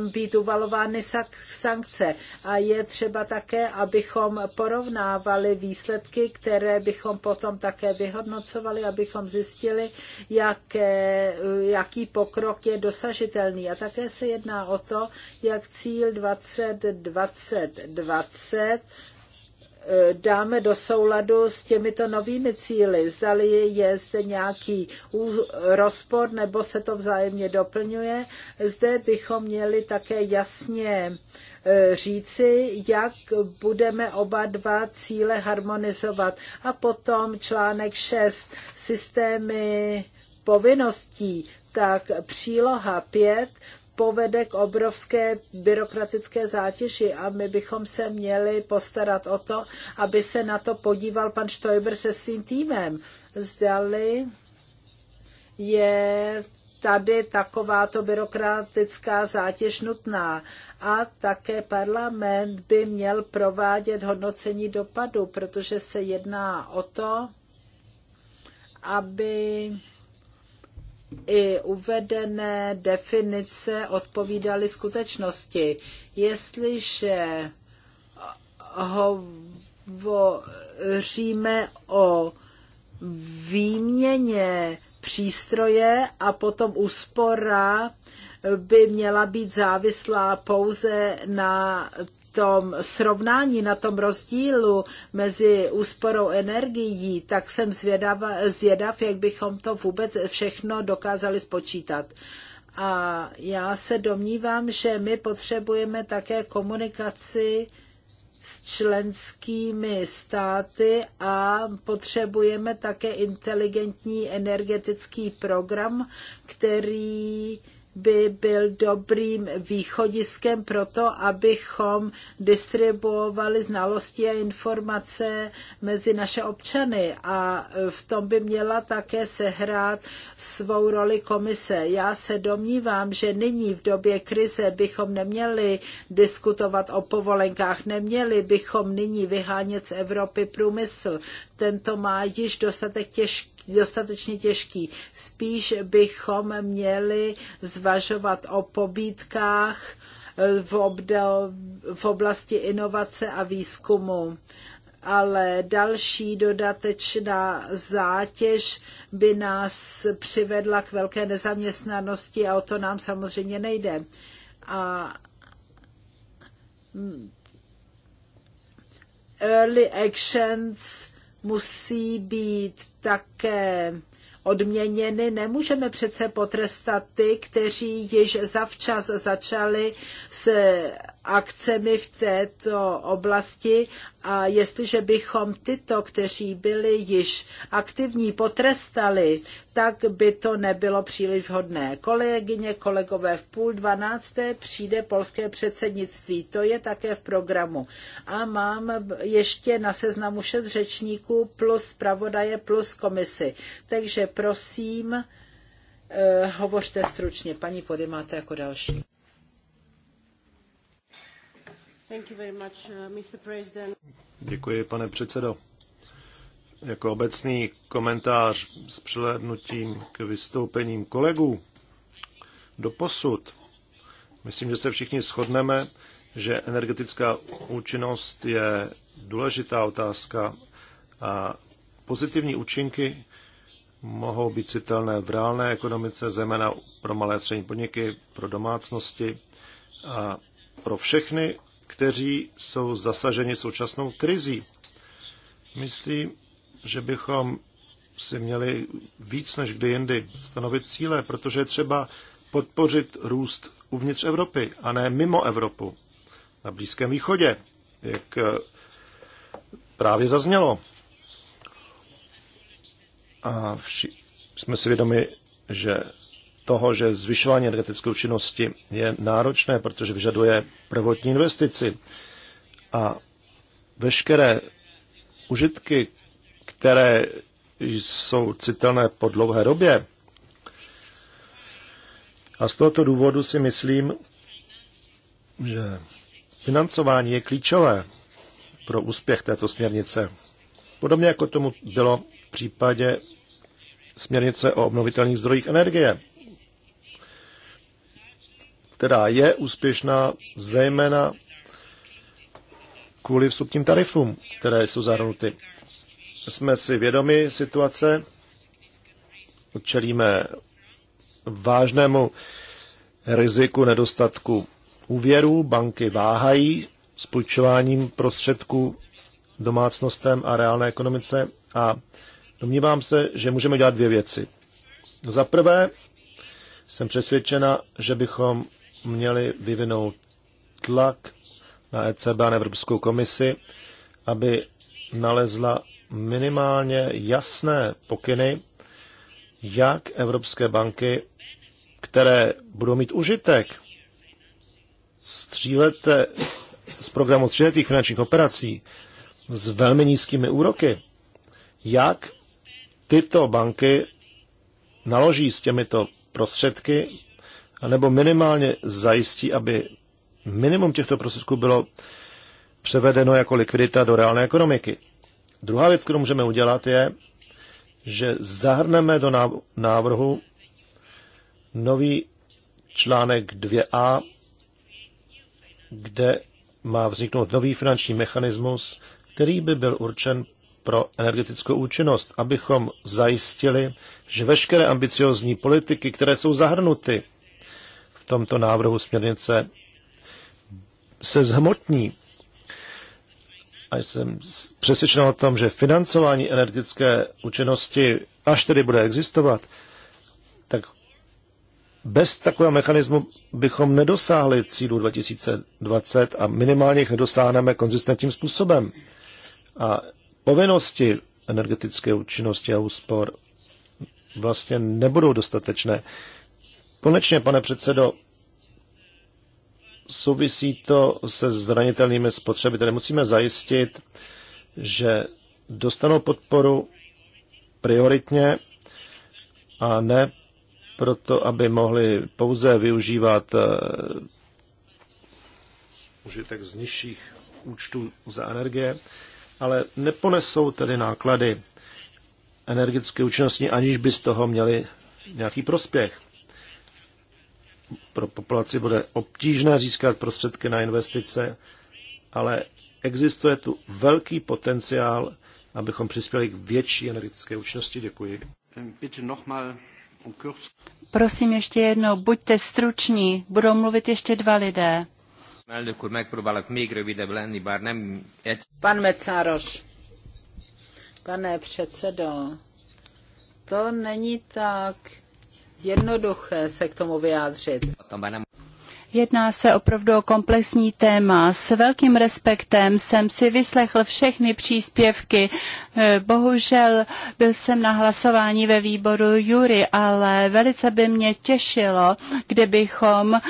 být uvalovány sankce. A je třeba také, abychom porovnávali výsledky, které bychom potom také vyhodnocovali, abychom zjistili, jaké, jaký pokrok je dosažitelný. A také se jedná o to, jak cíl 2020 20, 20 dáme do souladu s těmito novými cíly. Zdali je zde nějaký rozpor nebo se to vzájemně doplňuje. Zde bychom měli také jasně e, říci, jak budeme oba dva cíle harmonizovat. A potom článek 6, systémy povinností, tak příloha 5 povede k obrovské byrokratické zátěži a my bychom se měli postarat o to, aby se na to podíval pan Stoiber se svým týmem. Zdali je tady takováto byrokratická zátěž nutná. A také parlament by měl provádět hodnocení dopadu, protože se jedná o to, aby i uvedené definice odpovídaly skutečnosti. Jestliže hovoříme o výměně přístroje a potom úspora by měla být závislá pouze na tom srovnání, na tom rozdílu mezi úsporou energií, tak jsem zvědav, zvědav jak bychom to vůbec všechno dokázali spočítat. A já se domnívám, že my potřebujeme také komunikaci s členskými státy a potřebujeme také inteligentní energetický program, který by byl dobrým východiskem pro to, abychom distribuovali znalosti a informace mezi naše občany a v tom by měla také sehrát svou roli komise. Já se domnívám, že nyní v době krize bychom neměli diskutovat o povolenkách, neměli bychom nyní vyhánět z Evropy průmysl tento má již dostatek těžký dostatečně těžký. Spíš bychom měli zvažovat o pobídkách eh, v, obdel, v oblasti inovace a výzkumu ale další dodatečná zátěž by nás přivedla k velké nezaměstnanosti a o to nám samozřejmě nejde. A mm, early actions musí být také odměněny. Nemůžeme přece potrestat ty, kteří již zavčas začali s akcemi v této oblasti a jestliže bychom tyto, kteří byli již aktivní, potrestali, tak by to nebylo příliš vhodné. Kolegyně, kolegové, v půl dvanácté přijde polské předsednictví, to je také v programu. A mám ještě na seznamu šest řečníků plus pravodaje plus komisy. Takže prosím, eh, hovořte stručně. Paní máte jako další. Uh, Děkuji, pane předsedo. Jako obecný komentář s přihlédnutím k vystoupením kolegů do posud, myslím, že se všichni shodneme, že energetická účinnost je důležitá otázka a pozitivní účinky mohou být citelné v reálné ekonomice, zejména pro malé a střední podniky, pro domácnosti a pro všechny kteří jsou zasaženi současnou krizí. Myslím, že bychom si měli víc než kdy jindy stanovit cíle, protože je třeba podpořit růst uvnitř Evropy a ne mimo Evropu. Na Blízkém východě, jak eh, právě zaznělo. A vši- jsme si vědomi, že toho, že zvyšování energetické účinnosti je náročné, protože vyžaduje prvotní investici. A veškeré užitky, které jsou citelné po dlouhé době. A z tohoto důvodu si myslím, že financování je klíčové pro úspěch této směrnice. Podobně jako tomu bylo v případě směrnice o obnovitelných zdrojích energie která je úspěšná zejména kvůli vstupním tarifům, které jsou zahrnuty. Jsme si vědomi situace, čelíme vážnému riziku nedostatku úvěrů, banky váhají s půjčováním prostředků domácnostem a reálné ekonomice a domnívám se, že můžeme dělat dvě věci. Za prvé, jsem přesvědčena, že bychom měli vyvinout tlak na ECB a na Evropskou komisi, aby nalezla minimálně jasné pokyny, jak evropské banky, které budou mít užitek z, tříleté, z programu tříletých finančních operací s velmi nízkými úroky, jak tyto banky naloží s těmito prostředky nebo minimálně zajistí, aby minimum těchto prostředků bylo převedeno jako likvidita do reálné ekonomiky. Druhá věc, kterou můžeme udělat, je, že zahrneme do návrhu nový článek 2a, kde má vzniknout nový finanční mechanismus, který by byl určen pro energetickou účinnost, abychom zajistili, že veškeré ambiciozní politiky, které jsou zahrnuty v tomto návrhu směrnice se zhmotní. A jsem přesvědčen o tom, že financování energetické účinnosti, až tedy bude existovat, tak bez takového mechanismu bychom nedosáhli cílu 2020 a minimálně jich nedosáhneme konzistentním způsobem. A povinnosti energetické účinnosti a úspor vlastně nebudou dostatečné. Konečně, pane předsedo, souvisí to se zranitelnými spotřebiteli. Musíme zajistit, že dostanou podporu prioritně a ne proto, aby mohli pouze využívat eh, užitek z nižších účtů za energie, ale neponesou tedy náklady energetické účinnosti, aniž by z toho měli nějaký prospěch pro populaci bude obtížné získat prostředky na investice, ale existuje tu velký potenciál, abychom přispěli k větší energetické účinnosti. Děkuji. Um Prosím ještě jednou, buďte struční, budou mluvit ještě dva lidé. Pan Mecároš, pane předsedo, to není tak jednoduché se k tomu vyjádřit. Jedná se opravdu o komplexní téma. S velkým respektem jsem si vyslechl všechny příspěvky. E, bohužel byl jsem na hlasování ve výboru Jury, ale velice by mě těšilo, kdybychom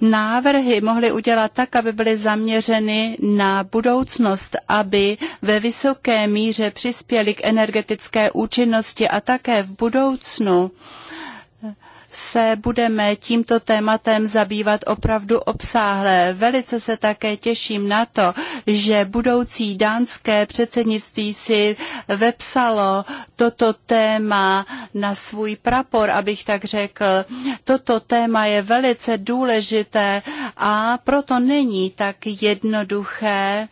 návrhy mohli udělat tak, aby byly zaměřeny na budoucnost, aby ve vysoké míře přispěly k energetické účinnosti a také v budoucnu se budeme tímto tématem zabývat opravdu obsáhle. Velice se také těším na to, že budoucí dánské předsednictví si vepsalo toto téma na svůj prapor, abych tak řekl. Toto téma je velice důležité a proto není tak jednoduché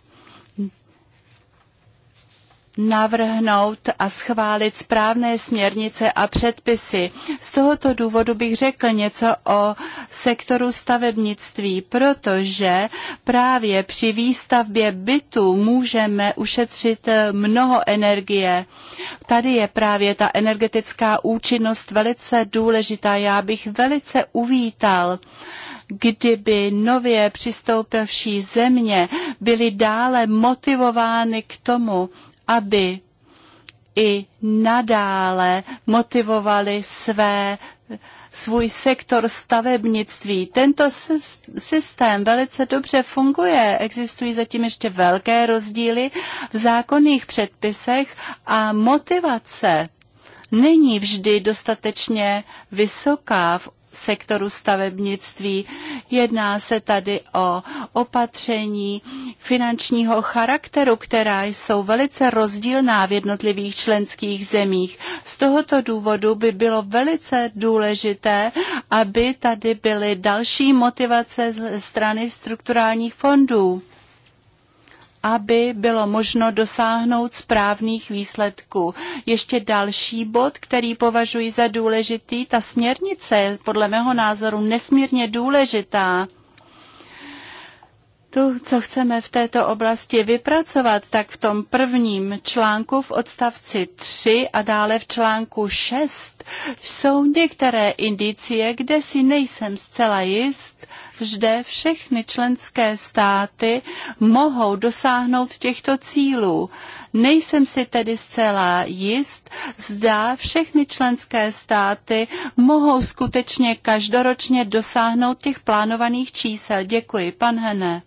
navrhnout a schválit správné směrnice a předpisy. Z tohoto důvodu bych řekl něco o sektoru stavebnictví, protože právě při výstavbě bytu můžeme ušetřit mnoho energie. Tady je právě ta energetická účinnost velice důležitá. Já bych velice uvítal, kdyby nově přistoupivší země byly dále motivovány k tomu, aby i nadále motivovali své svůj sektor stavebnictví. Tento systém velice dobře funguje. Existují zatím ještě velké rozdíly v zákonných předpisech a motivace není vždy dostatečně vysoká v sektoru stavebnictví. Jedná se tady o opatření finančního charakteru, která jsou velice rozdílná v jednotlivých členských zemích. Z tohoto důvodu by bylo velice důležité, aby tady byly další motivace ze strany strukturálních fondů aby bylo možno dosáhnout správných výsledků. Ještě další bod, který považuji za důležitý, ta směrnice je podle mého názoru nesmírně důležitá. To, co chceme v této oblasti vypracovat, tak v tom prvním článku v odstavci 3 a dále v článku 6 jsou některé indicie, kde si nejsem zcela jist, kde všechny členské státy mohou dosáhnout těchto cílů. Nejsem si tedy zcela jist, zda všechny členské státy mohou skutečně každoročně dosáhnout těch plánovaných čísel. Děkuji, pan Hene.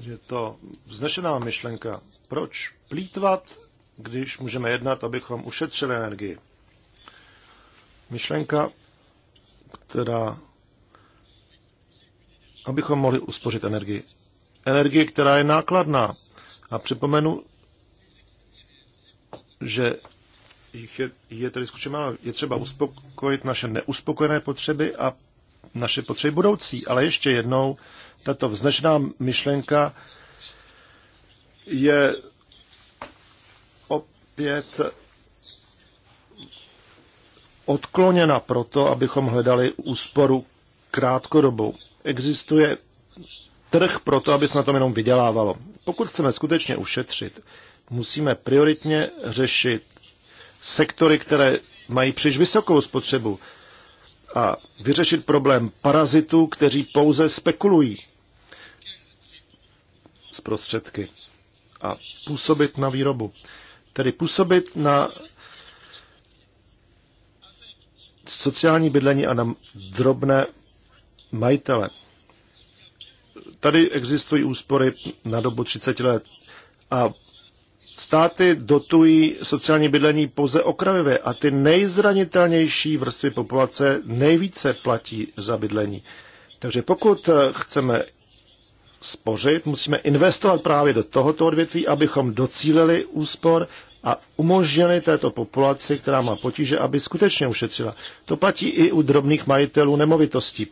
Je to vznešená myšlenka. Proč plítvat, když můžeme jednat, abychom ušetřili energii? Myšlenka která, abychom mohli uspořit energii. energie, která je nákladná. A připomenu, že je, je tady skutečně málo. Je třeba uspokojit naše neuspokojené potřeby a naše potřeby budoucí. Ale ještě jednou, tato vznešená myšlenka je opět odkloněna proto, abychom hledali úsporu krátkodobou. Existuje trh proto, aby se na tom jenom vydělávalo. Pokud chceme skutečně ušetřit, musíme prioritně řešit sektory, které mají příliš vysokou spotřebu a vyřešit problém parazitů, kteří pouze spekulují s prostředky a působit na výrobu. Tedy působit na sociální bydlení a na drobné majitele. Tady existují úspory na dobu 30 let a státy dotují sociální bydlení pouze okrajově a ty nejzranitelnější vrstvy populace nejvíce platí za bydlení. Takže pokud chceme spořit, musíme investovat právě do tohoto odvětví, abychom docílili úspor a umožnili této populaci, která má potíže, aby skutečně ušetřila. To platí i u drobných majitelů nemovitostí.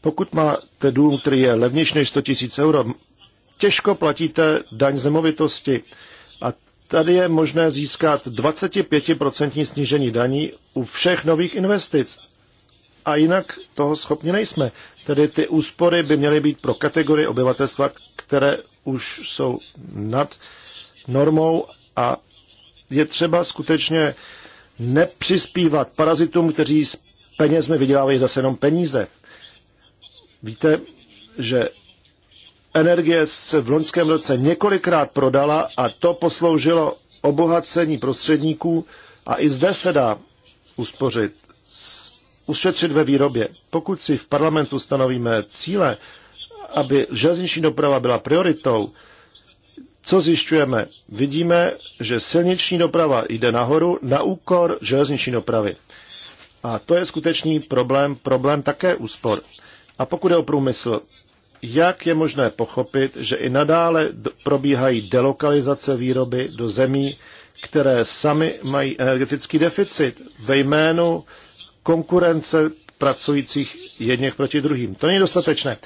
Pokud máte dům, který je levnější než 100 000 euro, těžko platíte daň z nemovitosti. A tady je možné získat 25% snížení daní u všech nových investic. A jinak toho schopni nejsme. Tedy ty úspory by měly být pro kategorie obyvatelstva, které už jsou nad normou a je třeba skutečně nepřispívat parazitům, kteří s penězmi vydělávají zase jenom peníze. Víte, že energie se v loňském roce několikrát prodala a to posloužilo obohacení prostředníků a i zde se dá uspořit, ušetřit ve výrobě. Pokud si v parlamentu stanovíme cíle, aby železniční doprava byla prioritou, co zjišťujeme? Vidíme, že silniční doprava jde nahoru na úkor železniční dopravy. A to je skutečný problém, problém také úspor. A pokud je o průmysl, jak je možné pochopit, že i nadále probíhají delokalizace výroby do zemí, které sami mají energetický deficit ve jménu konkurence pracujících jedněch proti druhým. To není dostatečné.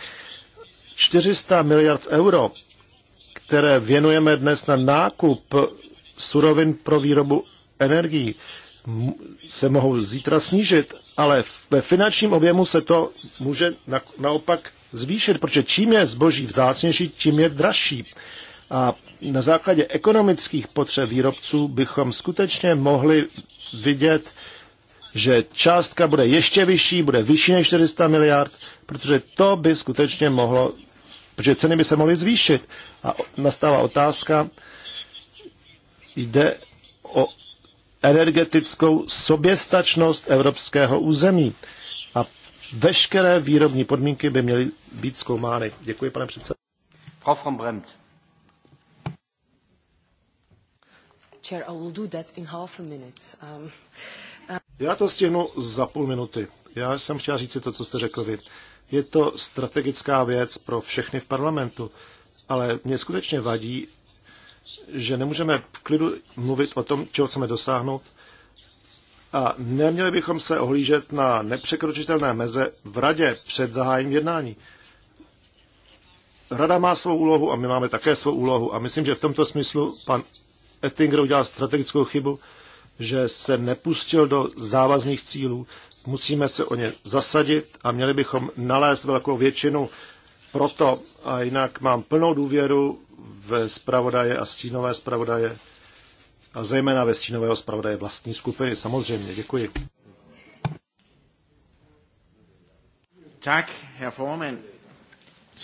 400 miliard euro které věnujeme dnes na nákup surovin pro výrobu energií, se mohou zítra snížit, ale ve finančním objemu se to může naopak zvýšit, protože čím je zboží vzácnější, tím je dražší. A na základě ekonomických potřeb výrobců bychom skutečně mohli vidět, že částka bude ještě vyšší, bude vyšší než 400 miliard, protože to by skutečně mohlo, protože ceny by se mohly zvýšit. A nastává otázka, jde o energetickou soběstačnost evropského území. A veškeré výrobní podmínky by měly být zkoumány. Děkuji, pane předsedo. Frau von Bremt. Chair, I will do that in half a minute. Um, uh... Já to stihnu za půl minuty. Já jsem chtěl říct si to, co jste řekl vy. Je to strategická věc pro všechny v parlamentu. Uh, ale mě skutečně vadí, že nemůžeme v klidu mluvit o tom, čeho chceme dosáhnout a neměli bychom se ohlížet na nepřekročitelné meze v radě před zahájením jednání. Rada má svou úlohu a my máme také svou úlohu a myslím, že v tomto smyslu pan Ettinger udělal strategickou chybu, že se nepustil do závazných cílů. Musíme se o ně zasadit a měli bychom nalézt velkou většinu proto a jinak mám plnou důvěru ve zpravodaje a stínové zpravodaje a zejména ve stínového zpravodaje vlastní skupiny. Samozřejmě, děkuji. Tak, herr formand.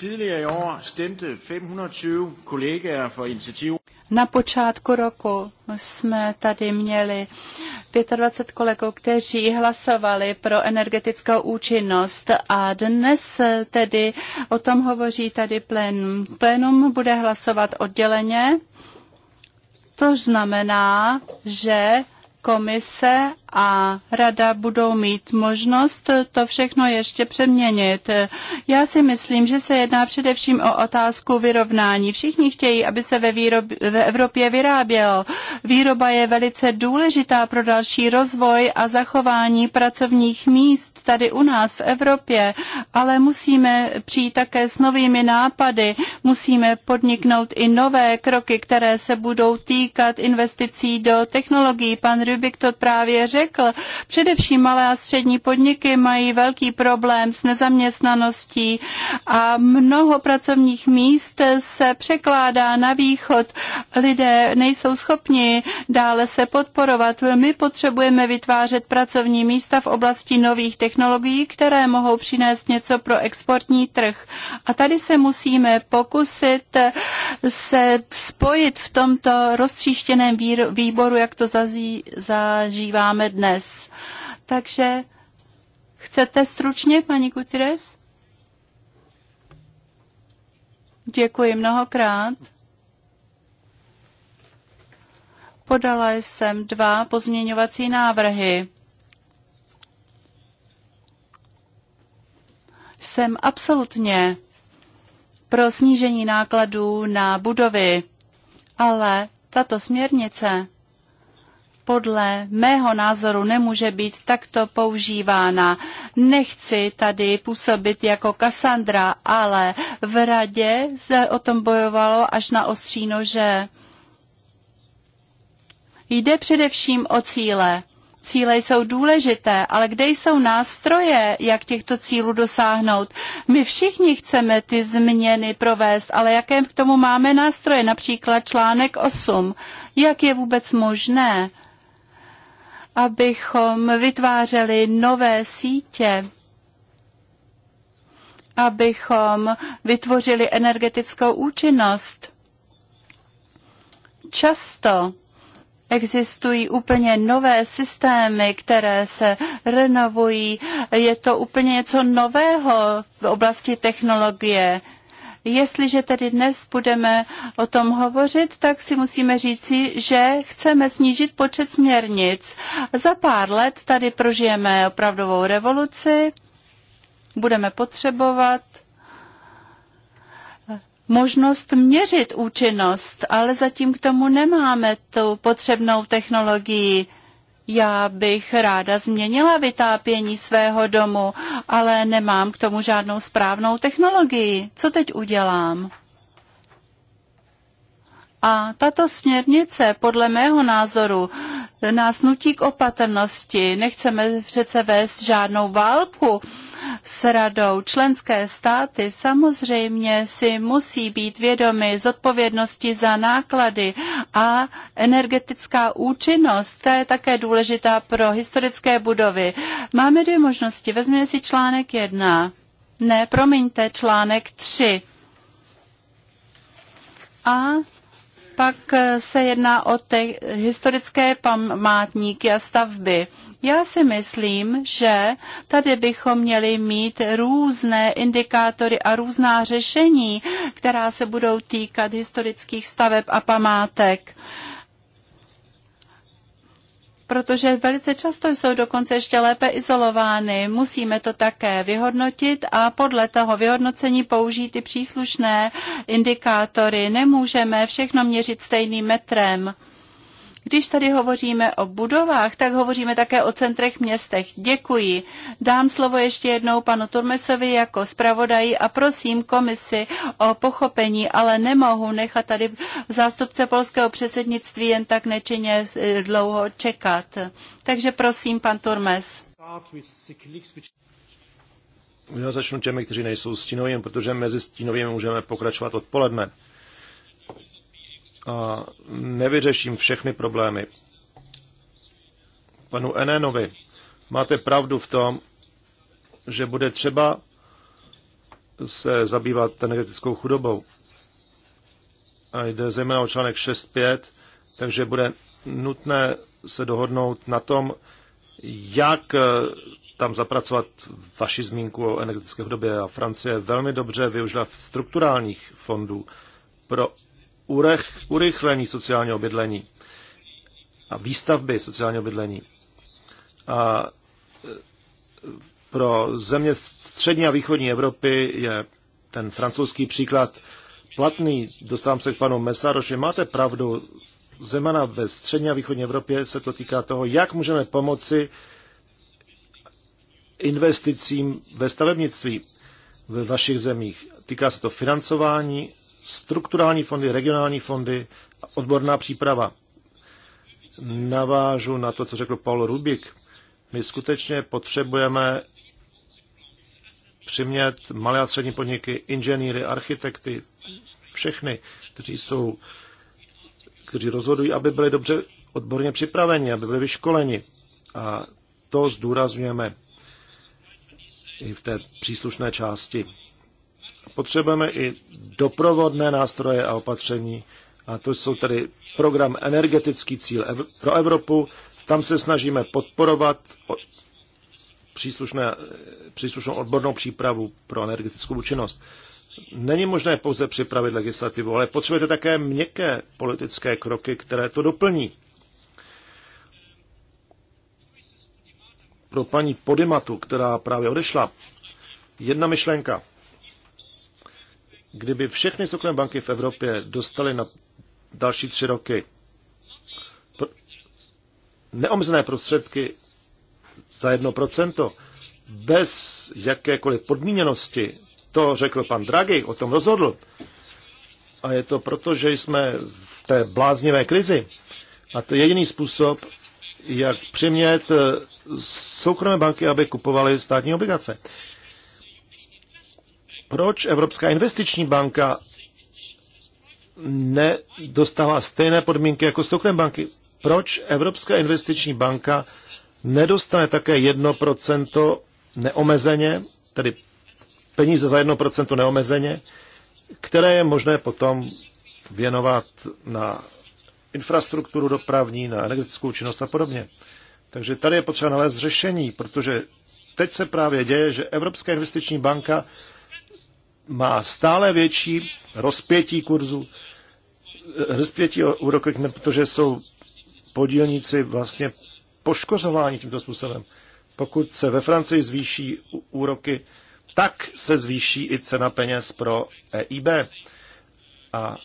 Tidligere i år stemte 520 kollegaer for initiativ. Na počátku roku jsme tady měli 25 kolegů, kteří hlasovali pro energetickou účinnost a dnes tedy o tom hovoří tady plénum. Plénum bude hlasovat odděleně, to znamená, že komise a rada budou mít možnost to všechno ještě přeměnit. Já si myslím, že se jedná především o otázku vyrovnání. Všichni chtějí, aby se ve, výrob, ve Evropě vyrábělo. Výroba je velice důležitá pro další rozvoj a zachování pracovních míst tady u nás v Evropě, ale musíme přijít také s novými nápady, musíme podniknout i nové kroky, které se budou týkat investicí do technologií. Pan Rubik to právě řekl řekl. Především malé a střední podniky mají velký problém s nezaměstnaností a mnoho pracovních míst se překládá na východ. Lidé nejsou schopni dále se podporovat. My potřebujeme vytvářet pracovní místa v oblasti nových technologií, které mohou přinést něco pro exportní trh. A tady se musíme pokusit se spojit v tomto roztříštěném výboru, jak to zazí, zažíváme dnes. Takže chcete stručně, paní Gutierrez? Děkuji mnohokrát. Podala jsem dva pozměňovací návrhy. Jsem absolutně pro snížení nákladů na budovy, ale tato směrnice podle mého názoru nemůže být takto používána. Nechci tady působit jako Kassandra, ale v radě se o tom bojovalo až na ostří nože. Jde především o cíle. Cíle jsou důležité, ale kde jsou nástroje, jak těchto cílů dosáhnout? My všichni chceme ty změny provést, ale jaké k tomu máme nástroje? Například článek 8. Jak je vůbec možné, abychom vytvářeli nové sítě, abychom vytvořili energetickou účinnost. Často Existují úplně nové systémy, které se renovují. Je to úplně něco nového v oblasti technologie. Jestliže tedy dnes budeme o tom hovořit, tak si musíme říci, že chceme snížit počet směrnic. Za pár let tady prožijeme opravdovou revoluci, budeme potřebovat možnost měřit účinnost, ale zatím k tomu nemáme tu potřebnou technologii. Já bych ráda změnila vytápění svého domu, ale nemám k tomu žádnou správnou technologii. Co teď udělám? A tato směrnice, podle mého názoru, nás nutí k opatrnosti. Nechceme přece vést žádnou válku s radou. Členské státy samozřejmě si musí být vědomy zodpovědnosti za náklady a energetická účinnost, ta je také důležitá pro historické budovy. Máme dvě možnosti. Vezměme si článek 1. Ne, promiňte, článek 3. A pak se jedná o ty historické památníky a stavby. Já si myslím, že tady bychom měli mít různé indikátory a různá řešení, která se budou týkat historických staveb a památek protože velice často jsou dokonce ještě lépe izolovány. Musíme to také vyhodnotit a podle toho vyhodnocení použít i příslušné indikátory. Nemůžeme všechno měřit stejným metrem. Když tady hovoříme o budovách, tak hovoříme také o centrech městech. Děkuji. Dám slovo ještě jednou panu Turmesovi jako zpravodaji a prosím komisi o pochopení, ale nemohu nechat tady zástupce polského předsednictví jen tak nečinně eh, dlouho čekat. Takže prosím, pan Turmes. Já začnu těmi, kteří nejsou stínovými, protože mezi stínovými můžeme pokračovat odpoledne a nevyřeším všechny problémy. Panu Enénovi, máte pravdu v tom, že bude třeba se zabývat energetickou chudobou. A jde zejména o článek 6.5, takže bude nutné se dohodnout na tom, jak eh, tam zapracovat vaši zmínku o energetické chudobě. A Francie velmi dobře využila strukturálních fondů pro urychlení sociálního bydlení a výstavby sociálního bydlení. A e, pro země střední a východní Evropy je ten francouzský příklad platný. Dostávám se k panu Mesaroši. Máte pravdu, zemana ve střední a východní Evropě se to týká toho, jak můžeme pomoci investicím ve stavebnictví ve vašich zemích. Týká se to financování strukturální fondy, regionální fondy, odborná příprava. Navážu na to, co řekl Paul Rubik. My skutečně potřebujeme přimět malé a střední podniky, inženýry, architekty, všechny, kteří jsou, kteří rozhodují, aby byli dobře odborně připraveni, aby byli vyškoleni. A to zdůrazňujeme i v té příslušné části potřebujeme i doprovodné nástroje a opatření. A to jsou tedy program Energetický cíl pro Evropu. Tam se snažíme podporovat příslušné, příslušnou odbornou přípravu pro energetickou účinnost. Není možné pouze připravit legislativu, ale potřebujete také měkké politické kroky, které to doplní. Pro paní Podimatu, která právě odešla, jedna myšlenka kdyby všechny soukromé banky v Evropě dostaly na další tři roky neomezené prostředky za jedno procento, bez jakékoliv podmíněnosti, to řekl pan Draghi, o tom rozhodl. A je to proto, že jsme v té bláznivé krizi. A to je jediný způsob, jak přimět soukromé banky, aby kupovaly státní obligace. Proč Evropská investiční banka nedostala stejné podmínky jako soukromé banky? Proč Evropská investiční banka nedostane také 1% neomezeně, tedy peníze za 1% neomezeně, které je možné potom věnovat na infrastrukturu dopravní, na energetickou činnost a podobně. Takže tady je potřeba nalézt řešení, protože teď se právě děje, že Evropská investiční banka má stále větší rozpětí kurzu, rozpětí úrokových, protože jsou podílníci vlastně poškozováni tímto způsobem. Pokud se ve Francii zvýší úroky, tak se zvýší i cena peněz pro EIB. A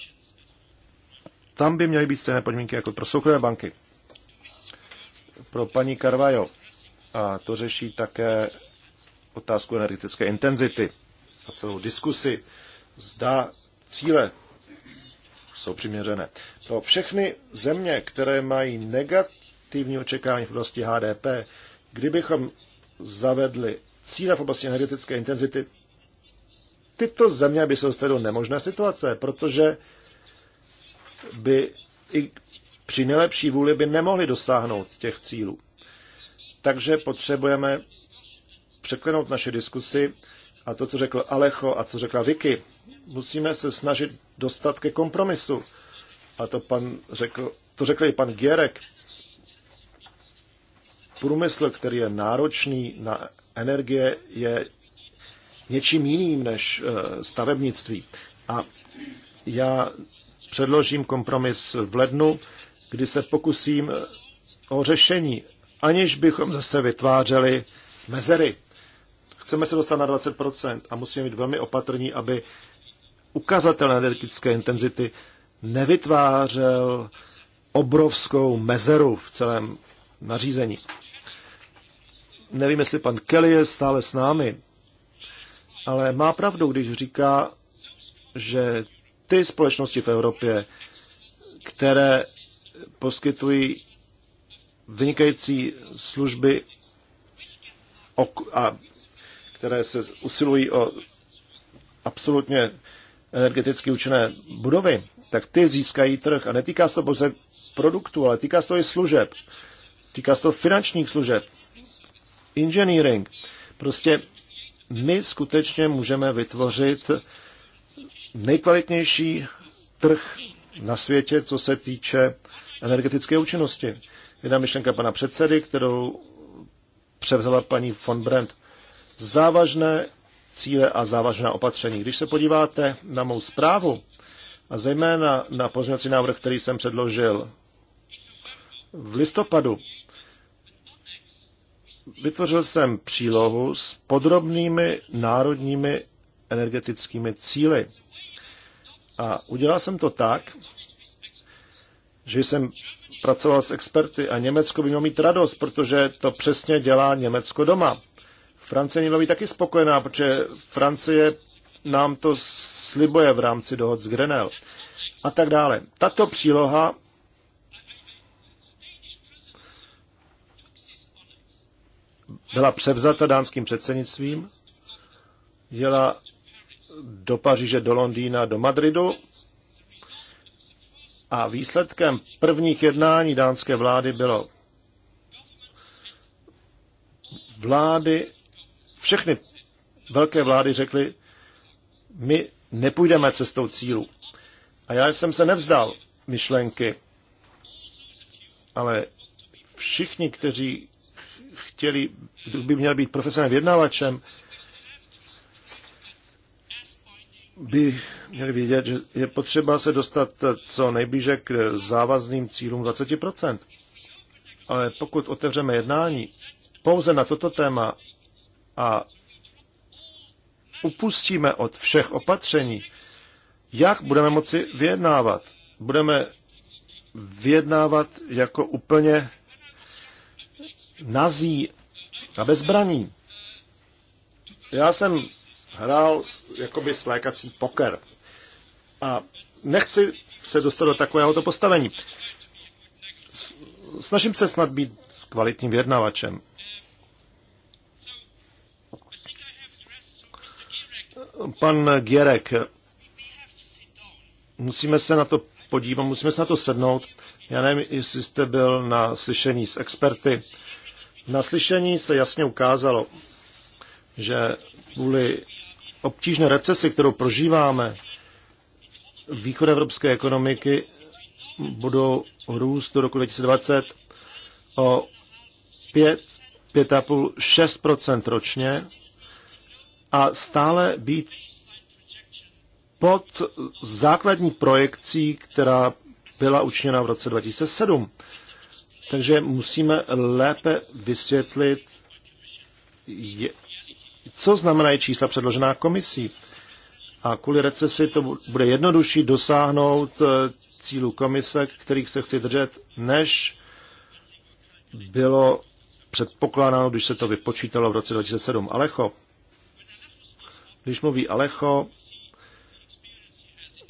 tam by měly být stejné podmínky jako pro soukromé banky. Pro paní Carvajo. A to řeší také otázku energetické intenzity a celou diskusi, zda cíle jsou přiměřené. Pro všechny země, které mají negativní očekávání v oblasti HDP, kdybychom zavedli cíle v oblasti energetické intenzity, tyto země by se dostaly do nemožné situace, protože by i při nejlepší vůli by nemohli dosáhnout těch cílů. Takže potřebujeme překlenout naše diskusy a to, co řekl Alecho a co řekla Vicky, musíme se snažit dostat ke kompromisu. A to, pan řekl, to řekl i pan Gierek. Průmysl, který je náročný na energie, je něčím jiným než eh, stavebnictví. A já předložím kompromis v lednu, kdy se pokusím eh, o řešení, aniž bychom zase vytvářeli mezery. Chceme se dostat na 20% a musíme být velmi opatrní, aby ukazatel energetické intenzity nevytvářel obrovskou mezeru v celém nařízení. Nevím, jestli pan Kelly je stále s námi, ale má pravdu, když říká, že ty společnosti v Evropě, které poskytují vynikající služby a které se usilují o absolutně energeticky účinné budovy, tak ty získají trh. A netýká se to pouze produktu, ale týká se to i služeb. Týká se to finančních služeb. Engineering. Prostě my skutečně můžeme vytvořit nejkvalitnější trh na světě, co se týče energetické účinnosti. Jedna myšlenka pana předsedy, kterou převzala paní von Brandt závažné cíle a závažná opatření. Když se podíváte na mou zprávu, a zejména na pozměňovací návrh, který jsem předložil v listopadu, vytvořil jsem přílohu s podrobnými národními energetickými cíly. A udělal jsem to tak, že jsem pracoval s experty a Německo by mělo mít radost, protože to přesně dělá Německo doma. Francie měla být taky spokojená, protože Francie nám to slibuje v rámci dohod z Grenel a tak dále. Tato příloha byla převzata dánským předsednictvím, jela do Paříže, do Londýna, do Madridu a výsledkem prvních jednání dánské vlády bylo vlády všechny velké vlády řekly, my nepůjdeme cestou cílu. A já jsem se nevzdal myšlenky, ale všichni, kteří chtěli, by měl být profesionálním vyjednavačem, by měli vědět, že je potřeba se dostat co nejblíže k závazným cílům 20%. Ale pokud otevřeme jednání pouze na toto téma a upustíme od všech opatření, jak budeme moci vyjednávat? Budeme vyjednávat jako úplně nazí a bezbraní. Já jsem hrál jakoby svlékací poker a nechci se dostat do takovéhoto postavení. Snažím se snad být kvalitním vyjednavačem. Pan Gierek, musíme se na to podívat, musíme se na to sednout. Já nevím, jestli jste byl na slyšení s experty. Na slyšení se jasně ukázalo, že kvůli obtížné recesi, kterou prožíváme, východ evropské ekonomiky budou růst do roku 2020 o 5, 5,5, 6 ročně a stále být pod základní projekcí, která byla učiněna v roce 2007. Takže musíme lépe vysvětlit, co znamenají čísla předložená komisí. A kvůli recesi to bude jednodušší dosáhnout eh, cílů komise, kterých se chci držet, než bylo předpokládáno, když se to vypočítalo v roce 2007. Alecho, když mluví Alecho,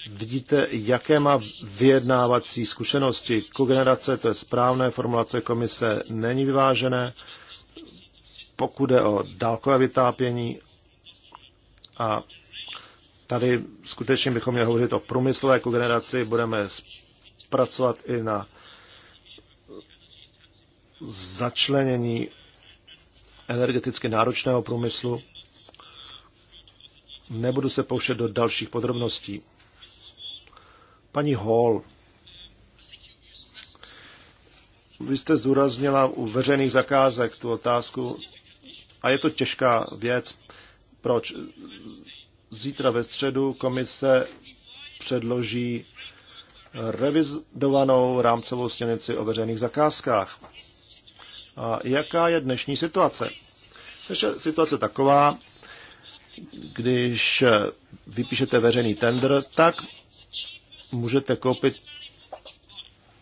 vidíte, jaké má vyjednávací zkušenosti. Kogenerace, to je správné, formulace komise není vyvážené. Pokud je o dálkové vytápění a tady skutečně bychom měli hovořit o průmyslové kogeneraci, budeme pracovat i na začlenění energeticky náročného průmyslu Nebudu se poušet do dalších podrobností. Paní Hall, vy jste zdůraznila u veřejných zakázek tu otázku a je to těžká věc. Proč? Zítra ve středu komise předloží revizovanou rámcovou směrnici o veřejných zakázkách. A jaká je dnešní situace? Takže situace taková, když eh, vypíšete veřejný tender, tak můžete koupit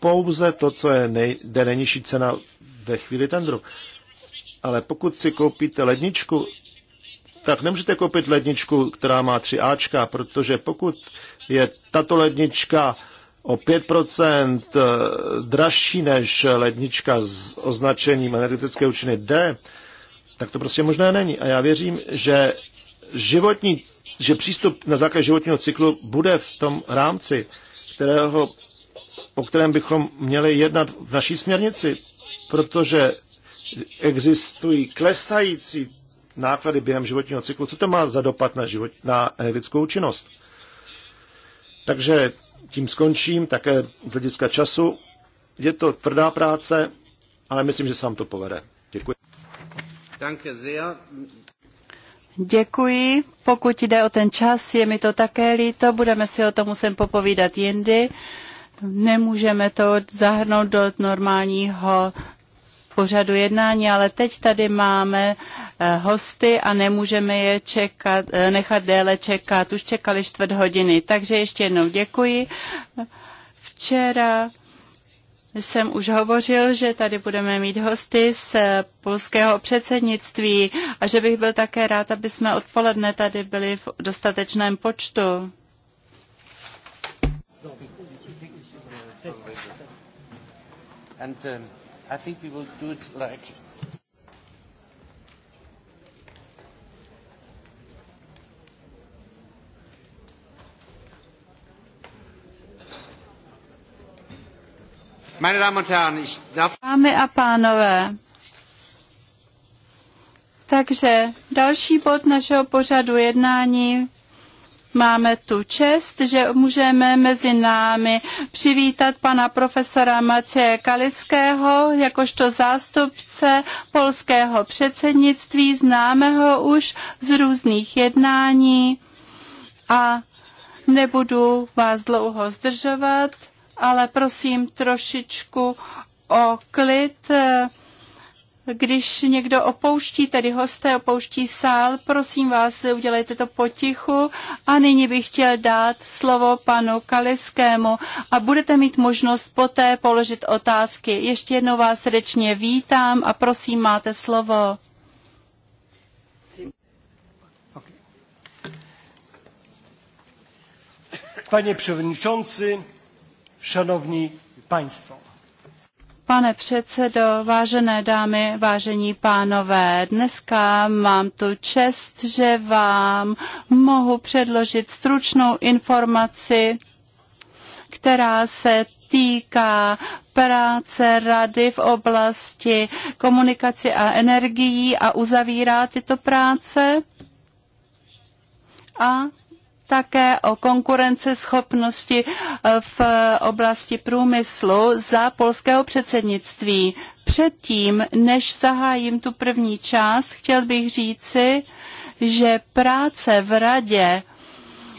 pouze to, co je nej, jde nejnižší cena ve chvíli tendru. Ale pokud si koupíte ledničku, tak nemůžete koupit ledničku, která má 3 Ačka, protože pokud je tato lednička o 5% eh, dražší než lednička s označením energetické účinny D, tak to prostě možné není. A já věřím, že životní, že přístup na základě životního cyklu bude v tom rámci, kterého, o kterém bychom měli jednat v naší směrnici, protože existují klesající náklady během životního cyklu. Co to má za dopad na, život, na energetickou účinnost? Takže tím skončím, také z hlediska času. Je to tvrdá práce, ale myslím, že se vám to povede. Děkuji. Danke sehr. Děkuji. Pokud jde o ten čas, je mi to také líto, budeme si o tom musím popovídat jindy. Nemůžeme to zahrnout do normálního pořadu jednání, ale teď tady máme eh, hosty a nemůžeme je čekat, eh, nechat déle čekat. Už čekali čtvrt hodiny, takže ještě jednou děkuji. Včera jsem už hovořil, že tady budeme mít hosty z polského předsednictví a že bych byl také rád, aby jsme odpoledne tady byli v dostatečném počtu. And, um, I think we will do it like Dámy a pánové, takže další bod našeho pořadu jednání máme tu čest, že můžeme mezi námi přivítat pana profesora Macie Kaliského jakožto zástupce polského předsednictví, známého už z různých jednání a nebudu vás dlouho zdržovat ale prosím trošičku o klid. Když někdo opouští, tedy hosté opouští sál, prosím vás, udělejte to potichu. A nyní bych chtěl dát slovo panu Kaliskému a budete mít možnost poté položit otázky. Ještě jednou vás srdečně vítám a prosím, máte slovo. Panie předsedající, Szanowni Państwo. Pane předsedo, vážené dámy, vážení pánové, dneska mám tu čest, že vám mohu předložit stručnou informaci, která se týká práce rady v oblasti komunikace a energií a uzavírá tyto práce. A také o konkurenceschopnosti eh, v oblasti průmyslu za polského předsednictví. Předtím, než zahájím tu první část, chtěl bych říci, že práce v radě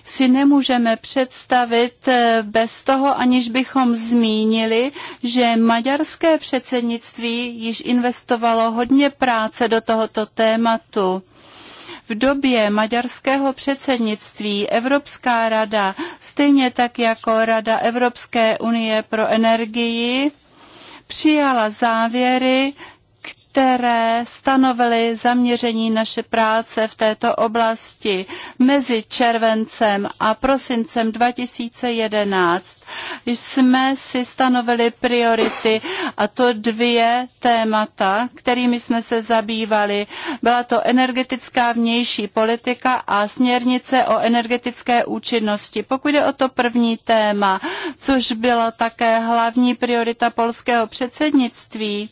si nemůžeme představit eh, bez toho, aniž bychom zmínili, že maďarské předsednictví již investovalo hodně práce do tohoto tématu. V době maďarského předsednictví Evropská rada, stejně tak jako Rada Evropské unie pro energii, přijala závěry které stanovily zaměření naše práce v této oblasti mezi červencem a prosincem 2011. Jsme si stanovili priority a to dvě témata, kterými jsme se zabývali. Byla to energetická vnější politika a směrnice o energetické účinnosti. Pokud je o to první téma, což byla také hlavní priorita polského předsednictví,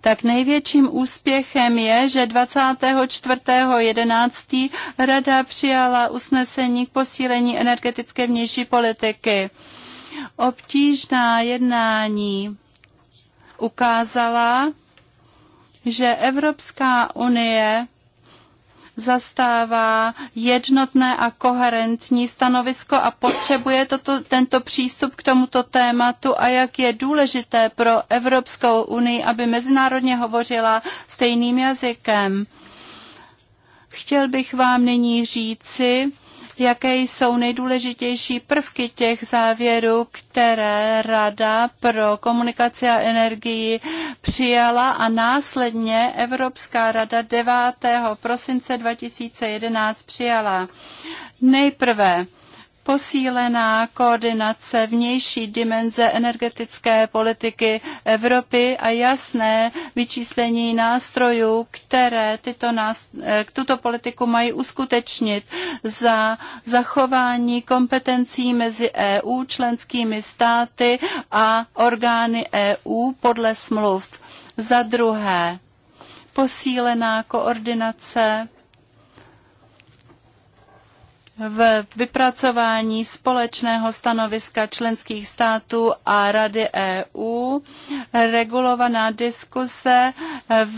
tak největším úspěchem je, že 24.11. Rada přijala usnesení k posílení energetické vnější politiky. Obtížná jednání ukázala, že Evropská unie zastává jednotné a koherentní stanovisko a potřebuje toto, tento přístup k tomuto tématu a jak je důležité pro Evropskou unii, aby mezinárodně hovořila stejným jazykem. Chtěl bych vám nyní říci, jaké jsou nejdůležitější prvky těch závěrů, které Rada pro komunikaci a energii přijala a následně Evropská rada 9. prosince 2011 přijala. Nejprve posílená koordinace vnější dimenze energetické politiky Evropy a jasné vyčíslení nástrojů, které tyto nás, eh, tuto politiku mají uskutečnit za zachování kompetencí mezi EU, členskými státy a orgány EU podle smluv. Za druhé, posílená koordinace v vypracování společného stanoviska členských států a Rady EU, regulovaná diskuse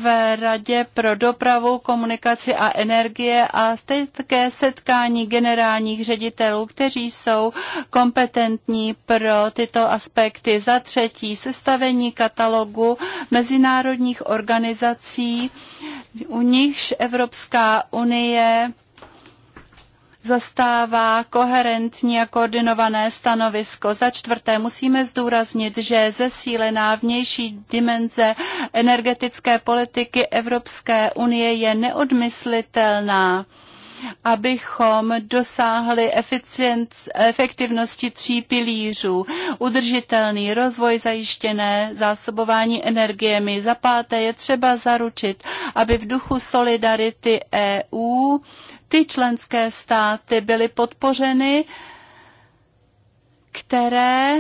v Radě pro dopravu, komunikaci a energie a také setkání generálních ředitelů, kteří jsou kompetentní pro tyto aspekty. Za třetí, sestavení katalogu mezinárodních organizací, u nichž Evropská unie zastává koherentní a koordinované stanovisko. Za čtvrté musíme zdůraznit, že zesílená vnější dimenze energetické politiky Evropské unie je neodmyslitelná abychom dosáhli efektivnosti tří pilířů. Udržitelný rozvoj zajištěné zásobování energiemi. Za páté je třeba zaručit, aby v duchu solidarity EU ty členské státy byly podpořeny, které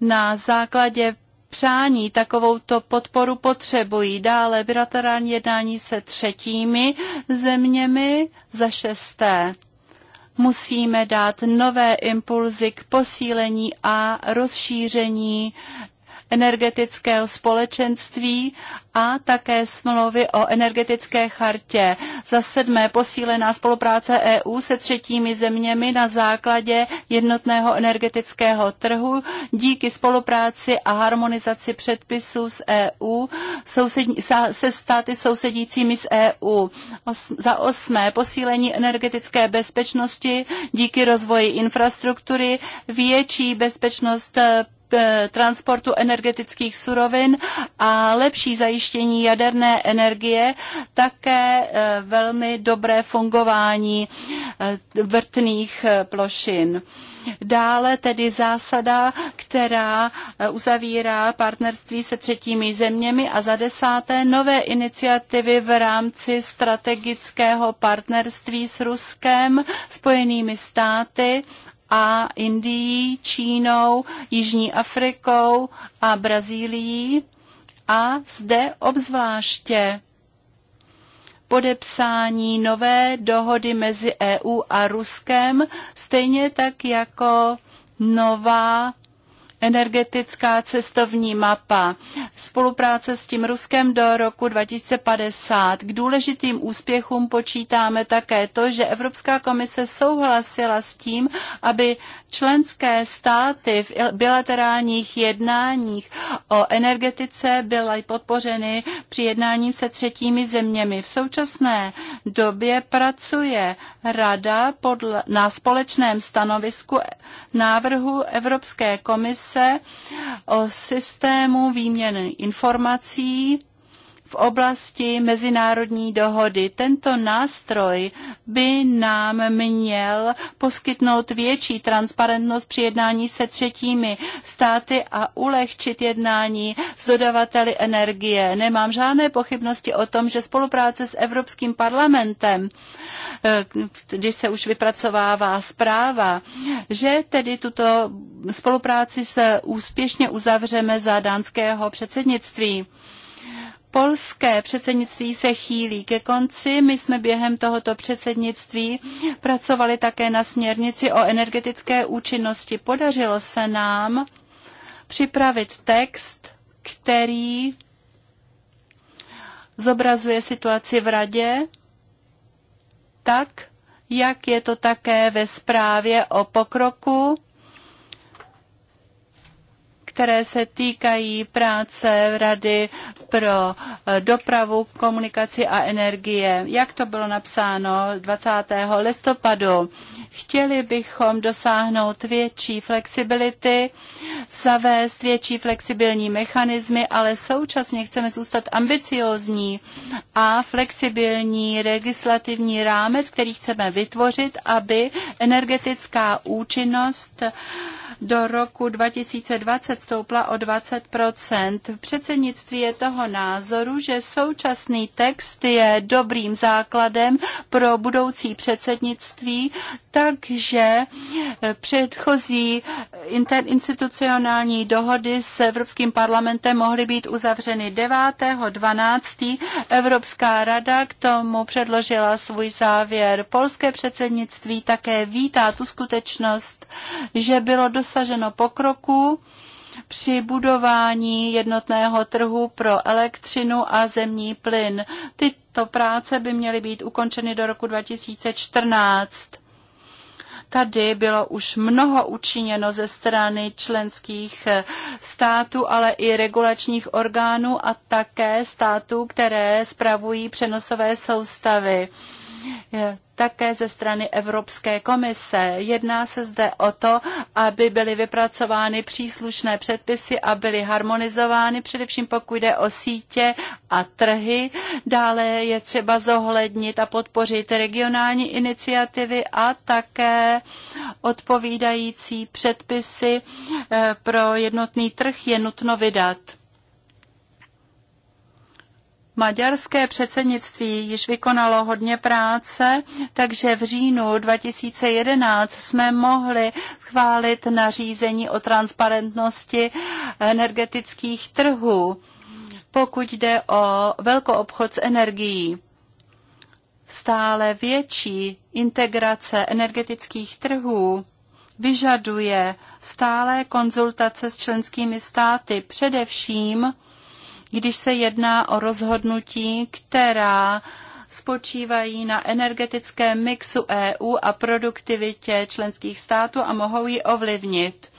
na základě přání takovouto podporu potřebují. Dále bilaterální jednání se třetími zeměmi za šesté. Musíme dát nové impulzy k posílení a rozšíření energetického společenství a také smlouvy o energetické chartě. Za sedmé posílená spolupráce EU se třetími zeměmi na základě jednotného energetického trhu díky spolupráci a harmonizaci předpisů s EU sousední, se státy sousedícími s EU. Os, za osmé posílení energetické bezpečnosti díky rozvoji infrastruktury, větší bezpečnost Eh, transportu energetických surovin a lepší zajištění jaderné energie, také eh, velmi dobré fungování eh, vrtných plošin. Dále tedy zásada, která uzavírá partnerství se třetími zeměmi a za desáté nové iniciativy v rámci strategického partnerství s Ruskem, Spojenými státy, a Indií, Čínou, Jižní Afrikou a Brazílií a zde obzvláště podepsání nové dohody mezi EU a Ruskem, stejně tak jako nová energetická cestovní mapa, spolupráce s tím Ruskem do roku 2050. K důležitým úspěchům počítáme také to, že Evropská komise souhlasila s tím, aby Členské státy v bilaterálních jednáních o energetice byly podpořeny při jednání se třetími zeměmi. V současné době pracuje Rada podle, na společném stanovisku návrhu Evropské komise o systému výměny informací v oblasti mezinárodní dohody. Tento nástroj by nám měl poskytnout větší transparentnost při jednání se třetími státy a ulehčit jednání s dodavateli energie. Nemám žádné pochybnosti o tom, že spolupráce s Evropským parlamentem, eh, když se už vypracovává zpráva, že tedy tuto spolupráci se úspěšně uzavřeme za dánského předsednictví. Polské předsednictví se chýlí ke konci. My jsme během tohoto předsednictví pracovali také na směrnici o energetické účinnosti. Podařilo se nám připravit text, který zobrazuje situaci v radě tak, jak je to také ve zprávě o pokroku které se týkají práce Rady pro eh, dopravu, komunikaci a energie. Jak to bylo napsáno 20. listopadu? Chtěli bychom dosáhnout větší flexibility, zavést větší flexibilní mechanismy, ale současně chceme zůstat ambiciózní a flexibilní legislativní rámec, který chceme vytvořit, aby energetická účinnost uh, do roku 2020 stoupla o 20 Předsednictví je toho názoru, že současný text je dobrým základem pro budoucí předsednictví, takže předchozí interinstitucionální dohody s Evropským parlamentem mohly být uzavřeny 9. 12. Evropská rada k tomu předložila svůj závěr. Polské předsednictví také vítá tu skutečnost, že bylo dosa dosaženo pokroku při budování jednotného trhu pro elektřinu a zemní plyn. Tyto práce by měly být ukončeny do roku 2014. Tady bylo už mnoho učiněno ze strany členských států, ale i regulačních orgánů a také států, které spravují přenosové soustavy také ze strany Evropské komise. Jedná se zde o to, aby byly vypracovány příslušné předpisy a byly harmonizovány, především pokud jde o sítě a trhy. Dále je třeba zohlednit a podpořit regionální iniciativy a také odpovídající předpisy eh, pro jednotný trh je nutno vydat. Maďarské předsednictví již vykonalo hodně práce, takže v říjnu 2011 jsme mohli chválit nařízení o transparentnosti energetických trhů, pokud jde o velkoobchod s energií. Stále větší integrace energetických trhů vyžaduje stále konzultace s členskými státy, především když se jedná o rozhodnutí, která spočívají na energetickém mixu EU a produktivitě členských států a mohou ji ovlivnit.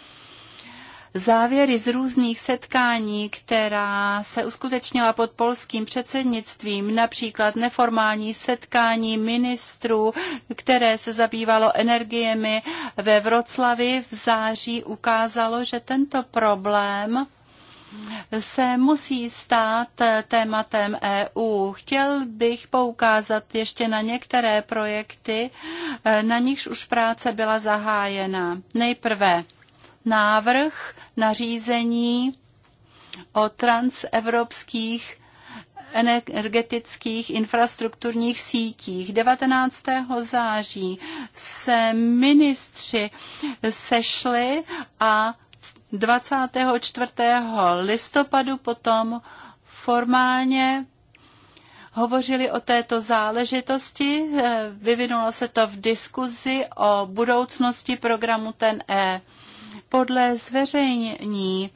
Závěry z různých setkání, která se uskutečnila pod polským předsednictvím, například neformální setkání ministrů, které se zabývalo energiemi ve Vroclavi v září, ukázalo, že tento problém se musí stát tématem EU. Chtěl bych poukázat ještě na některé projekty, eh, na nichž už práce byla zahájena. Nejprve návrh nařízení o transevropských energetických infrastrukturních sítích. 19. září se ministři sešli a 24. listopadu potom formálně hovořili o této záležitosti. Eh, vyvinulo se to v diskuzi o budoucnosti programu TEN-E. Podle zveřejnění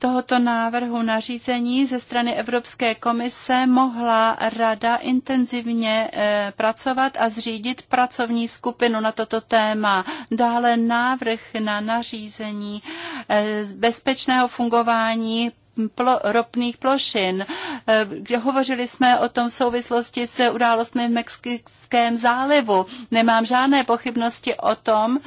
tohoto návrhu nařízení ze strany Evropské komise mohla rada intenzivně eh, pracovat a zřídit pracovní skupinu na toto téma. Dále návrh na nařízení eh, bezpečného fungování plo, ropných plošin. Eh, hovořili jsme o tom v souvislosti se událostmi v Mexickém zálivu. Nemám žádné pochybnosti o tom,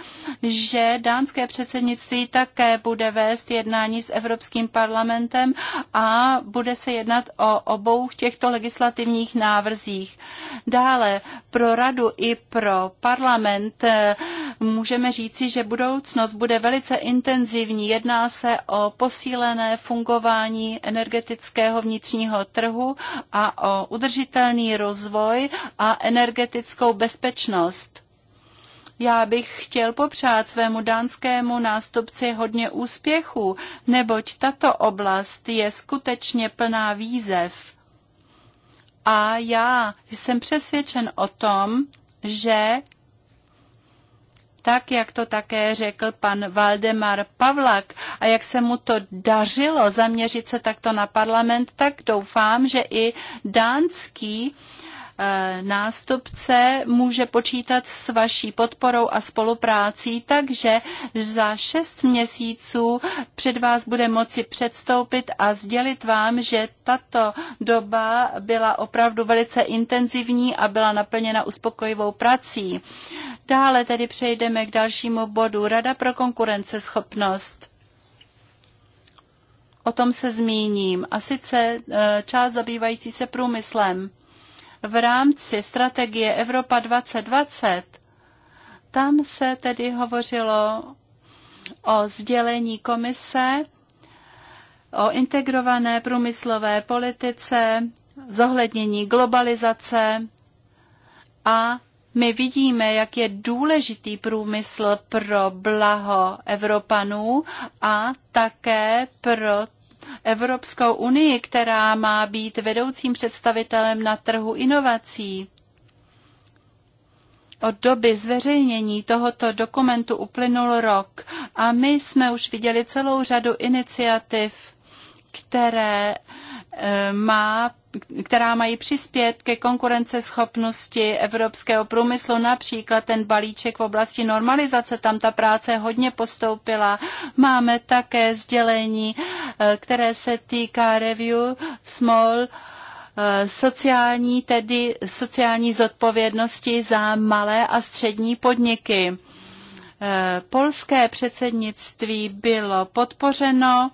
že dánské předsednictví také bude vést jednání s Evropským parlamentem a bude se jednat o obou těchto legislativních návrzích. Dále pro radu i pro parlament eh, můžeme říci, že budoucnost bude velice intenzivní. Jedná se o posílené fungování fungování energetického vnitřního trhu a o udržitelný rozvoj a energetickou bezpečnost. Já bych chtěl popřát svému dánskému nástupci hodně úspěchů, neboť tato oblast je skutečně plná výzev. A já jsem přesvědčen o tom, že tak jak to také řekl pan Valdemar Pavlak a jak se mu to dařilo zaměřit se takto na parlament, tak doufám, že i dánský uh, Eh, nástupce může počítat s vaší podporou a spoluprácí, takže za šest měsíců před vás bude moci předstoupit a sdělit vám, že tato doba byla opravdu velice intenzivní a byla naplněna uspokojivou prací. Dále tedy přejdeme k dalšímu bodu. Rada pro konkurenceschopnost. O tom se zmíním. A sice eh, část zabývající se průmyslem v rámci strategie Evropa 2020, tam se tedy hovořilo o sdělení komise, o integrované průmyslové politice, zohlednění globalizace a my vidíme, jak je důležitý průmysl pro blaho Evropanů a také pro Evropskou unii, která má být vedoucím představitelem na trhu inovací. Od doby zveřejnění tohoto dokumentu uplynul rok a my jsme už viděli celou řadu iniciativ, které má která mají přispět ke konkurenceschopnosti evropského průmyslu, například ten balíček v oblasti normalizace, tam ta práce hodně postoupila. Máme také sdělení, eh, které se týká review small eh, sociální, tedy sociální zodpovědnosti za malé a střední podniky. Eh, polské předsednictví bylo podpořeno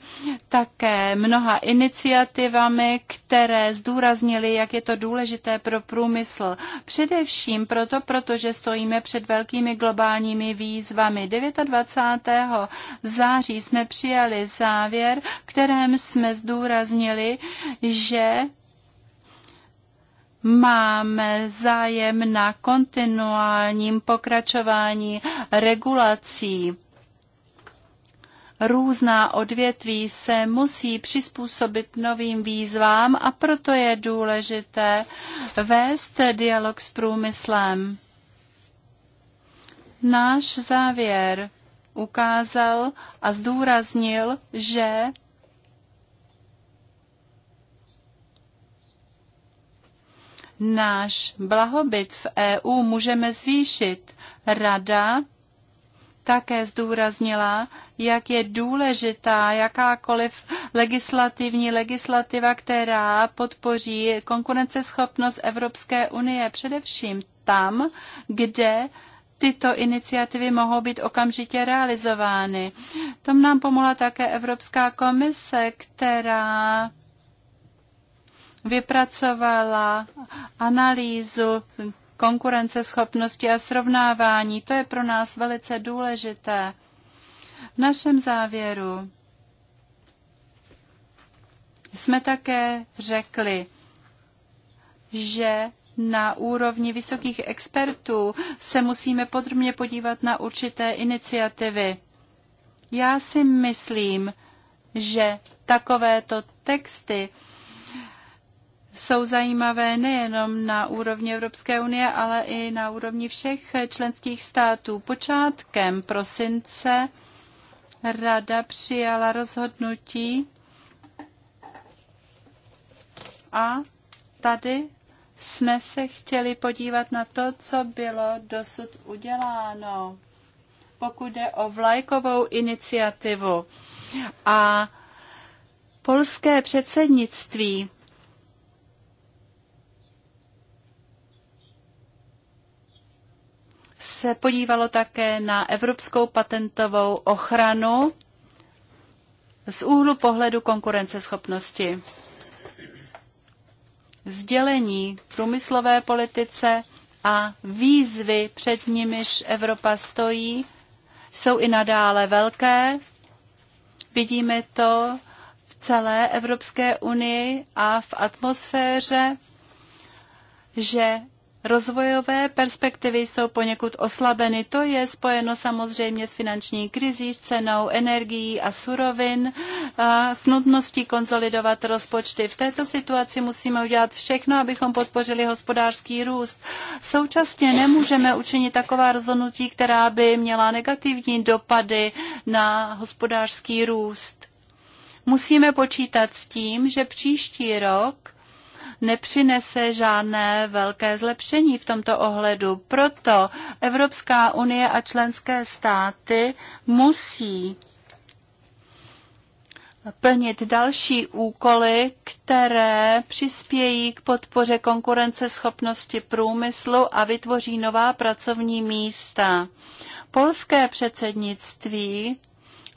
také mnoha iniciativami, které zdůraznily, jak je to důležité pro průmysl. Především proto, protože stojíme před velkými globálními výzvami. 29. září jsme přijali závěr, kterém jsme zdůraznili, že máme zájem na kontinuálním pokračování regulací. Různá odvětví se musí přizpůsobit novým výzvám a proto je důležité vést dialog s průmyslem. Náš závěr ukázal a zdůraznil, že náš blahobyt v EU můžeme zvýšit. Rada také zdůraznila, jak je důležitá jakákoliv legislativní legislativa, která podpoří konkurenceschopnost Evropské unie, především tam, kde tyto iniciativy mohou být okamžitě realizovány. Tom nám pomohla také Evropská komise, která vypracovala analýzu konkurenceschopnosti a srovnávání. To je pro nás velice důležité. V našem závěru jsme také řekli, že na úrovni vysokých expertů se musíme podrobně podívat na určité iniciativy. Já si myslím, že takovéto texty jsou zajímavé nejenom na úrovni Evropské unie, ale i na úrovni všech členských států. Počátkem prosince Rada přijala rozhodnutí a tady jsme se chtěli podívat na to, co bylo dosud uděláno, pokud jde o vlajkovou iniciativu. A polské předsednictví se podívalo také na evropskou patentovou ochranu z úhlu pohledu konkurenceschopnosti. Sdělení průmyslové politice a výzvy, před nimiž Evropa stojí, jsou i nadále velké. Vidíme to v celé Evropské unii a v atmosféře, že Rozvojové perspektivy jsou poněkud oslabeny. To je spojeno samozřejmě s finanční krizí, s cenou energií a surovin, a s nutností konsolidovat rozpočty. V této situaci musíme udělat všechno, abychom podpořili hospodářský růst. Současně nemůžeme učinit taková rozhodnutí, která by měla negativní dopady na hospodářský růst. Musíme počítat s tím, že příští rok nepřinese žádné velké zlepšení v tomto ohledu. Proto Evropská unie a členské státy musí plnit další úkoly, které přispějí k podpoře konkurenceschopnosti průmyslu a vytvoří nová pracovní místa. Polské předsednictví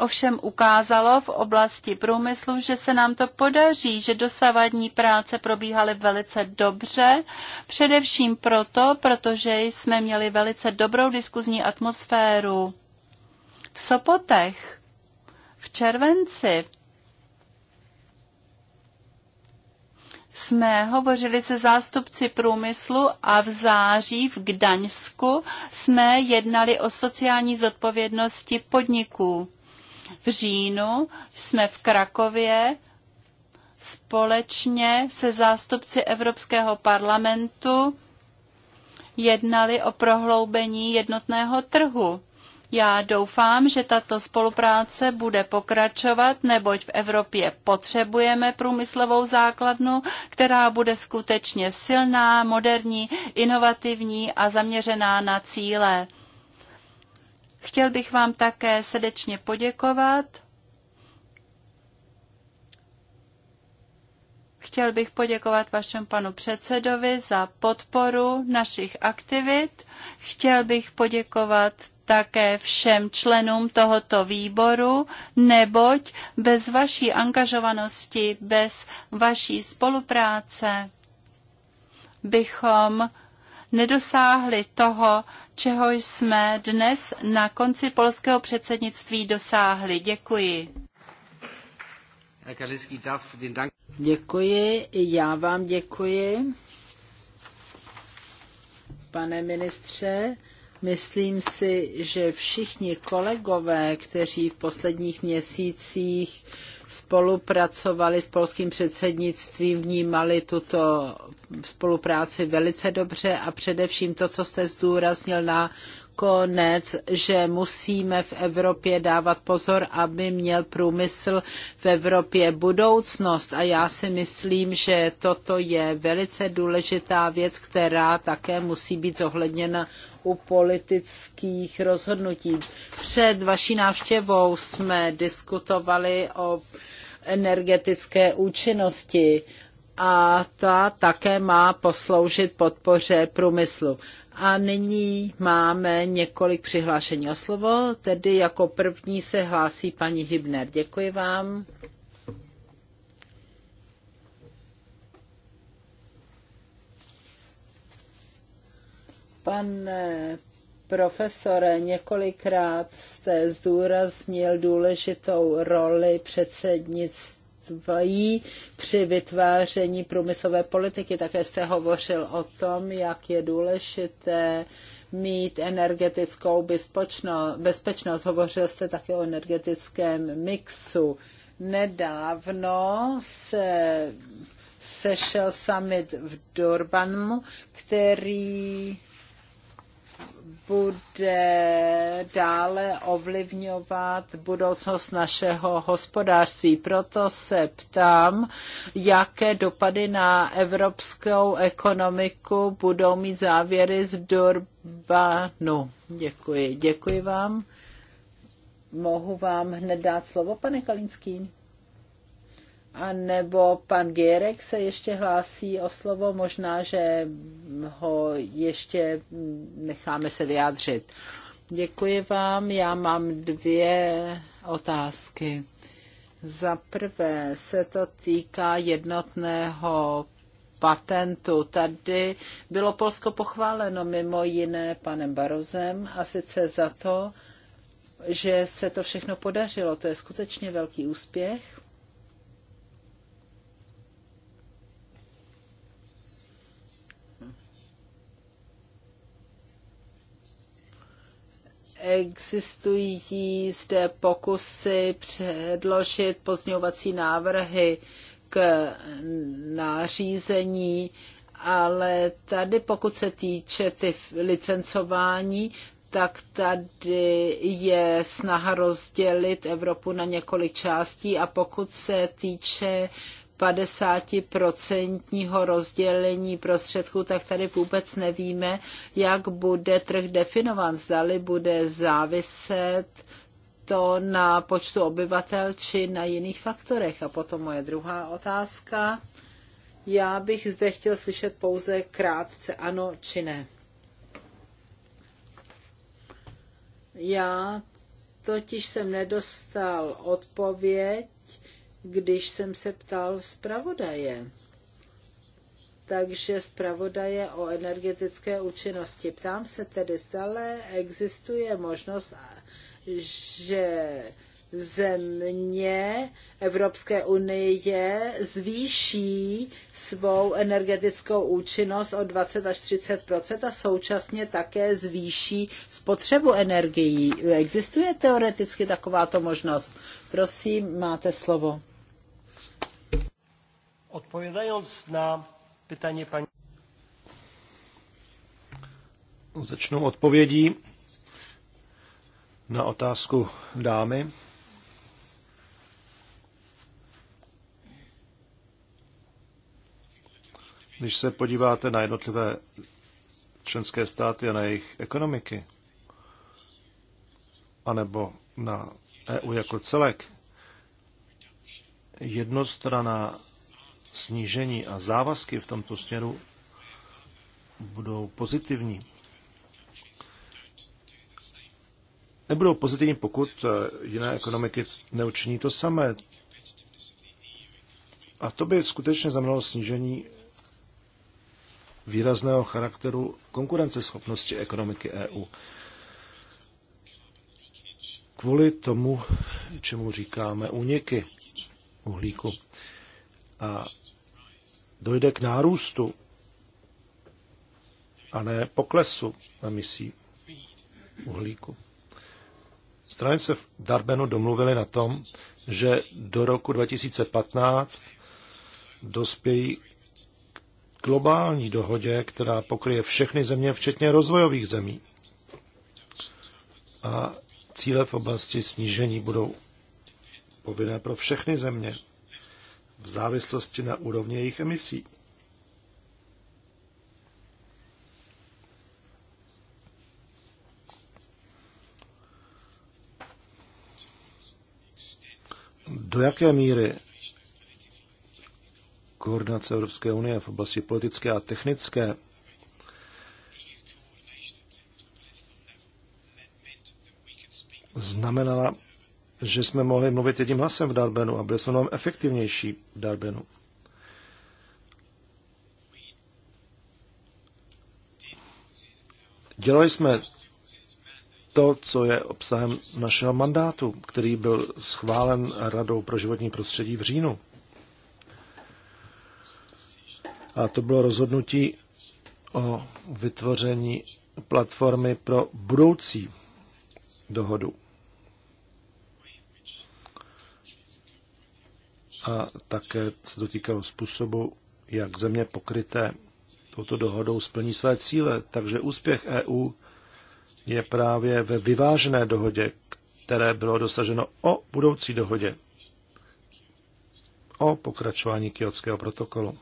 ovšem ukázalo v oblasti průmyslu, že se nám to podaří, že dosavadní práce probíhaly velice dobře, především proto, protože jsme měli velice dobrou diskuzní atmosféru. V Sopotech v červenci jsme hovořili se zástupci průmyslu a v září v Gdaňsku jsme jednali o sociální zodpovědnosti podniků. V říjnu jsme v Krakově společně se zástupci Evropského parlamentu jednali o prohloubení jednotného trhu. Já doufám, že tato spolupráce bude pokračovat, neboť v Evropě potřebujeme průmyslovou základnu, která bude skutečně silná, moderní, inovativní a zaměřená na cíle. Chtěl bych vám také srdečně poděkovat. Chtěl bych poděkovat vašemu panu předsedovi za podporu našich aktivit. Chtěl bych poděkovat také všem členům tohoto výboru, neboť bez vaší angažovanosti, bez vaší spolupráce bychom nedosáhli toho, čeho jsme dnes na konci polského předsednictví dosáhli. Děkuji. Děkuji, i já vám děkuji. Pane ministře, myslím si, že všichni kolegové, kteří v posledních měsících spolupracovali s polským předsednictvím, vnímali tuto spolupráci velice dobře a především to, co jste zdůraznil na konec, že musíme v Evropě dávat pozor, aby měl průmysl v Evropě budoucnost. A já si myslím, že toto je velice důležitá věc, která také musí být zohledněna u politických rozhodnutí. Před vaší návštěvou jsme diskutovali o energetické účinnosti a ta také má posloužit podpoře průmyslu. A nyní máme několik přihlášení o slovo, tedy jako první se hlásí paní Hybner. Děkuji vám. Pane profesore, několikrát jste zdůraznil důležitou roli předsednictví při vytváření průmyslové politiky. Také jste hovořil o tom, jak je důležité mít energetickou bezpečnost. Hovořil jste také o energetickém mixu. Nedávno se sešel summit v Durbanu, který bude dále ovlivňovat budoucnost našeho hospodářství. Proto se ptám, jaké dopady na evropskou ekonomiku budou mít závěry z Durbanu. Děkuji. Děkuji vám. Mohu vám hned dát slovo, pane Kalinský? A nebo pan Gérek se ještě hlásí o slovo, možná, že ho ještě necháme se vyjádřit. Děkuji vám, já mám dvě otázky. Za prvé se to týká jednotného patentu. Tady bylo Polsko pochváleno mimo jiné panem Barozem a sice za to, že se to všechno podařilo. To je skutečně velký úspěch. Existují zde pokusy předložit pozňovací návrhy k nářízení, ale tady pokud se týče ty licencování, tak tady je snaha rozdělit Evropu na několik částí a pokud se týče uh, 50% rozdělení prostředků, tak tady vůbec nevíme, jak bude trh definován. Zdali bude záviset to na počtu obyvatel či na jiných faktorech. A potom moje druhá otázka. Já bych zde chtěl slyšet pouze krátce ano či ne. Já totiž jsem nedostal odpověď když jsem se ptal zpravodaje. Takže zpravodaje o energetické účinnosti. Ptám se tedy, zdále existuje možnost, že země Evropské unie zvýší svou energetickou účinnost o 20 až 30 a současně také zvýší spotřebu energií. Existuje teoreticky takováto možnost? Prosím, máte slovo. Odpowiadając na pytanie paní. Začnu odpovědí na otázku dámy. Když se podíváte na jednotlivé členské státy a na jejich ekonomiky, anebo na EU jako celek, jednostraná snížení a závazky v tomto směru budou pozitivní. Nebudou pozitivní, pokud eh, jiné ekonomiky neučiní to samé. A to by skutečně znamenalo snížení výrazného charakteru konkurenceschopnosti ekonomiky EU. Kvůli tomu, čemu říkáme úniky uhlíku. A dojde k nárůstu a ne poklesu emisí uhlíku. Strany se v Darbenu domluvily na tom, že do roku 2015 dospějí k globální dohodě, která pokryje všechny země, včetně rozvojových zemí. A cíle v oblasti snížení budou povinné pro všechny země v závislosti na úrovni jejich emisí. Do jaké míry koordinace Evropské unie v oblasti politické a technické znamenala že jsme mohli mluvit jedním hlasem v Darbenu a byli jsme mnohem efektivnější v Darbenu. Dělali jsme to, co je obsahem našeho mandátu, který byl schválen Radou pro životní prostředí v říjnu. A to bylo rozhodnutí o vytvoření platformy pro budoucí dohodu. a také se dotýkalo způsobu, jak země pokryté touto dohodou splní své cíle. Takže úspěch EU je právě ve vyvážené dohodě, které bylo dosaženo o budoucí dohodě, o pokračování Kiotského protokolu.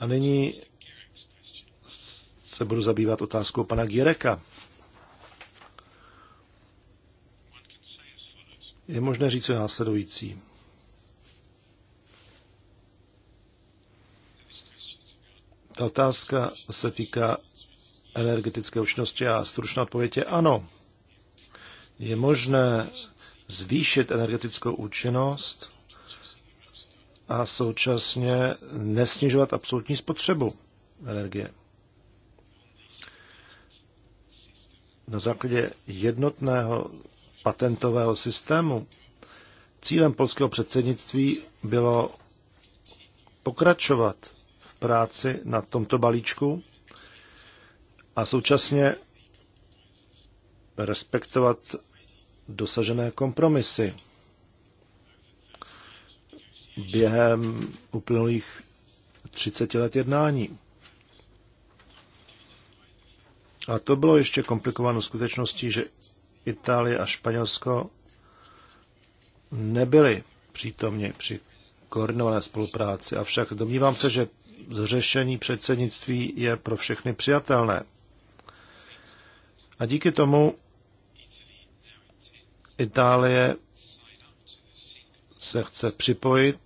A nyní se budu zabývat otázkou pana Gireka. Je možné říct následující. Ta otázka se týká energetické účinnosti a stručná odpověď je ano. Je možné zvýšit energetickou účinnost a současně nesnižovat absolutní spotřebu energie. Na základě jednotného patentového systému cílem polského předsednictví bylo pokračovat práci na tomto balíčku a současně respektovat dosažené kompromisy během uplynulých 30 let jednání. A to bylo ještě komplikováno skutečností, že Itálie a Španělsko nebyly přítomně při koordinované spolupráci. Avšak domnívám se, že řešení předsednictví je pro všechny přijatelné. A díky tomu Itálie se chce připojit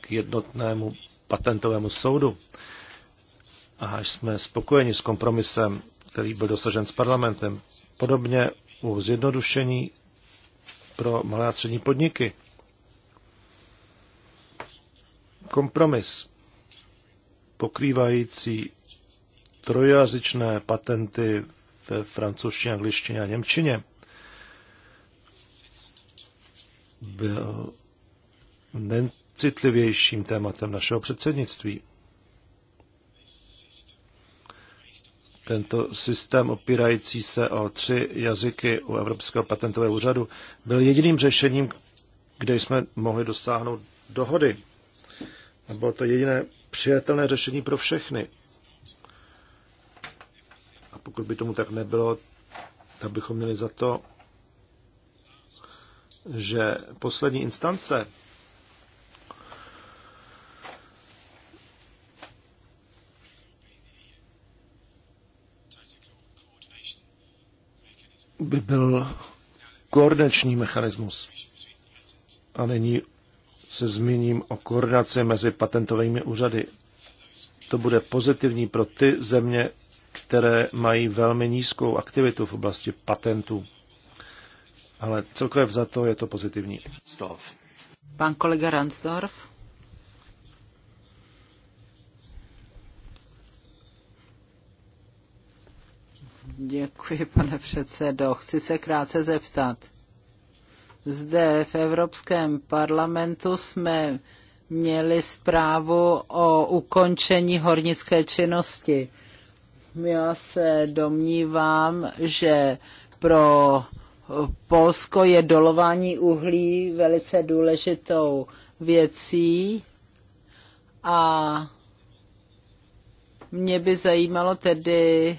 k jednotnému patentovému soudu. A jsme spokojeni s kompromisem, který byl dosažen s parlamentem. Podobně u zjednodušení pro malé a střední podniky. Kompromis pokrývající trojazyčné patenty ve francouzštině, angličtině a němčině. Byl nejcitlivějším tématem našeho předsednictví. Tento systém opírající se o tři jazyky u Evropského patentového úřadu byl jediným řešením, kde jsme mohli dosáhnout dohody. A bylo to jediné přijatelné řešení pro všechny. A pokud by tomu tak nebylo, tak bychom měli za to, že poslední instance by byl koordinační mechanismus a není se zmíním o koordinaci mezi patentovými úřady. To bude pozitivní pro ty země, které mají velmi nízkou aktivitu v oblasti patentů. Ale celkově to je to pozitivní. Pan kolega Ransdorf. Děkuji, pane předsedo. Chci se krátce zeptat. Zde v Evropském parlamentu jsme měli zprávu o ukončení hornické činnosti. Já se domnívám, že pro Polsko je dolování uhlí velice důležitou věcí a mě by zajímalo tedy,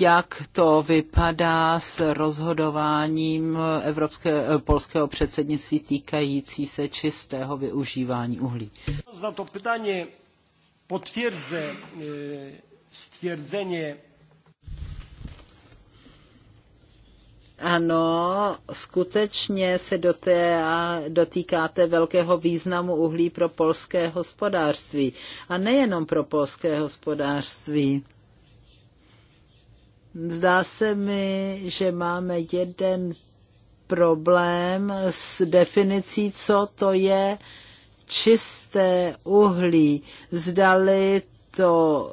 jak to vypadá s rozhodováním Evropské, polského předsednictví týkající se čistého využívání uhlí. Na to pytání potwierdzę e, stwierdzenie Ano, skutečně se doté, dotýkáte velkého významu uhlí pro polské hospodářství. A nejenom pro polské hospodářství. Zdá se mi, že máme jeden problém s definicí, co to je čisté uhlí. Zdali to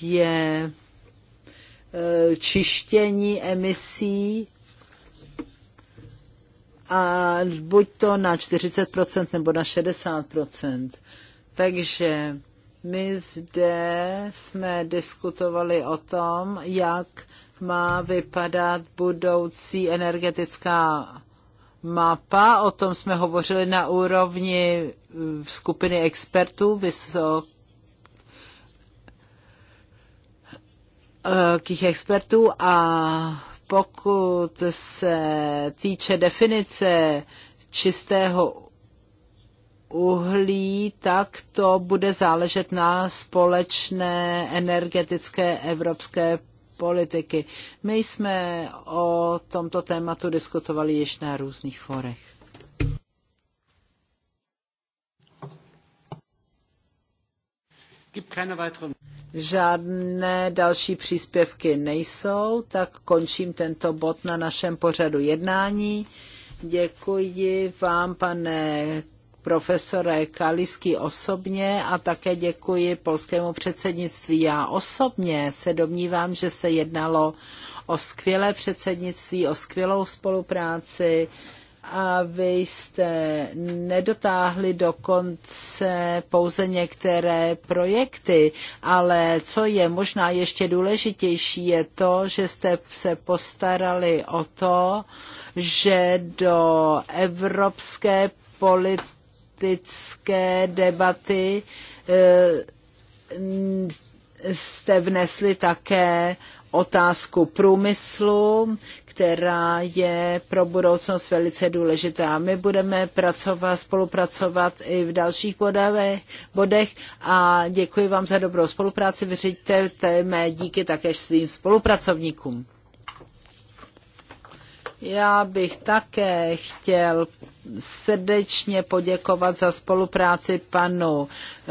je eh, čištění emisí a buď to na 40% nebo na 60%. Takže my zde jsme diskutovali o tom, jak má vypadat budoucí energetická mapa. O tom jsme hovořili na úrovni eh, skupiny expertů vysokých expertů a pokud se týče definice čistého uhlí, tak to bude záležet na společné energetické evropské politiky. My jsme o tomto tématu diskutovali již na různých forech. Žádné další příspěvky nejsou, tak končím tento bod na našem pořadu jednání. Děkuji vám, pane profesore Kalisky osobně a také děkuji polskému předsednictví. Já osobně se domnívám, že se jednalo o skvělé předsednictví, o skvělou spolupráci a vy jste nedotáhli do konce pouze některé projekty, ale co je možná ještě důležitější, je to, že jste se postarali o to, že do evropské politiky politické debaty eh, jste vnesli také otázku průmyslu, která je pro budoucnost velice důležitá. My budeme pracovat, spolupracovat i v dalších bodech a děkuji vám za dobrou spolupráci. Vyřiďte mé díky také svým spolupracovníkům. Já bych také chtěl srdečně poděkovat za spolupráci panu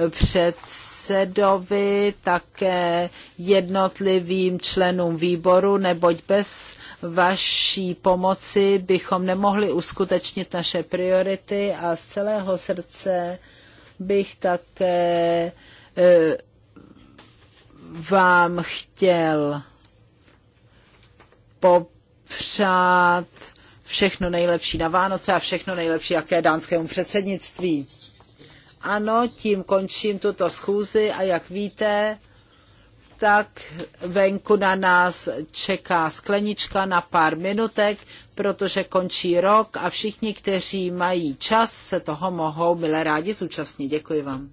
předsedovi, také jednotlivým členům výboru, neboť bez vaší pomoci bychom nemohli uskutečnit naše priority a z celého srdce bych také e, vám chtěl popřát všechno nejlepší na Vánoce a všechno nejlepší jaké dánskému předsednictví. Ano, tím končím tuto schůzi a jak víte, tak venku na nás čeká sklenička na pár minutek, protože končí rok a všichni, kteří mají čas, se toho mohou milé rádi zúčastnit. Děkuji vám.